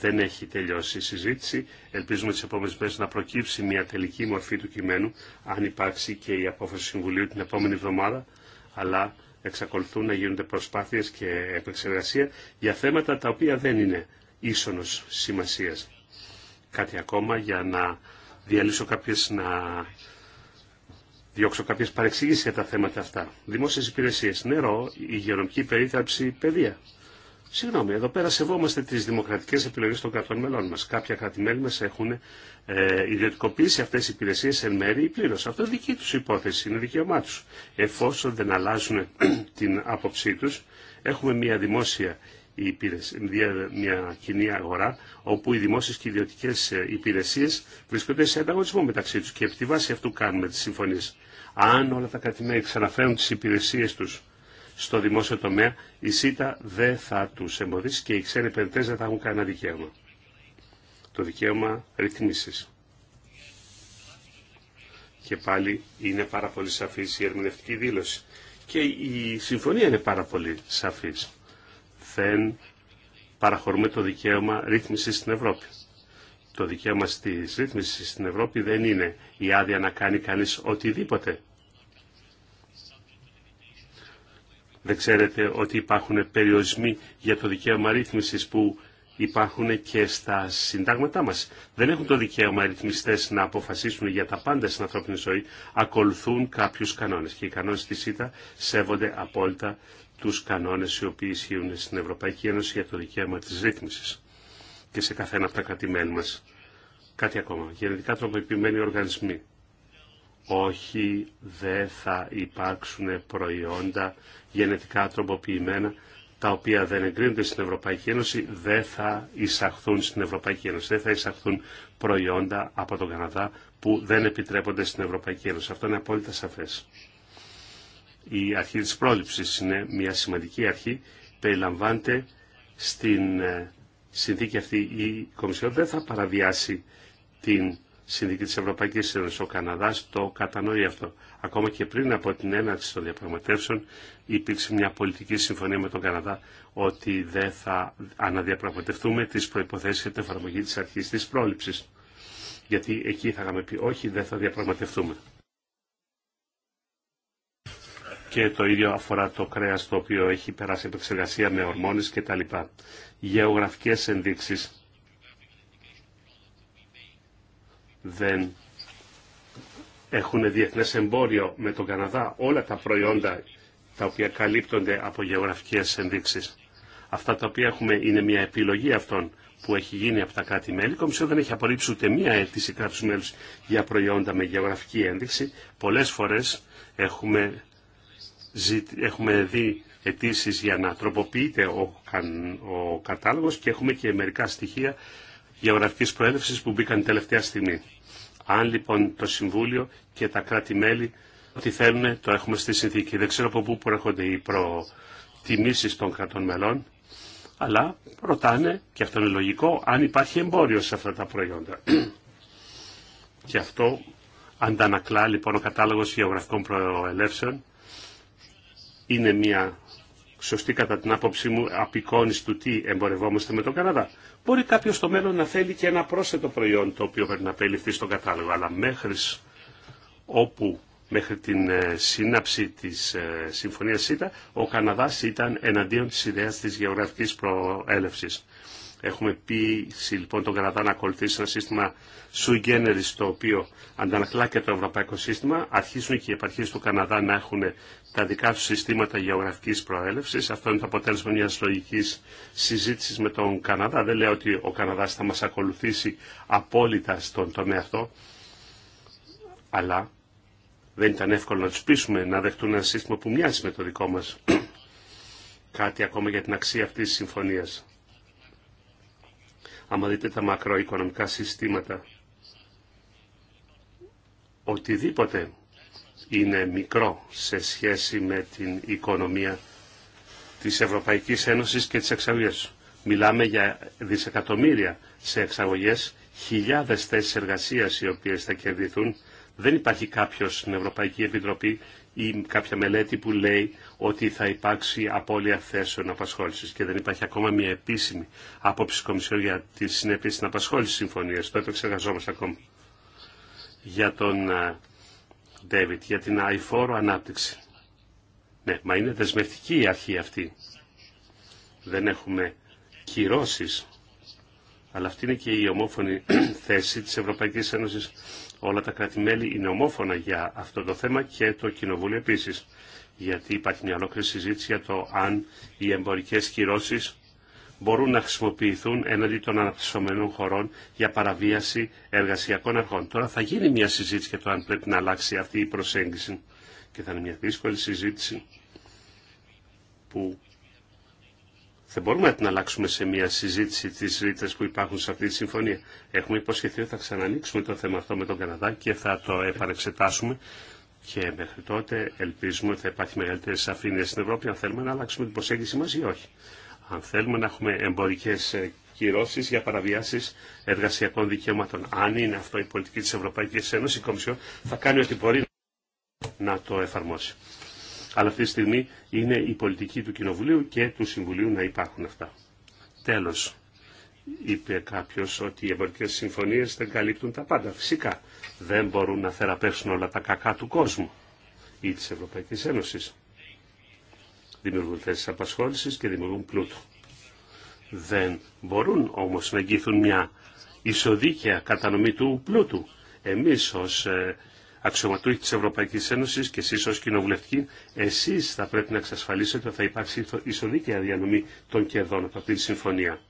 Δεν έχει τελειώσει η συζήτηση. Ελπίζουμε τις επόμενες μέρες να προκύψει μια τελική μορφή του κειμένου, αν υπάρξει και η απόφαση του Συμβουλίου την επόμενη εβδομάδα, αλλά εξακολουθούν να γίνονται προσπάθειες και επεξεργασία για θέματα τα οποία δεν είναι ίσονος σημασίας κάτι ακόμα για να διαλύσω να διώξω κάποιες παρεξήγησεις για τα θέματα αυτά. Δημόσιες υπηρεσίες, νερό, υγειονομική περίθαλψη, παιδεία. Συγγνώμη, εδώ πέρα σεβόμαστε τι δημοκρατικέ επιλογέ των κρατών μελών μα. Κάποια κρατημέλη μα έχουν ε, ιδιωτικοποιήσει αυτέ τι υπηρεσίε εν μέρη ή πλήρω. Αυτό είναι δική του υπόθεση, είναι δικαίωμά του. Εφόσον δεν αλλάζουν την άποψή του, έχουμε μια δημόσια μια κοινή αγορά όπου οι δημόσιες και ιδιωτικές ε, υπηρεσίες βρίσκονται σε ανταγωνισμό μεταξύ τους και επί τη βάση αυτού κάνουμε τις συμφωνίες. Αν όλα τα κρατημέρια ξαναφέρουν τις υπηρεσίες τους στο δημόσιο τομέα, η ΣΥΤΑ δεν θα τους εμποδίσει και οι ξένοι επενδυτές δεν θα έχουν κανένα δικαίωμα. Το δικαίωμα ρυθμίσεις. Και πάλι είναι πάρα πολύ σαφής η ερμηνευτική δήλωση. Και η συμφωνία είναι πάρα πολύ σαφής δεν παραχωρούμε το δικαίωμα ρύθμισης στην Ευρώπη. Το δικαίωμα τη ρύθμιση στην Ευρώπη δεν είναι η άδεια να κάνει κανεί οτιδήποτε. Δεν ξέρετε ότι υπάρχουν περιορισμοί για το δικαίωμα ρύθμισης που υπάρχουν και στα συντάγματά μας. Δεν έχουν το δικαίωμα οι ρυθμιστές να αποφασίσουν για τα πάντα στην ανθρώπινη ζωή. Ακολουθούν κάποιου κανόνε και οι κανόνες τη ΣΥΤΑ σέβονται απόλυτα τους κανόνες οι οποίοι ισχύουν στην Ευρωπαϊκή Ένωση για το δικαίωμα της ρύθμισης και σε καθένα από τα κρατημένη μας. Κάτι ακόμα. Γενετικά τροποποιημένοι οργανισμοί. Όχι, δεν θα υπάρξουν προϊόντα γενετικά τροποποιημένα τα οποία δεν εγκρίνονται στην Ευρωπαϊκή Ένωση δεν θα εισαχθούν στην Ευρωπαϊκή Ένωση. Δεν θα εισαχθούν προϊόντα από τον Καναδά που δεν επιτρέπονται στην Ευρωπαϊκή Ένωση. Αυτό είναι απόλυτα σαφές. Η αρχή της πρόληψης είναι μια σημαντική αρχή, περιλαμβάνεται στην ε, συνθήκη αυτή η Κομισιόν δεν θα παραβιάσει την συνθήκη της Ευρωπαϊκής Ένωσης. Ο Καναδάς το κατανοεί αυτό. Ακόμα και πριν από την έναρξη των διαπραγματεύσεων υπήρξε μια πολιτική συμφωνία με τον Καναδά ότι δεν θα αναδιαπραγματευτούμε τις προϋποθέσεις για την εφαρμογή της αρχής της πρόληψης. Γιατί εκεί θα είχαμε πει όχι, δεν θα διαπραγματευτούμε και το ίδιο αφορά το κρέας το οποίο έχει περάσει επεξεργασία με ορμόνες κτλ. Γεωγραφικές ενδείξεις δεν έχουν διεθνές εμπόριο με τον Καναδά όλα τα προϊόντα τα οποία καλύπτονται από γεωγραφικές ενδείξεις. Αυτά τα οποία έχουμε είναι μια επιλογή αυτών που έχει γίνει από τα κράτη-μέλη. Η Κομισιόν δεν έχει απορρίψει ούτε μία αίτηση κράτου μέλου για προϊόντα με γεωγραφική ένδειξη. Πολλές φορές έχουμε έχουμε δει αιτήσει για να τροποποιείται ο, ο κατάλογος και έχουμε και μερικά στοιχεία γεωγραφικής προέλευσης που μπήκαν τελευταία στιγμή. Αν λοιπόν το Συμβούλιο και τα κράτη-μέλη ό,τι θέλουν το έχουμε στη συνθήκη. Δεν ξέρω από πού προέρχονται οι προτιμήσεις των κρατών μελών, αλλά ρωτάνε, και αυτό είναι λογικό, αν υπάρχει εμπόριο σε αυτά τα προϊόντα. και αυτό αντανακλά λοιπόν ο κατάλογος γεωγραφικών προελεύσεων είναι μια σωστή κατά την άποψή μου απεικόνηση του τι εμπορευόμαστε με τον Καναδά. Μπορεί κάποιο στο μέλλον να θέλει και ένα πρόσθετο προϊόν το οποίο πρέπει να απελευθεί στον κατάλογο, αλλά μέχρι όπου μέχρι την ε, σύναψη της ε, συμφωνίας ΣΥΤΑ, ο Καναδάς ήταν εναντίον της ιδέας της γεωγραφικής προέλευσης. Έχουμε πείσει λοιπόν τον Καναδά να ακολουθήσει ένα σύστημα sui generis το οποίο αντανακλά και το ευρωπαϊκό σύστημα. Αρχίσουν και οι επαρχίε του Καναδά να έχουν τα δικά του συστήματα γεωγραφικής προέλευσης. Αυτό είναι το αποτέλεσμα μιας λογικής συζήτησης με τον Καναδά. Δεν λέω ότι ο Καναδάς θα μας ακολουθήσει απόλυτα στον τομέα αυτό, αλλά δεν ήταν εύκολο να τους πείσουμε να δεχτούν ένα σύστημα που μοιάζει με το δικό μας. Κάτι ακόμα για την αξία αυτής της συμφωνίας άμα δείτε τα μακροοικονομικά συστήματα, οτιδήποτε είναι μικρό σε σχέση με την οικονομία της Ευρωπαϊκής Ένωσης και της εξαγωγής. Μιλάμε για δισεκατομμύρια σε εξαγωγές, χιλιάδες θέσεις εργασίας οι οποίες θα κερδιθούν. Δεν υπάρχει κάποιος στην Ευρωπαϊκή Επιτροπή ή κάποια μελέτη που λέει ότι θα υπάρξει απώλεια θέσεων απασχόληση και δεν υπάρχει ακόμα μια επίσημη άποψη Κομισιόν για τι συνέπειε στην απασχόληση συμφωνία. Το επεξεργαζόμαστε ακόμα. Για τον Ντέβιτ, ε, για την αηφόρο ανάπτυξη. Ναι, μα είναι δεσμευτική η αρχή αυτή. Δεν έχουμε κυρώσει. Αλλά αυτή είναι και η ομόφωνη θέση της Ευρωπαϊκής Ένωσης. Όλα τα κράτη-μέλη είναι ομόφωνα για αυτό το θέμα και το Κοινοβούλιο επίσης γιατί υπάρχει μια ολόκληρη συζήτηση για το αν οι εμπορικές κυρώσεις μπορούν να χρησιμοποιηθούν έναντι των αναπτυσσομένων χωρών για παραβίαση εργασιακών αρχών. Τώρα θα γίνει μια συζήτηση για το αν πρέπει να αλλάξει αυτή η προσέγγιση και θα είναι μια δύσκολη συζήτηση που δεν μπορούμε να την αλλάξουμε σε μια συζήτηση τη ρήτρα που υπάρχουν σε αυτή τη συμφωνία. Έχουμε υποσχεθεί ότι θα ξανανοίξουμε το θέμα αυτό με τον Καναδά και θα το επανεξετάσουμε και μέχρι τότε ελπίζουμε ότι θα υπάρχει μεγαλύτερη σαφήνεια στην Ευρώπη αν θέλουμε να αλλάξουμε την προσέγγιση μας ή όχι. Αν θέλουμε να έχουμε εμπορικές ε, κυρώσεις για παραβιάσεις εργασιακών δικαιωμάτων. Αν είναι αυτό η πολιτική της Ευρωπαϊκής Ένωσης, η Κομισιόν θα κάνει ό,τι μπορεί να το εφαρμόσει. Αλλά αυτή τη στιγμή είναι η πολιτική του Κοινοβουλίου και του Συμβουλίου να υπάρχουν αυτά. Τέλος, είπε κάποιος ότι οι ευρωπαϊκές συμφωνίες δεν καλύπτουν τα πάντα. Φυσικά δεν μπορούν να θεραπεύσουν όλα τα κακά του κόσμου ή της Ευρωπαϊκής Ένωσης. Δημιουργούν θέσεις απασχόλησης και δημιουργούν πλούτο. Δεν μπορούν όμως να εγγύθουν μια ισοδίκαια κατανομή του πλούτου. Εμείς ως ε, αξιωματούχοι της Ευρωπαϊκής Ένωσης και εσείς ως κοινοβουλευτικοί, εσείς θα πρέπει να εξασφαλίσετε ότι θα υπάρξει ισοδίκαια διανομή των κερδών από αυτή τη συμφωνία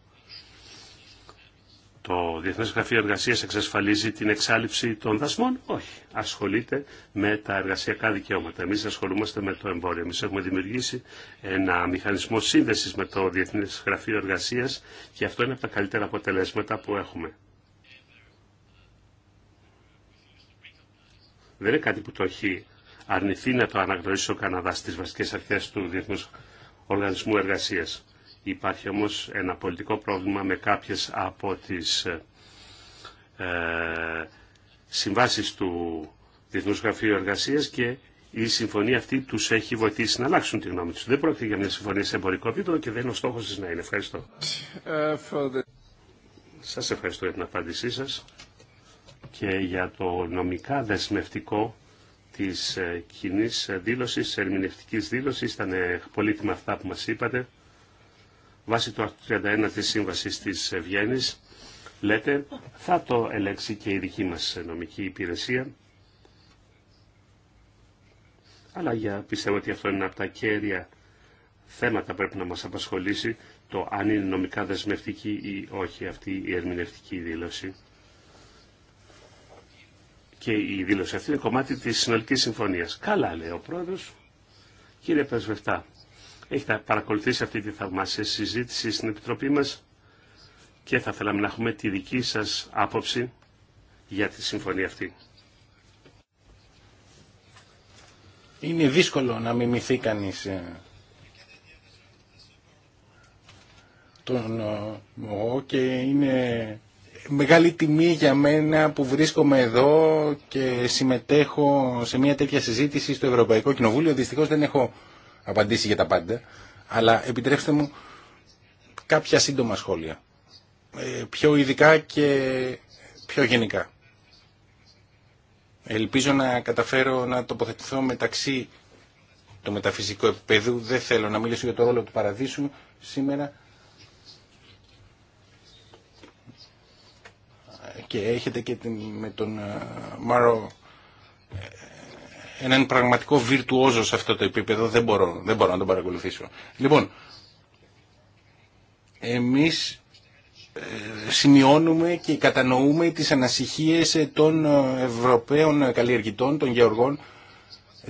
το Διεθνές Γραφείο Εργασίας εξασφαλίζει την εξάλληψη των δασμών. Όχι. Ασχολείται με τα εργασιακά δικαιώματα. Εμείς ασχολούμαστε με το εμπόριο. Εμείς έχουμε δημιουργήσει ένα μηχανισμό σύνδεσης με το Διεθνές Γραφείο Εργασίας και αυτό είναι από τα καλύτερα αποτελέσματα που έχουμε. Δεν είναι κάτι που το έχει αρνηθεί να το αναγνωρίσει ο καναδά στις βασικές αρχές του Διεθνούς Οργανισμού Εργασίας. Υπάρχει όμως ένα πολιτικό πρόβλημα με κάποιες από τις ε, συμβάσεις του Διεθνούς Γραφείου Εργασίας και η συμφωνία αυτή τους έχει βοηθήσει να αλλάξουν τη γνώμη τους. Δεν πρόκειται για μια συμφωνία σε εμπορικό επίπεδο και δεν είναι ο στόχος της να είναι. Ευχαριστώ. Σας ευχαριστώ για την απάντησή σας και για το νομικά δεσμευτικό της ε, κοινή ε, δήλωσης, ερμηνευτικής δήλωσης. Ήταν ε, πολύτιμα αυτά που μας είπατε βάσει του 31 της Σύμβασης της Βιέννης, λέτε, θα το ελέξει και η δική μας νομική υπηρεσία. Αλλά για, πιστεύω ότι αυτό είναι από τα κέρια θέματα πρέπει να μας απασχολήσει το αν είναι νομικά δεσμευτική ή όχι αυτή η ερμηνευτική δήλωση. Και η δήλωση αυτή είναι κομμάτι της συνολικής συμφωνίας. Καλά λέει ο πρόεδρος. Κύριε Πεσβευτά, έχετε παρακολουθήσει αυτή τη θαυμάσια συζήτηση στην Επιτροπή μας και θα θέλαμε να έχουμε τη δική σας άποψη για τη συμφωνία αυτή. Είναι δύσκολο να μιμηθεί κανείς ε, τον ΟΟ ε, και είναι μεγάλη τιμή για μένα που βρίσκομαι εδώ και συμμετέχω σε μια τέτοια συζήτηση στο Ευρωπαϊκό Κοινοβούλιο. Δυστυχώς δεν έχω απαντήσει για τα πάντα, αλλά επιτρέψτε μου κάποια σύντομα σχόλια. Ε, πιο ειδικά και πιο γενικά. Ελπίζω να καταφέρω να τοποθετηθώ μεταξύ του μεταφυσικού επίπεδου. Δεν θέλω να μιλήσω για το ρόλο του παραδείσου σήμερα. Και έχετε και την, με τον ε, Μάρο ε, έναν πραγματικό βιρτουόζο σε αυτό το επίπεδο δεν μπορώ, δεν μπορώ να τον παρακολουθήσω. Λοιπόν, εμείς ε, σημειώνουμε και κατανοούμε τις ανασυχίες ε, των ε, Ευρωπαίων καλλιεργητών, των γεωργών,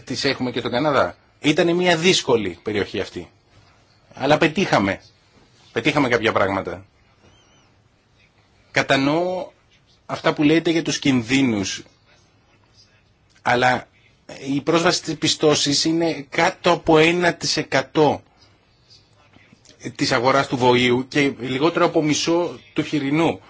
τις έχουμε και στον Καναδά. Ήταν μια δύσκολη περιοχή αυτή. Αλλά πετύχαμε. Πετύχαμε κάποια πράγματα. Κατανοώ αυτά που λέτε για τους κινδύνους. Αλλά η πρόσβαση της πιστώσης είναι κάτω από 1% της αγοράς του βοήου και λιγότερο από μισό του χοιρινού.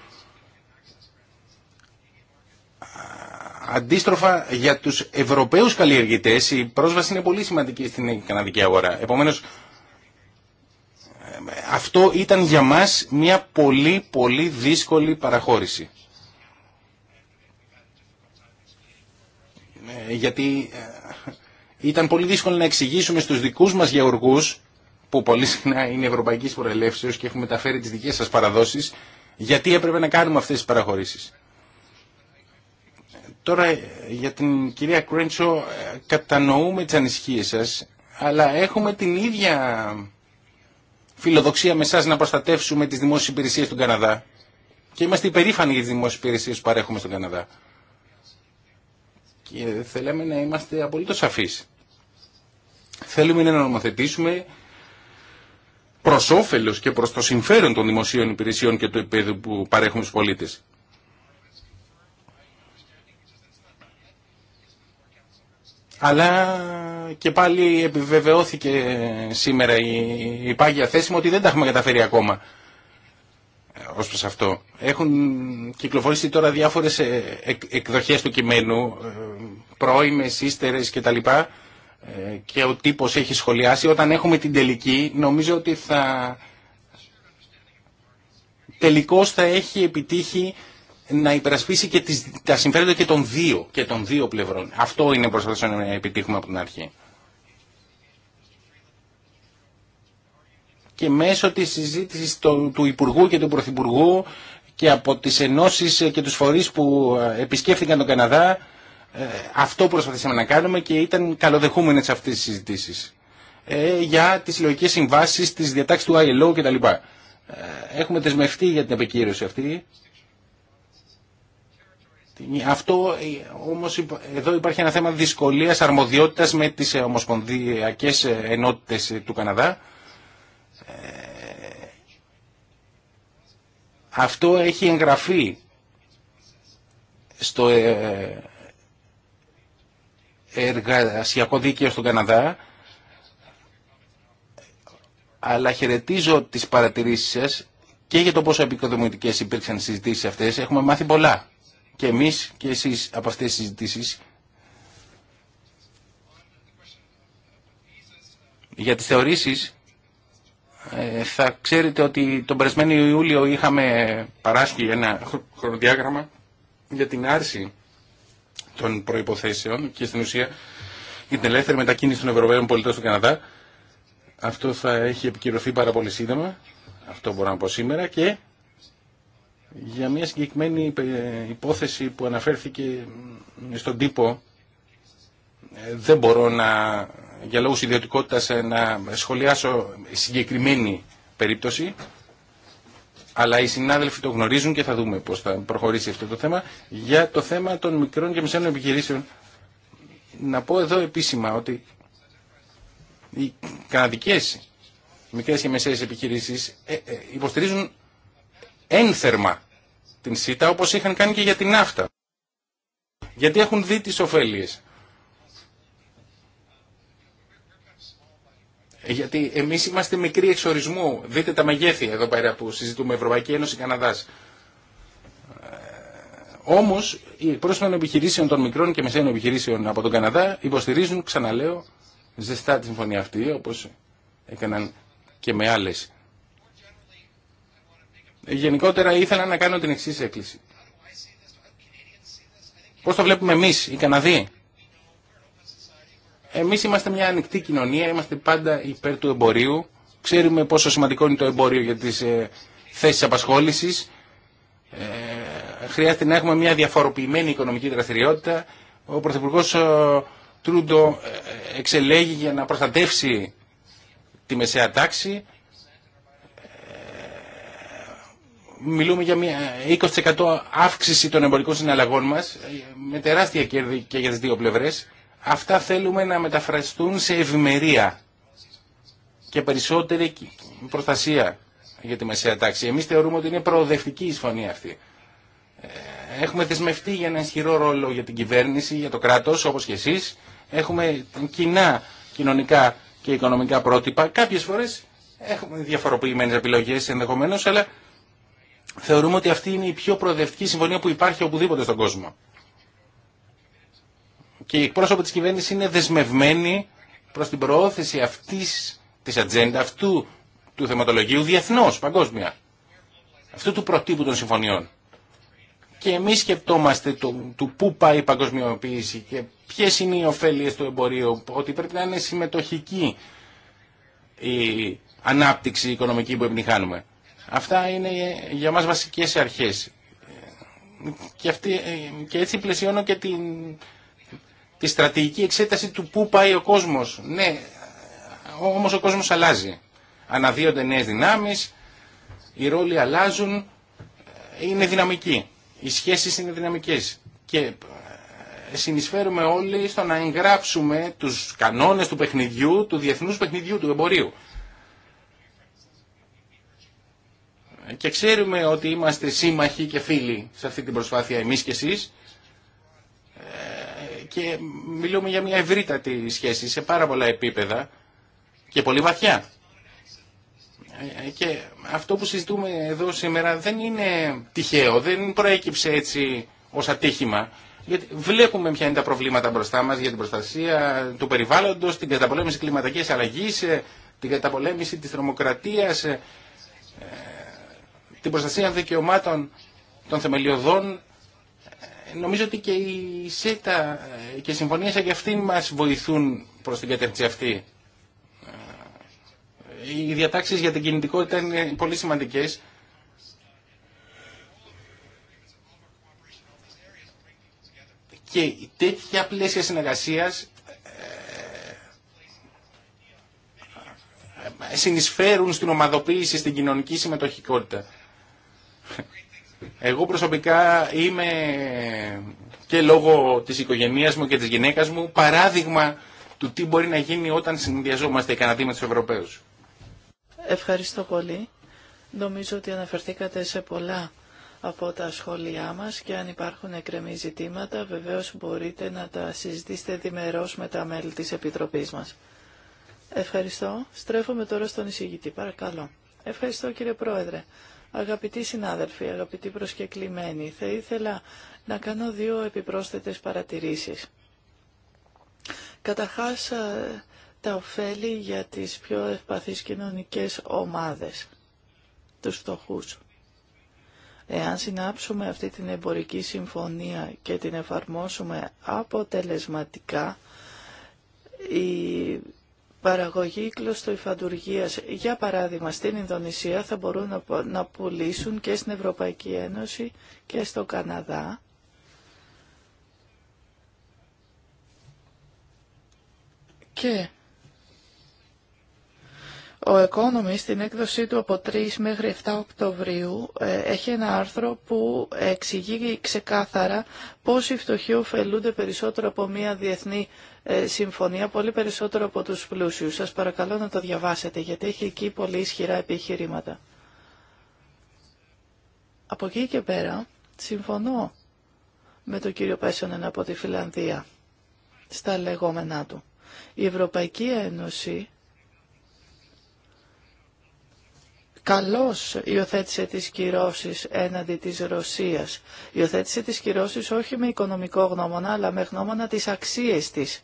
Αντίστροφα για τους Ευρωπαίους καλλιεργητές η πρόσβαση είναι πολύ σημαντική στην καναδική αγορά. Επομένως αυτό ήταν για μας μια πολύ πολύ δύσκολη παραχώρηση. Ε, γιατί ε, ήταν πολύ δύσκολο να εξηγήσουμε στους δικούς μας γεωργούς, που πολύ συχνά είναι ευρωπαϊκής προελεύσεως και έχουν μεταφέρει τις δικές σας παραδόσεις, γιατί έπρεπε να κάνουμε αυτές τις παραχωρήσεις. Τώρα για την κυρία Κρέντσο ε, κατανοούμε τις ανησυχίες σας, αλλά έχουμε την ίδια φιλοδοξία με εσά να προστατεύσουμε τις δημόσιες υπηρεσίες του Καναδά. Και είμαστε υπερήφανοι για τις δημόσιες υπηρεσίες που παρέχουμε στον Καναδά και θέλαμε να είμαστε απολύτως σαφείς. Θέλουμε να νομοθετήσουμε προς όφελος και προς το συμφέρον των δημοσίων υπηρεσιών και του επίπεδου που παρέχουμε στους πολίτες. Αλλά και πάλι επιβεβαιώθηκε σήμερα η, η πάγια θέση μου ότι δεν τα έχουμε καταφέρει ακόμα. Ε, ως προς αυτό. Έχουν κυκλοφορήσει τώρα διάφορες ε, εκδοχές του κειμένου, ε, πρώιμες, ύστερες κτλ. Και ο τύπος έχει σχολιάσει. Όταν έχουμε την τελική, νομίζω ότι θα... Τελικώς θα έχει επιτύχει να υπερασπίσει και τις, τα συμφέροντα και των δύο, και των δύο πλευρών. Αυτό είναι προσπαθήσαμε να επιτύχουμε από την αρχή. και μέσω της συζήτησης του Υπουργού και του Πρωθυπουργού και από τις ενώσεις και τους φορείς που ε, επισκέφθηκαν τον Καναδά ε, αυτό προσπαθήσαμε να κάνουμε και ήταν καλοδεχούμενες αυτές τις συζητήσεις ε, για τις συλλογικές συμβάσεις, τις διατάξεις του ILO κτλ. Έχουμε δεσμευτεί για την επικύρωση αυτή. Αυτό όμως εδώ υπάρχει ένα θέμα δυσκολίας αρμοδιότητας με τις ομοσπονδιακές ενότητες του Καναδά Αυτό έχει εγγραφεί στο ε, εργασιακό δίκαιο στον Καναδά αλλά χαιρετίζω τις παρατηρήσεις σας και για το πόσο επικοδομητικές υπήρξαν οι συζητήσεις αυτές. Έχουμε μάθει πολλά και εμείς και εσείς από αυτές τις συζητήσεις για τις θεωρήσεις ε, θα ξέρετε ότι τον περασμένο Ιούλιο είχαμε παράσχει ένα χρονοδιάγραμμα για την άρση των προϋποθέσεων και στην ουσία για την ελεύθερη μετακίνηση των Ευρωπαίων πολιτών στον Καναδά. Αυτό θα έχει επικυρωθεί πάρα πολύ σύντομα, αυτό μπορώ να πω σήμερα, και για μια συγκεκριμένη υπόθεση που αναφέρθηκε στον τύπο ε, δεν μπορώ να για λόγους ιδιωτικότητας ε, να σχολιάσω συγκεκριμένη περίπτωση αλλά οι συνάδελφοι το γνωρίζουν και θα δούμε πώς θα προχωρήσει αυτό το θέμα για το θέμα των μικρών και μεσαίων επιχειρήσεων να πω εδώ επίσημα ότι οι καναδικές μικρές και μεσαίες επιχειρήσεις ε, ε, υποστηρίζουν ένθερμα την ΣΥΤΑ όπως είχαν κάνει και για την ΝΑΦΤΑ. γιατί έχουν δει τις ωφέλειες Ε, γιατί εμείς είμαστε μικροί εξορισμού. Δείτε τα μεγέθη εδώ πέρα που συζητούμε Ευρωπαϊκή Ένωση Καναδάς. Ε, Όμω, οι εκπρόσωποι των επιχειρήσεων των μικρών και μεσαίων επιχειρήσεων από τον Καναδά υποστηρίζουν, ξαναλέω, ζεστά τη συμφωνία αυτή, όπω έκαναν και με άλλε. Γενικότερα, ήθελα να κάνω την εξή έκκληση. Πώ το βλέπουμε εμεί, οι Καναδοί, εμείς είμαστε μια ανοιχτή κοινωνία, είμαστε πάντα υπέρ του εμπορίου. Ξέρουμε πόσο σημαντικό είναι το εμπόριο για τις ε, θέσεις απασχόλησης. Ε, χρειάζεται να έχουμε μια διαφοροποιημένη οικονομική δραστηριότητα. Ο Πρωθυπουργό ε, Τρούντο εξελέγει για να προστατεύσει τη μεσαία τάξη. Μιλούμε για μια 20% αύξηση των εμπορικών συναλλαγών μας με τεράστια κέρδη και για τι δύο πλευρές αυτά θέλουμε να μεταφραστούν σε ευημερία και περισσότερη προστασία για τη μεσαία τάξη. Εμείς θεωρούμε ότι είναι προοδευτική η συμφωνία αυτή. Ε, έχουμε δεσμευτεί για ένα ισχυρό ρόλο για την κυβέρνηση, για το κράτος, όπως και εσείς. Έχουμε κοινά κοινωνικά και οικονομικά πρότυπα. Κάποιες φορές έχουμε διαφοροποιημένες επιλογές ενδεχομένως, αλλά θεωρούμε ότι αυτή είναι η πιο προοδευτική συμφωνία που υπάρχει οπουδήποτε στον κόσμο και οι εκπρόσωποι της κυβέρνηση είναι δεσμευμένοι προς την προώθηση αυτής της ατζέντα, αυτού του θεματολογίου διεθνώς, παγκόσμια. Αυτού του προτύπου των συμφωνιών. Και εμείς σκεπτόμαστε του πού πάει η παγκοσμιοποίηση και ποιες είναι οι ωφέλειες του εμπορίου, ότι πρέπει να είναι συμμετοχική η ανάπτυξη οικονομική που επιτυχάνουμε. Αυτά είναι για μας βασικές αρχές. Και, αυτή, και έτσι πλαισιώνω και την τη στρατηγική εξέταση του πού πάει ο κόσμος. Ναι, όμως ο κόσμος αλλάζει. Αναδύονται νέε δυνάμεις, οι ρόλοι αλλάζουν, ε, είναι δυναμικοί. Οι σχέσεις είναι δυναμικές. Και ε, συνεισφέρουμε όλοι στο να εγγράψουμε τους κανόνες του παιχνιδιού, του διεθνούς παιχνιδιού, του εμπορίου. Και ξέρουμε ότι είμαστε σύμμαχοι και φίλοι σε αυτή την προσπάθεια εμείς και εσείς και μιλούμε για μια ευρύτατη σχέση σε πάρα πολλά επίπεδα και πολύ βαθιά. Ε, και αυτό που συζητούμε εδώ σήμερα δεν είναι τυχαίο, δεν προέκυψε έτσι ως ατύχημα. Γιατί βλέπουμε ποια είναι τα προβλήματα μπροστά μας για την προστασία του περιβάλλοντος, την καταπολέμηση κλιματικής αλλαγής, ε, την καταπολέμηση της τρομοκρατίας, ε, την προστασία δικαιωμάτων των θεμελιωδών Νομίζω ότι και η ΣΕΤΑ και οι συμφωνίε και αυτή μας βοηθούν προς την κατεύθυνση αυτή. Ε, οι διατάξεις για την κινητικότητα είναι πολύ σημαντικές. Και τέτοια πλαίσια συνεργασίας ε, ε, συνεισφέρουν στην ομαδοποίηση, στην κοινωνική συμμετοχικότητα. Εγώ προσωπικά είμαι και λόγω της οικογένειας μου και της γυναίκας μου παράδειγμα του τι μπορεί να γίνει όταν συνδυαζόμαστε οι με τους Ευρωπαίους. Ευχαριστώ πολύ. Νομίζω ότι αναφερθήκατε σε πολλά από τα σχόλιά μας και αν υπάρχουν εκκρεμή ζητήματα βεβαίως μπορείτε να τα συζητήσετε διμερώς με τα μέλη της Επιτροπής μας. Ευχαριστώ. Στρέφομαι τώρα στον εισηγητή. Παρακαλώ. Ευχαριστώ κύριε Πρόεδρε. Αγαπητοί συνάδελφοι, αγαπητοί προσκεκλημένοι, θα ήθελα να κάνω δύο επιπρόσθετες παρατηρήσεις. Καταχάσα ε, τα ωφέλη για τις πιο ευπαθείς κοινωνικές ομάδες, τους φτωχούς. Εάν συνάψουμε αυτή την εμπορική συμφωνία και την εφαρμόσουμε αποτελεσματικά, η παραγωγή κλωστοϊφαντουργίας, για παράδειγμα στην Ινδονησία, θα μπορούν να πουλήσουν και στην Ευρωπαϊκή Ένωση και στο Καναδά. Και ο Economist στην έκδοσή του από 3 μέχρι 7 Οκτωβρίου ε, έχει ένα άρθρο που εξηγεί ξεκάθαρα πώς οι φτωχοί ωφελούνται περισσότερο από μια διεθνή ε, συμφωνία, πολύ περισσότερο από τους πλούσιους. Σας παρακαλώ να το διαβάσετε γιατί έχει εκεί πολύ ισχυρά επιχειρήματα. Από εκεί και πέρα συμφωνώ με τον κύριο Πέσονεν από τη Φιλανδία στα λεγόμενά του. Η Ευρωπαϊκή Ένωση καλώς υιοθέτησε τις κυρώσεις έναντι της Ρωσίας. Υιοθέτησε τις κυρώσεις όχι με οικονομικό γνώμονα, αλλά με γνώμονα τις αξίες της.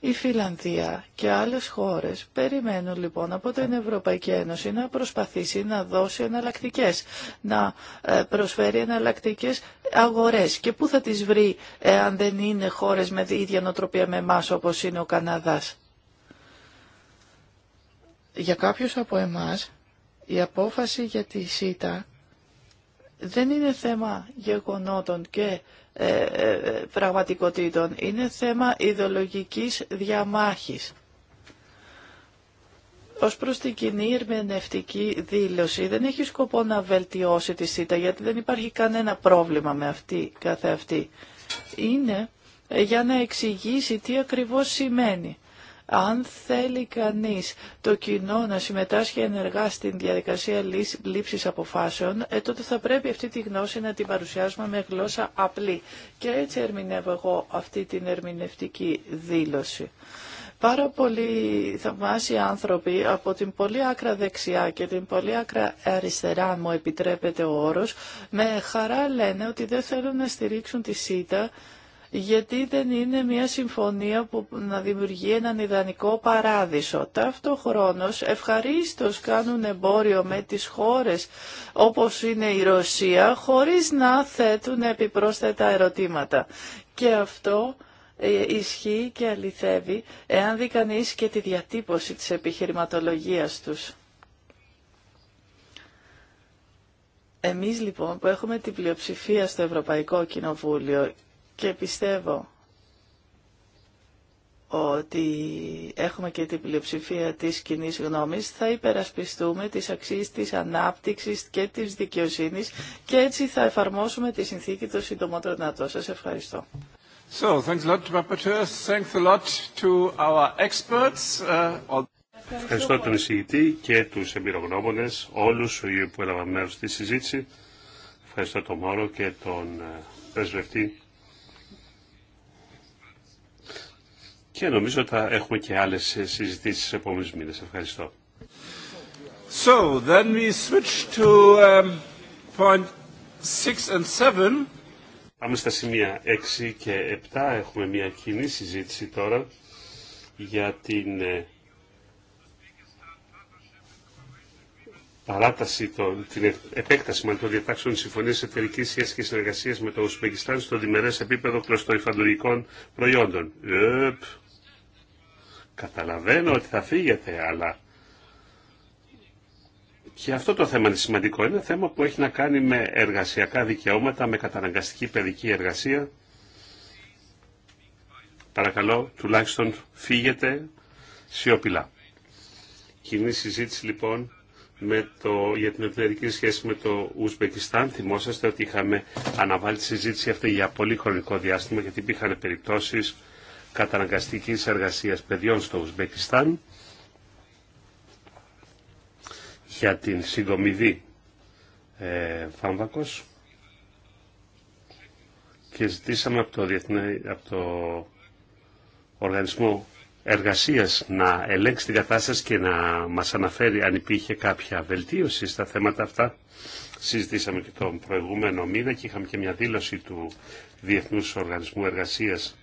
Η Φιλανδία και άλλες χώρες περιμένουν λοιπόν από την Ευρωπαϊκή Ένωση να προσπαθήσει να δώσει εναλλακτικέ, να ε, προσφέρει εναλλακτικέ αγορές. Και πού θα τις βρει ε, αν δεν είναι χώρες με ίδια νοοτροπία με εμά όπως είναι ο Καναδάς. Για κάποιους από εμάς η απόφαση για τη ΣΥΤΑ δεν είναι θέμα γεγονότων και ε, ε πραγματικοτήτων. Είναι θέμα ιδεολογικής διαμάχης. Ως προς την κοινή δήλωση δεν έχει σκοπό να βελτιώσει τη ΣΥΤΑ γιατί δεν υπάρχει κανένα πρόβλημα με αυτή καθε αυτή. Είναι ε, για να εξηγήσει τι ακριβώς σημαίνει. Αν θέλει κανείς το κοινό να συμμετάσχει ενεργά στην διαδικασία λήψης αποφάσεων, ε, τότε θα πρέπει αυτή τη γνώση να την παρουσιάσουμε με γλώσσα απλή. Και έτσι ερμηνεύω εγώ αυτή την ερμηνευτική δήλωση. Πάρα πολλοί θαυμάσιοι άνθρωποι από την πολύ άκρα δεξιά και την πολύ άκρα αριστερά, αν μου επιτρέπεται ο όρος, με χαρά λένε ότι δεν θέλουν να στηρίξουν τη ΣΥΤΑ γιατί δεν είναι μια συμφωνία που να δημιουργεί έναν ιδανικό παράδεισο. Ταυτόχρονος ευχαρίστως κάνουν εμπόριο με τις χώρες όπως είναι η Ρωσία χωρίς να θέτουν επιπρόσθετα ερωτήματα. Και αυτό ε, ισχύει και αληθεύει εάν δει κανείς και τη διατύπωση της επιχειρηματολογίας τους. Εμείς λοιπόν που έχουμε την πλειοψηφία στο Ευρωπαϊκό Κοινοβούλιο και πιστεύω ότι έχουμε και την πλειοψηφία της κοινή γνώμης, θα υπερασπιστούμε τις αξίες της ανάπτυξης και της δικαιοσύνης και έτσι θα εφαρμόσουμε τη συνθήκη του συντομότερων δυνατών. Σας ευχαριστώ. So, thanks a lot to rapporteurs, thanks a lot to our experts. Uh, ευχαριστώ τον εισηγητή και τους εμπειρογνώμονες, όλους που έλαβαν μέρος στη συζήτηση. Ευχαριστώ τον Μόρο και τον ε, πρεσβευτή και νομίζω ότι θα έχουμε και άλλες συζητήσεις σε επόμενους μήνες. Ευχαριστώ. So, then we switch to um, point 6 and 7. Πάμε στα σημεία 6 και 7. Έχουμε μια κοινή συζήτηση τώρα για την ε, παράταση, των, την επέκταση μάλλον των διατάξεων συμφωνία εταιρική σχέση και συνεργασία με το Ουσμπεκιστάν στο διμερέ επίπεδο κλωστοϊφαντουργικών προϊόντων. Καταλαβαίνω ότι θα φύγετε, αλλά και αυτό το θέμα είναι σημαντικό. Είναι ένα θέμα που έχει να κάνει με εργασιακά δικαιώματα, με καταναγκαστική παιδική εργασία. Παρακαλώ, τουλάχιστον φύγετε σιωπηλά. Κοινή συζήτηση λοιπόν με το, για την εταιρική σχέση με το Ουσμπεκιστάν. Θυμόσαστε ότι είχαμε αναβάλει τη συζήτηση αυτή για πολύ χρονικό διάστημα γιατί υπήρχαν περιπτώσεις καταναγκαστικής εργασίας παιδιών στο Ουσμπεκιστάν για την συντομιδή ε, και ζητήσαμε από το, από το Οργανισμό Εργασίας να ελέγξει την κατάσταση και να μας αναφέρει αν υπήρχε κάποια βελτίωση στα θέματα αυτά. Συζητήσαμε και τον προηγούμενο μήνα και είχαμε και μια δήλωση του Διεθνούς Οργανισμού Εργασίας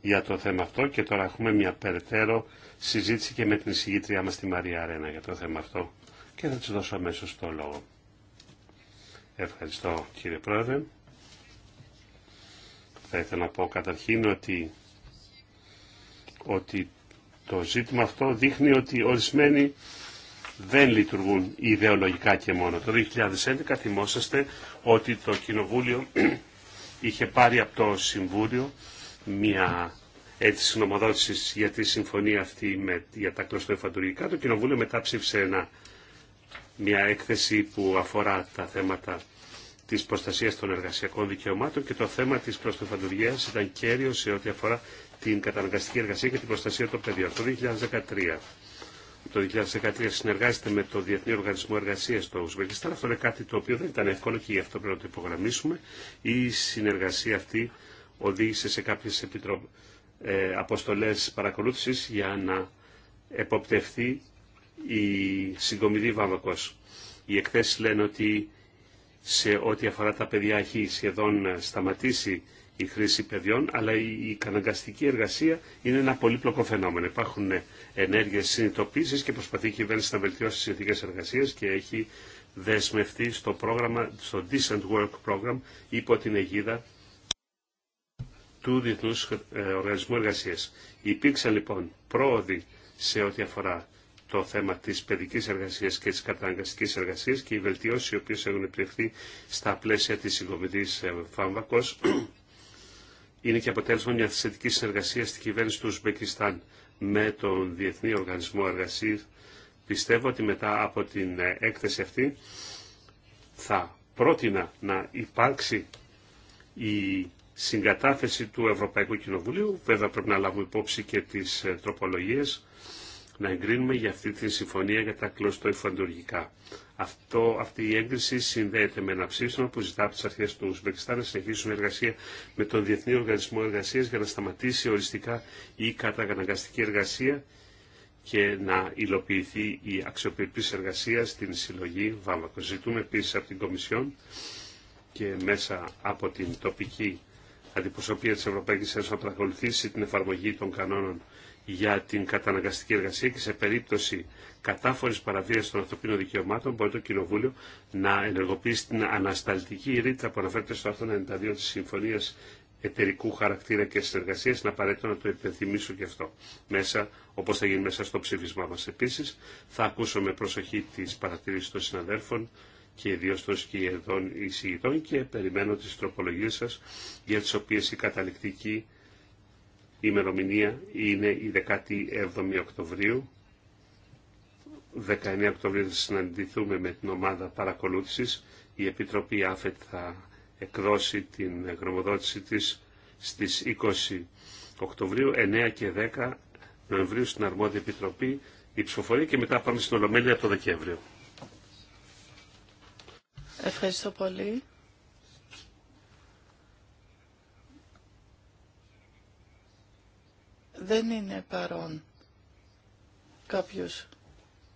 για το θέμα αυτό και τώρα έχουμε μια περαιτέρω συζήτηση και με την συγγήτριά μας τη Μαρία Αρένα για το θέμα αυτό και θα της δώσω αμέσω το λόγο. Ευχαριστώ κύριε Πρόεδρε. Θα ήθελα να πω καταρχήν ότι, ότι το ζήτημα αυτό δείχνει ότι ορισμένοι δεν λειτουργούν ιδεολογικά και μόνο. Το 2011 θυμόσαστε ότι το Κοινοβούλιο είχε πάρει από το Συμβούλιο μια αίτηση νομοδότηση για τη συμφωνία αυτή με, για τα κλωστοεφαντουργικά. Το Κοινοβούλιο μετά ψήφισε μια έκθεση που αφορά τα θέματα τη προστασία των εργασιακών δικαιωμάτων και το θέμα τη κλωστοεφαντουργίας ήταν κέριο σε ό,τι αφορά την καταναγκαστική εργασία και την προστασία των παιδιών. Το 2013 το 2013 συνεργάζεται με το Διεθνή Οργανισμό Εργασία στο Ουσβεκιστάν. Αυτό είναι κάτι το οποίο δεν ήταν εύκολο και γι' αυτό πρέπει να το υπογραμμίσουμε. Η συνεργασία αυτή οδήγησε σε κάποιες επίτρο ε, αποστολές παρακολούθησης για να εποπτευθεί η συγκομιδή βάμβακος. Οι εκθέσεις λένε ότι σε ό,τι αφορά τα παιδιά έχει σχεδόν σταματήσει η χρήση παιδιών, αλλά η καναγκαστική εργασία είναι ένα πολύπλοκο φαινόμενο. Υπάρχουν ενέργειες συνειδητοποίησης και προσπαθεί η κυβέρνηση να βελτιώσει τις συνθήκες εργασία και έχει δεσμευτεί στο, πρόγραμμα, στο Decent Work Program υπό την αιγίδα του διεθνού ε, Οργανισμού Εργασίας. Υπήρξαν λοιπόν πρόοδοι σε ό,τι αφορά το θέμα τη παιδική εργασία και τη καταναγκαστική εργασία και οι βελτιώσει οι οποίε έχουν επιτευχθεί στα πλαίσια τη συγκομιδή ε, Φάμβακο είναι και αποτέλεσμα μια θετική συνεργασία στην κυβέρνηση του Ουσμπεκιστάν με τον Διεθνή Οργανισμό εργασία. Πιστεύω ότι μετά από την ε, έκθεση αυτή θα πρότεινα να υπάρξει η συγκατάθεση του Ευρωπαϊκού Κοινοβουλίου. Βέβαια πρέπει να λάβουμε υπόψη και τις ε, τροπολογίες να εγκρίνουμε για αυτή τη συμφωνία για τα κλωστοϊφαντουργικά. Αυτό, αυτή η έγκριση συνδέεται με ένα ψήφισμα που ζητά από τι αρχέ του Ουσμπεκιστάν να συνεχίσουν εργασία με τον Διεθνή Οργανισμό Εργασία για να σταματήσει οριστικά η καταγαναγκαστική εργασία και να υλοποιηθεί η αξιοπρεπή εργασία στην συλλογή Βάμακο. Ζητούμε επίση από την Κομισιόν και μέσα από την τοπική αντιπροσωπεία τη Ευρωπαϊκή Ένωση θα παρακολουθήσει την εφαρμογή των κανόνων για την καταναγκαστική εργασία και σε περίπτωση κατάφορη παραβίαση των ανθρωπίνων δικαιωμάτων μπορεί το Κοινοβούλιο να ενεργοποιήσει την ανασταλτική ρήτρα που αναφέρεται στο άρθρο 92 τη συμφωνία εταιρικού χαρακτήρα και συνεργασία, είναι απαραίτητο να το υπενθυμίσω και αυτό, μέσα, Όπω θα γίνει μέσα στο ψήφισμά μα. Επίση, θα ακούσω με προσοχή τι παρατηρήσει των συναδέλφων και ιδίω των σκιεδών εισηγητών και περιμένω τις τροπολογίες σας για τις οποίες η καταληκτική ημερομηνία είναι η 17η Οκτωβρίου. 19 Οκτωβρίου θα συναντηθούμε με την ομάδα παρακολούθησης. Η Επιτροπή ΑΦΕΤ θα εκδώσει την γνωμοδότηση της στις 20 Οκτωβρίου, 9 και 10 Νοεμβρίου στην Αρμόδια Επιτροπή η ψηφοφορία και μετά πάμε στην Ολομέλεια το Δεκέμβριο. Ευχαριστώ πολύ. Δεν είναι παρόν κάποιος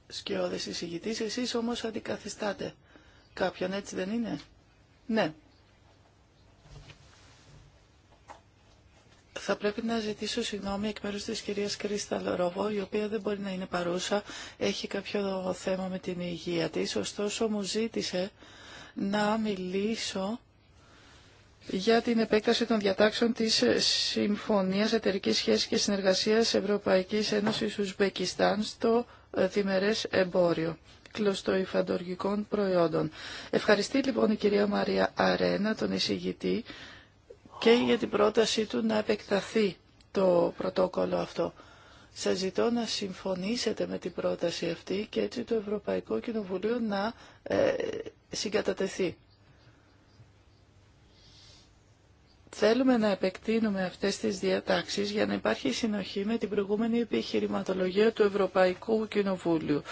σκιώδης εισηγητής, εσείς όμως αντικαθιστάτε κάποιον, έτσι δεν είναι. Ναι. Θα πρέπει να ζητήσω συγγνώμη εκ μέρους της κυρίας Κρίστα Λορόβο, η οποία δεν μπορεί να είναι παρούσα, έχει κάποιο θέμα με την υγεία της, ωστόσο μου ζήτησε να μιλήσω για την επέκταση των διατάξεων της Συμφωνίας Εταιρικής Σχέσης και Συνεργασίας Ευρωπαϊκής Ένωσης Ουσμπεκιστάν στο ε, διμερές εμπόριο κλωστοϊφαντοργικών προϊόντων. Ευχαριστεί λοιπόν η κυρία Μαρία Αρένα, τον εισηγητή, και για την πρότασή του να επεκταθεί το πρωτόκολλο αυτό. Σα ζητώ να συμφωνήσετε με την πρόταση αυτή και έτσι το Ευρωπαϊκό Κοινοβουλίο να ε, συγκατατεθεί. Θέλουμε να επεκτείνουμε αυτές τις διατάξεις για να υπάρχει συνοχή με την προηγούμενη επιχειρηματολογία του Ευρωπαϊκού Κοινοβουλίου.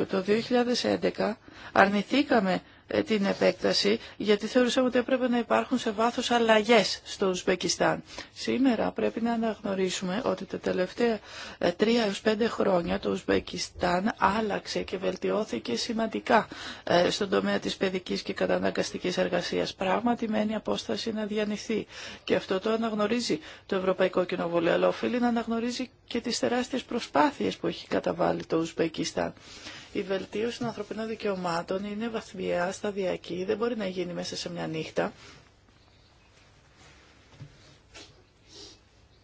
Ε, Το 2011 αρνηθήκαμε ε, την επέκταση, γιατί θεωρούσαμε ότι έπρεπε να υπάρχουν σε βάθος αλλαγές στο Ουσμπεκιστάν. Σήμερα πρέπει να αναγνωρίσουμε ότι τα τελευταία ε, τρία έως πέντε χρόνια το Ουσμπεκιστάν άλλαξε και βελτιώθηκε σημαντικά ε, στον τομέα της παιδικής και καταναγκαστικής εργασίας. Πράγματι μένει απόσταση να διανυθεί και αυτό το αναγνωρίζει το Ευρωπαϊκό Κοινοβούλιο, αλλά οφείλει να αναγνωρίζει και τις τεράστιες προσπάθειες που έχει καταβάλει το Ουσμπεκιστάν. Η βελτίωση των ανθρωπινών δικαιωμάτων είναι βαθμιά σταδιακή, δεν μπορεί να γίνει μέσα σε μια νύχτα.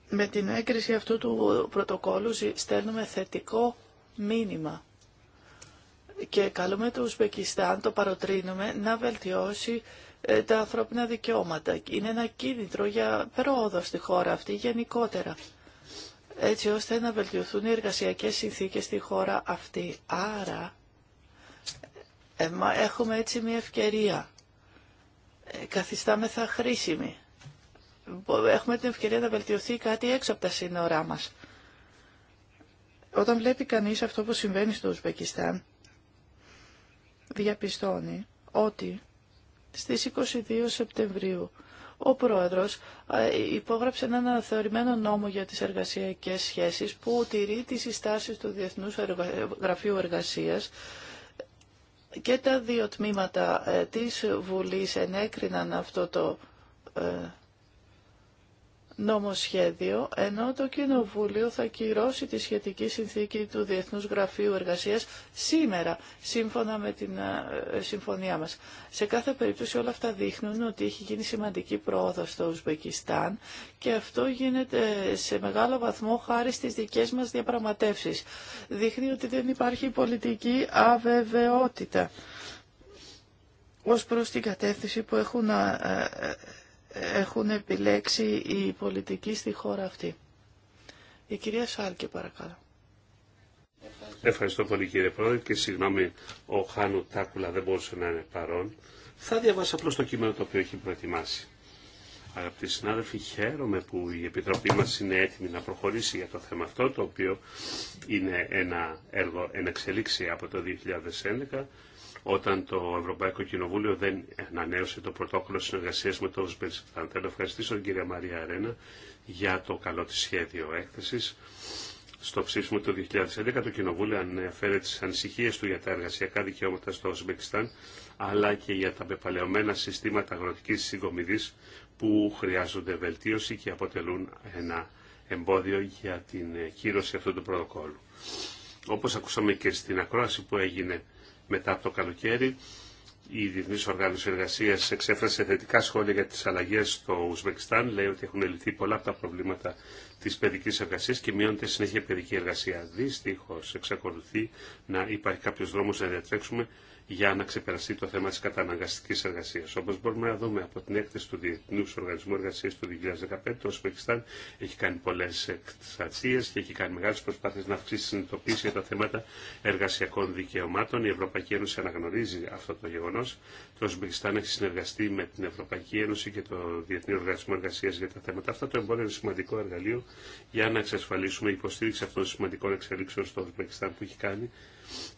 Με την έκριση αυτού του πρωτοκόλου στέλνουμε θετικό μήνυμα και καλούμε το Ουσπεκιστάν το παροτρύνουμε, να βελτιώσει ε, τα ανθρώπινα δικαιώματα. Είναι ένα κίνητρο για πρόοδο στη χώρα αυτή γενικότερα, έτσι ώστε να βελτιωθούν οι εργασιακές συνθήκες στη χώρα αυτή. Άρα Έχουμε έτσι μια ευκαιρία. Ε, καθιστάμεθα χρήσιμη. Έχουμε την ευκαιρία να βελτιωθεί κάτι έξω από τα σύνορά μας. Όταν βλέπει κανείς αυτό που συμβαίνει στο Ουσπεκιστάν διαπιστώνει ότι στις 22 Σεπτεμβρίου ο Πρόεδρος ε, υπόγραψε έναν αναθεωρημένο νόμο για τις εργασιακές σχέσεις που τηρεί τις συστάσεις του Διεθνούς Γραφείου Εργασίας και τα δύο τμήματα ε, της Βουλής ενέκριναν αυτό το ε, νομοσχέδιο, ενώ το Κοινοβούλιο θα κυρώσει τη σχετική συνθήκη του Διεθνούς Γραφείου Εργασίας σήμερα, σύμφωνα με την ε, συμφωνία μας. Σε κάθε περίπτωση όλα αυτά δείχνουν ότι έχει γίνει σημαντική πρόοδος στο Ουσβεκιστάν και αυτό γίνεται σε μεγάλο βαθμό χάρη στις δικές μας διαπραγματεύσεις. Δείχνει ότι δεν υπάρχει πολιτική αβεβαιότητα ως προς την κατεύθυνση που έχουν ε, ε, έχουν επιλέξει οι πολιτικοί στη χώρα αυτή. Η κυρία Σάρκη παρακαλώ. Ευχαριστώ πολύ κύριε Πρόεδρε και συγγνώμη ο Χάνου Τάκουλα δεν μπορούσε να είναι παρόν. Θα διαβάσω απλώς το κείμενο το οποίο έχει προετοιμάσει. Αγαπητοί συνάδελφοι, χαίρομαι που η Επιτροπή μας είναι έτοιμη να προχωρήσει για το θέμα αυτό, το οποίο είναι ένα έργο από το 2011 όταν το Ευρωπαϊκό Κοινοβούλιο δεν ανανέωσε το πρωτόκολλο συνεργασίας με το Ουσμπεκιστάν. Θέλω να ευχαριστήσω την κυρία Μαρία Αρένα για το καλό της σχέδιο έκθεσης. Στο ψήφισμα του 2011 το Κοινοβούλιο ανέφερε τις ανησυχίες του για τα εργασιακά δικαιώματα στο Ουσμπεκιστάν αλλά και για τα πεπαλαιωμένα συστήματα αγροτικής συγκομιδής που χρειάζονται βελτίωση και αποτελούν ένα εμπόδιο για την κύρωση αυτού του πρωτοκόλλου. Όπως ακούσαμε και στην ακρόαση που έγινε μετά από το καλοκαίρι. Η Διεθνή Οργάνωση Εργασία εξέφρασε θετικά σχόλια για τι αλλαγέ στο Ουσβεκιστάν. Λέει ότι έχουν λυθεί πολλά από τα προβλήματα τη παιδική εργασία και μειώνεται συνέχεια η παιδική εργασία. Δυστυχώ εξακολουθεί να υπάρχει κάποιο δρόμο να διατρέξουμε για να ξεπεραστεί το θέμα της καταναγκαστικής εργασίας. Όπως μπορούμε να δούμε από την έκθεση του Διεθνού Οργανισμού Εργασίας του 2015, το Ουσπεκιστάν έχει κάνει πολλές εκστασίες και έχει κάνει μεγάλες προσπάθειες να αυξήσει συνειδητοποίηση για τα θέματα εργασιακών δικαιωμάτων. Η Ευρωπαϊκή Ένωση αναγνωρίζει αυτό το γεγονός. Το Ουσμπεκιστάν έχει συνεργαστεί με την Ευρωπαϊκή Ένωση και το Διεθνή Οργανισμό Εργασίας για τα θέματα αυτά. Το εμπόριο είναι σημαντικό εργαλείο για να εξασφαλίσουμε υποστήριξη αυτών των σημαντικών εξελίξεων στο που έχει κάνει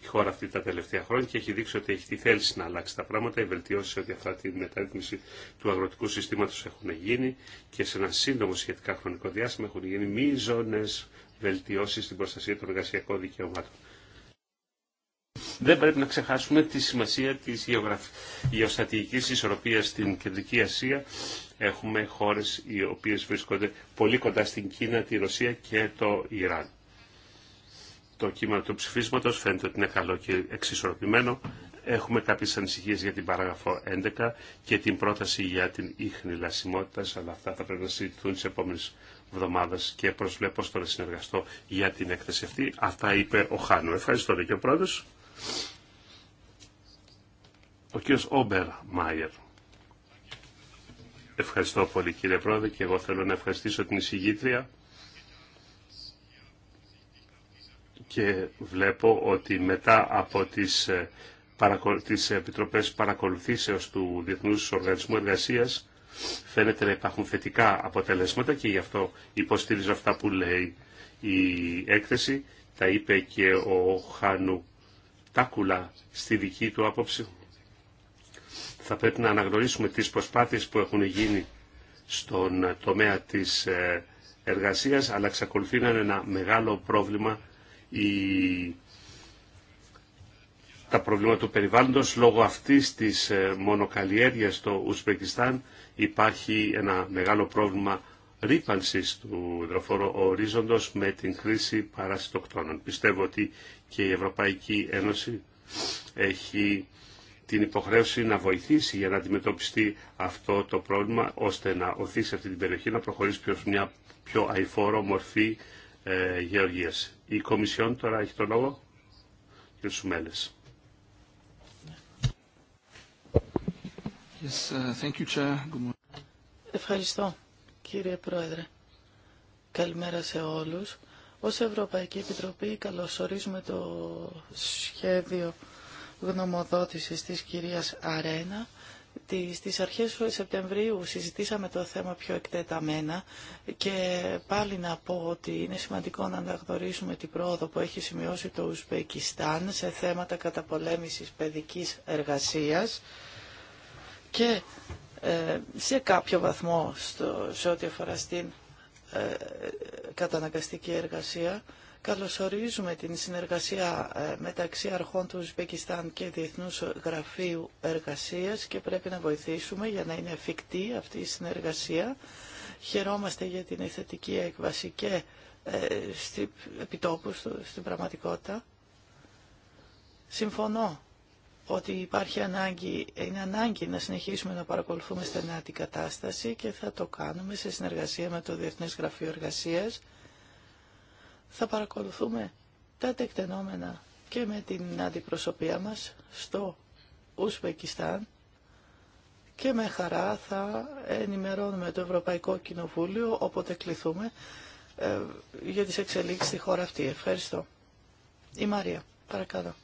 η χώρα αυτή τα τελευταία χρόνια και έχει δείξει ότι έχει τη θέληση να αλλάξει τα πράγματα. Οι βελτιώσει ότι αφορά τη μεταρρύθμιση του αγροτικού συστήματο έχουν γίνει και σε ένα σύντομο σχετικά χρονικό διάστημα έχουν γίνει μείζονε βελτιώσει στην προστασία των εργασιακών δικαιωμάτων. Δεν πρέπει να ξεχάσουμε τη σημασία της γεωστατικής ισορροπίας στην Κεντρική Ασία. Έχουμε χώρες οι οποίες βρίσκονται πολύ κοντά στην Κίνα, τη Ρωσία και το Ιράν το κείμενο του ψηφίσματος φαίνεται ότι είναι καλό και εξισορροπημένο. Έχουμε κάποιες ανησυχίες για την παράγραφο 11 και την πρόταση για την ίχνη λασιμότητα, αλλά αυτά θα πρέπει να συζητηθούν τι επόμενες εβδομάδες και προσβλέπω στο να συνεργαστώ για την έκθεση αυτή. Αυτά είπε ο Χάνο. Ευχαριστώ και ο πρόεδρος. Ο κ. Όμπερ Μάιερ. Ευχαριστώ πολύ κύριε πρόεδρε και εγώ θέλω να ευχαριστήσω την εισηγήτρια και βλέπω ότι μετά από τις, ε, τις επιτροπές παρακολουθήσεως του Διεθνούς Οργανισμού Εργασίας φαίνεται να υπάρχουν θετικά αποτελέσματα και γι' αυτό υποστήριζω αυτά που λέει η έκθεση. Τα είπε και ο Χάνου Τάκουλα στη δική του άποψη. Θα πρέπει να αναγνωρίσουμε τις προσπάθειες που έχουν γίνει στον τομέα της ε, εργασίας, αλλά εξακολουθεί να είναι ένα μεγάλο πρόβλημα τα προβλήματα του περιβάλλοντος. Λόγω αυτής της ε, μονοκαλλιέργειας στο Ουσπεκιστάν υπάρχει ένα μεγάλο πρόβλημα ρήπανσης του υδροφόρου ορίζοντος με την κρίση παράστοκτων. Πιστεύω ότι και η Ευρωπαϊκή Ένωση έχει την υποχρέωση να βοηθήσει για να αντιμετωπιστεί αυτό το πρόβλημα, ώστε να οθήσει αυτή την περιοχή να προχωρήσει μια πιο αηφόρο μορφή ε, Η Κομισιόν τώρα έχει το λόγο. Κύριε Yes, uh, you, Ευχαριστώ, κύριε Πρόεδρε. Καλημέρα σε όλους. Ως Ευρωπαϊκή Επιτροπή καλωσορίζουμε το σχέδιο γνωμοδότησης της κυρίας Αρένα τις στις αρχές Σεπτεμβρίου συζητήσαμε το θέμα πιο εκτεταμένα και πάλι να πω ότι είναι σημαντικό να αναγνωρίσουμε την πρόοδο που έχει σημειώσει το Ουσπεκιστάν σε θέματα καταπολέμησης παιδικής εργασίας και ε, σε κάποιο βαθμό στο, σε ό,τι αφορά στην ε, καταναγκαστική εργασία Καλωσορίζουμε την συνεργασία ε, μεταξύ αρχών του Ουσβεκιστάν και Διεθνούς Γραφείου Εργασίας και πρέπει να βοηθήσουμε για να είναι εφικτή αυτή η συνεργασία. Χαιρόμαστε για την θετική έκβαση και ε, στην επιτόπου, στην πραγματικότητα. Συμφωνώ ότι υπάρχει ανάγκη, είναι ανάγκη να συνεχίσουμε να παρακολουθούμε στενά την κατάσταση και θα το κάνουμε σε συνεργασία με το Διεθνές Γραφείο Εργασίας θα παρακολουθούμε τα τεκτενόμενα και με την αντιπροσωπεία μας στο Ουσβεκιστάν και με χαρά θα ενημερώνουμε το Ευρωπαϊκό Κοινοβούλιο όποτε κληθούμε ε, για τις εξελίξεις στη χώρα αυτή. Ευχαριστώ. Η Μαρία, παρακαλώ.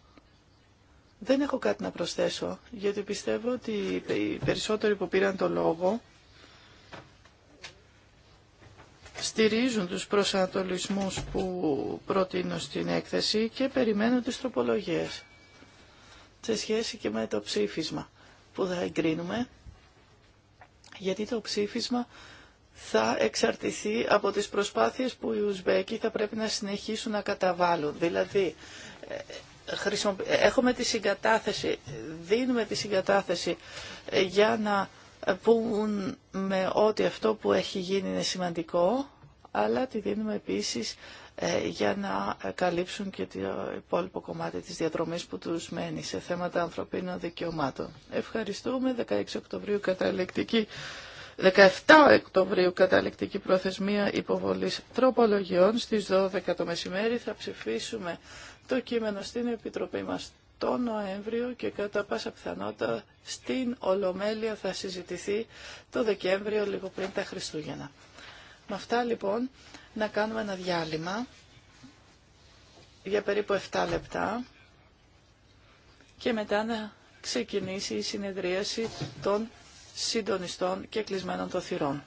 Δεν έχω κάτι να προσθέσω, γιατί πιστεύω ότι οι περισσότεροι που πήραν το λόγο στηρίζουν τους προσανατολισμούς που προτείνω στην έκθεση και περιμένουν τις τροπολογίες σε σχέση και με το ψήφισμα που θα εγκρίνουμε, γιατί το ψήφισμα θα εξαρτηθεί από τις προσπάθειες που οι Ουσβέκοι θα πρέπει να συνεχίσουν να καταβάλουν. Δηλαδή, ε, έχουμε τη συγκατάθεση, δίνουμε τη συγκατάθεση ε, για να με ότι αυτό που έχει γίνει είναι σημαντικό, αλλά τη δίνουμε επίσης ε, για να καλύψουν και το υπόλοιπο κομμάτι της διαδρομής που τους μένει σε θέματα ανθρωπίνων δικαιωμάτων. Ευχαριστούμε. 16 Οκτωβρίου καταληκτική 17 Οκτωβρίου καταληκτική προθεσμία υποβολής τροπολογιών στις 12 το μεσημέρι θα ψηφίσουμε το κείμενο στην Επιτροπή μας το Νοέμβριο και κατά πάσα πιθανότητα στην Ολομέλεια θα συζητηθεί το Δεκέμβριο λίγο πριν τα Χριστούγεννα. Με αυτά λοιπόν να κάνουμε ένα διάλειμμα για περίπου 7 λεπτά και μετά να ξεκινήσει η συνεδρίαση των συντονιστών και κλεισμένων των θυρών.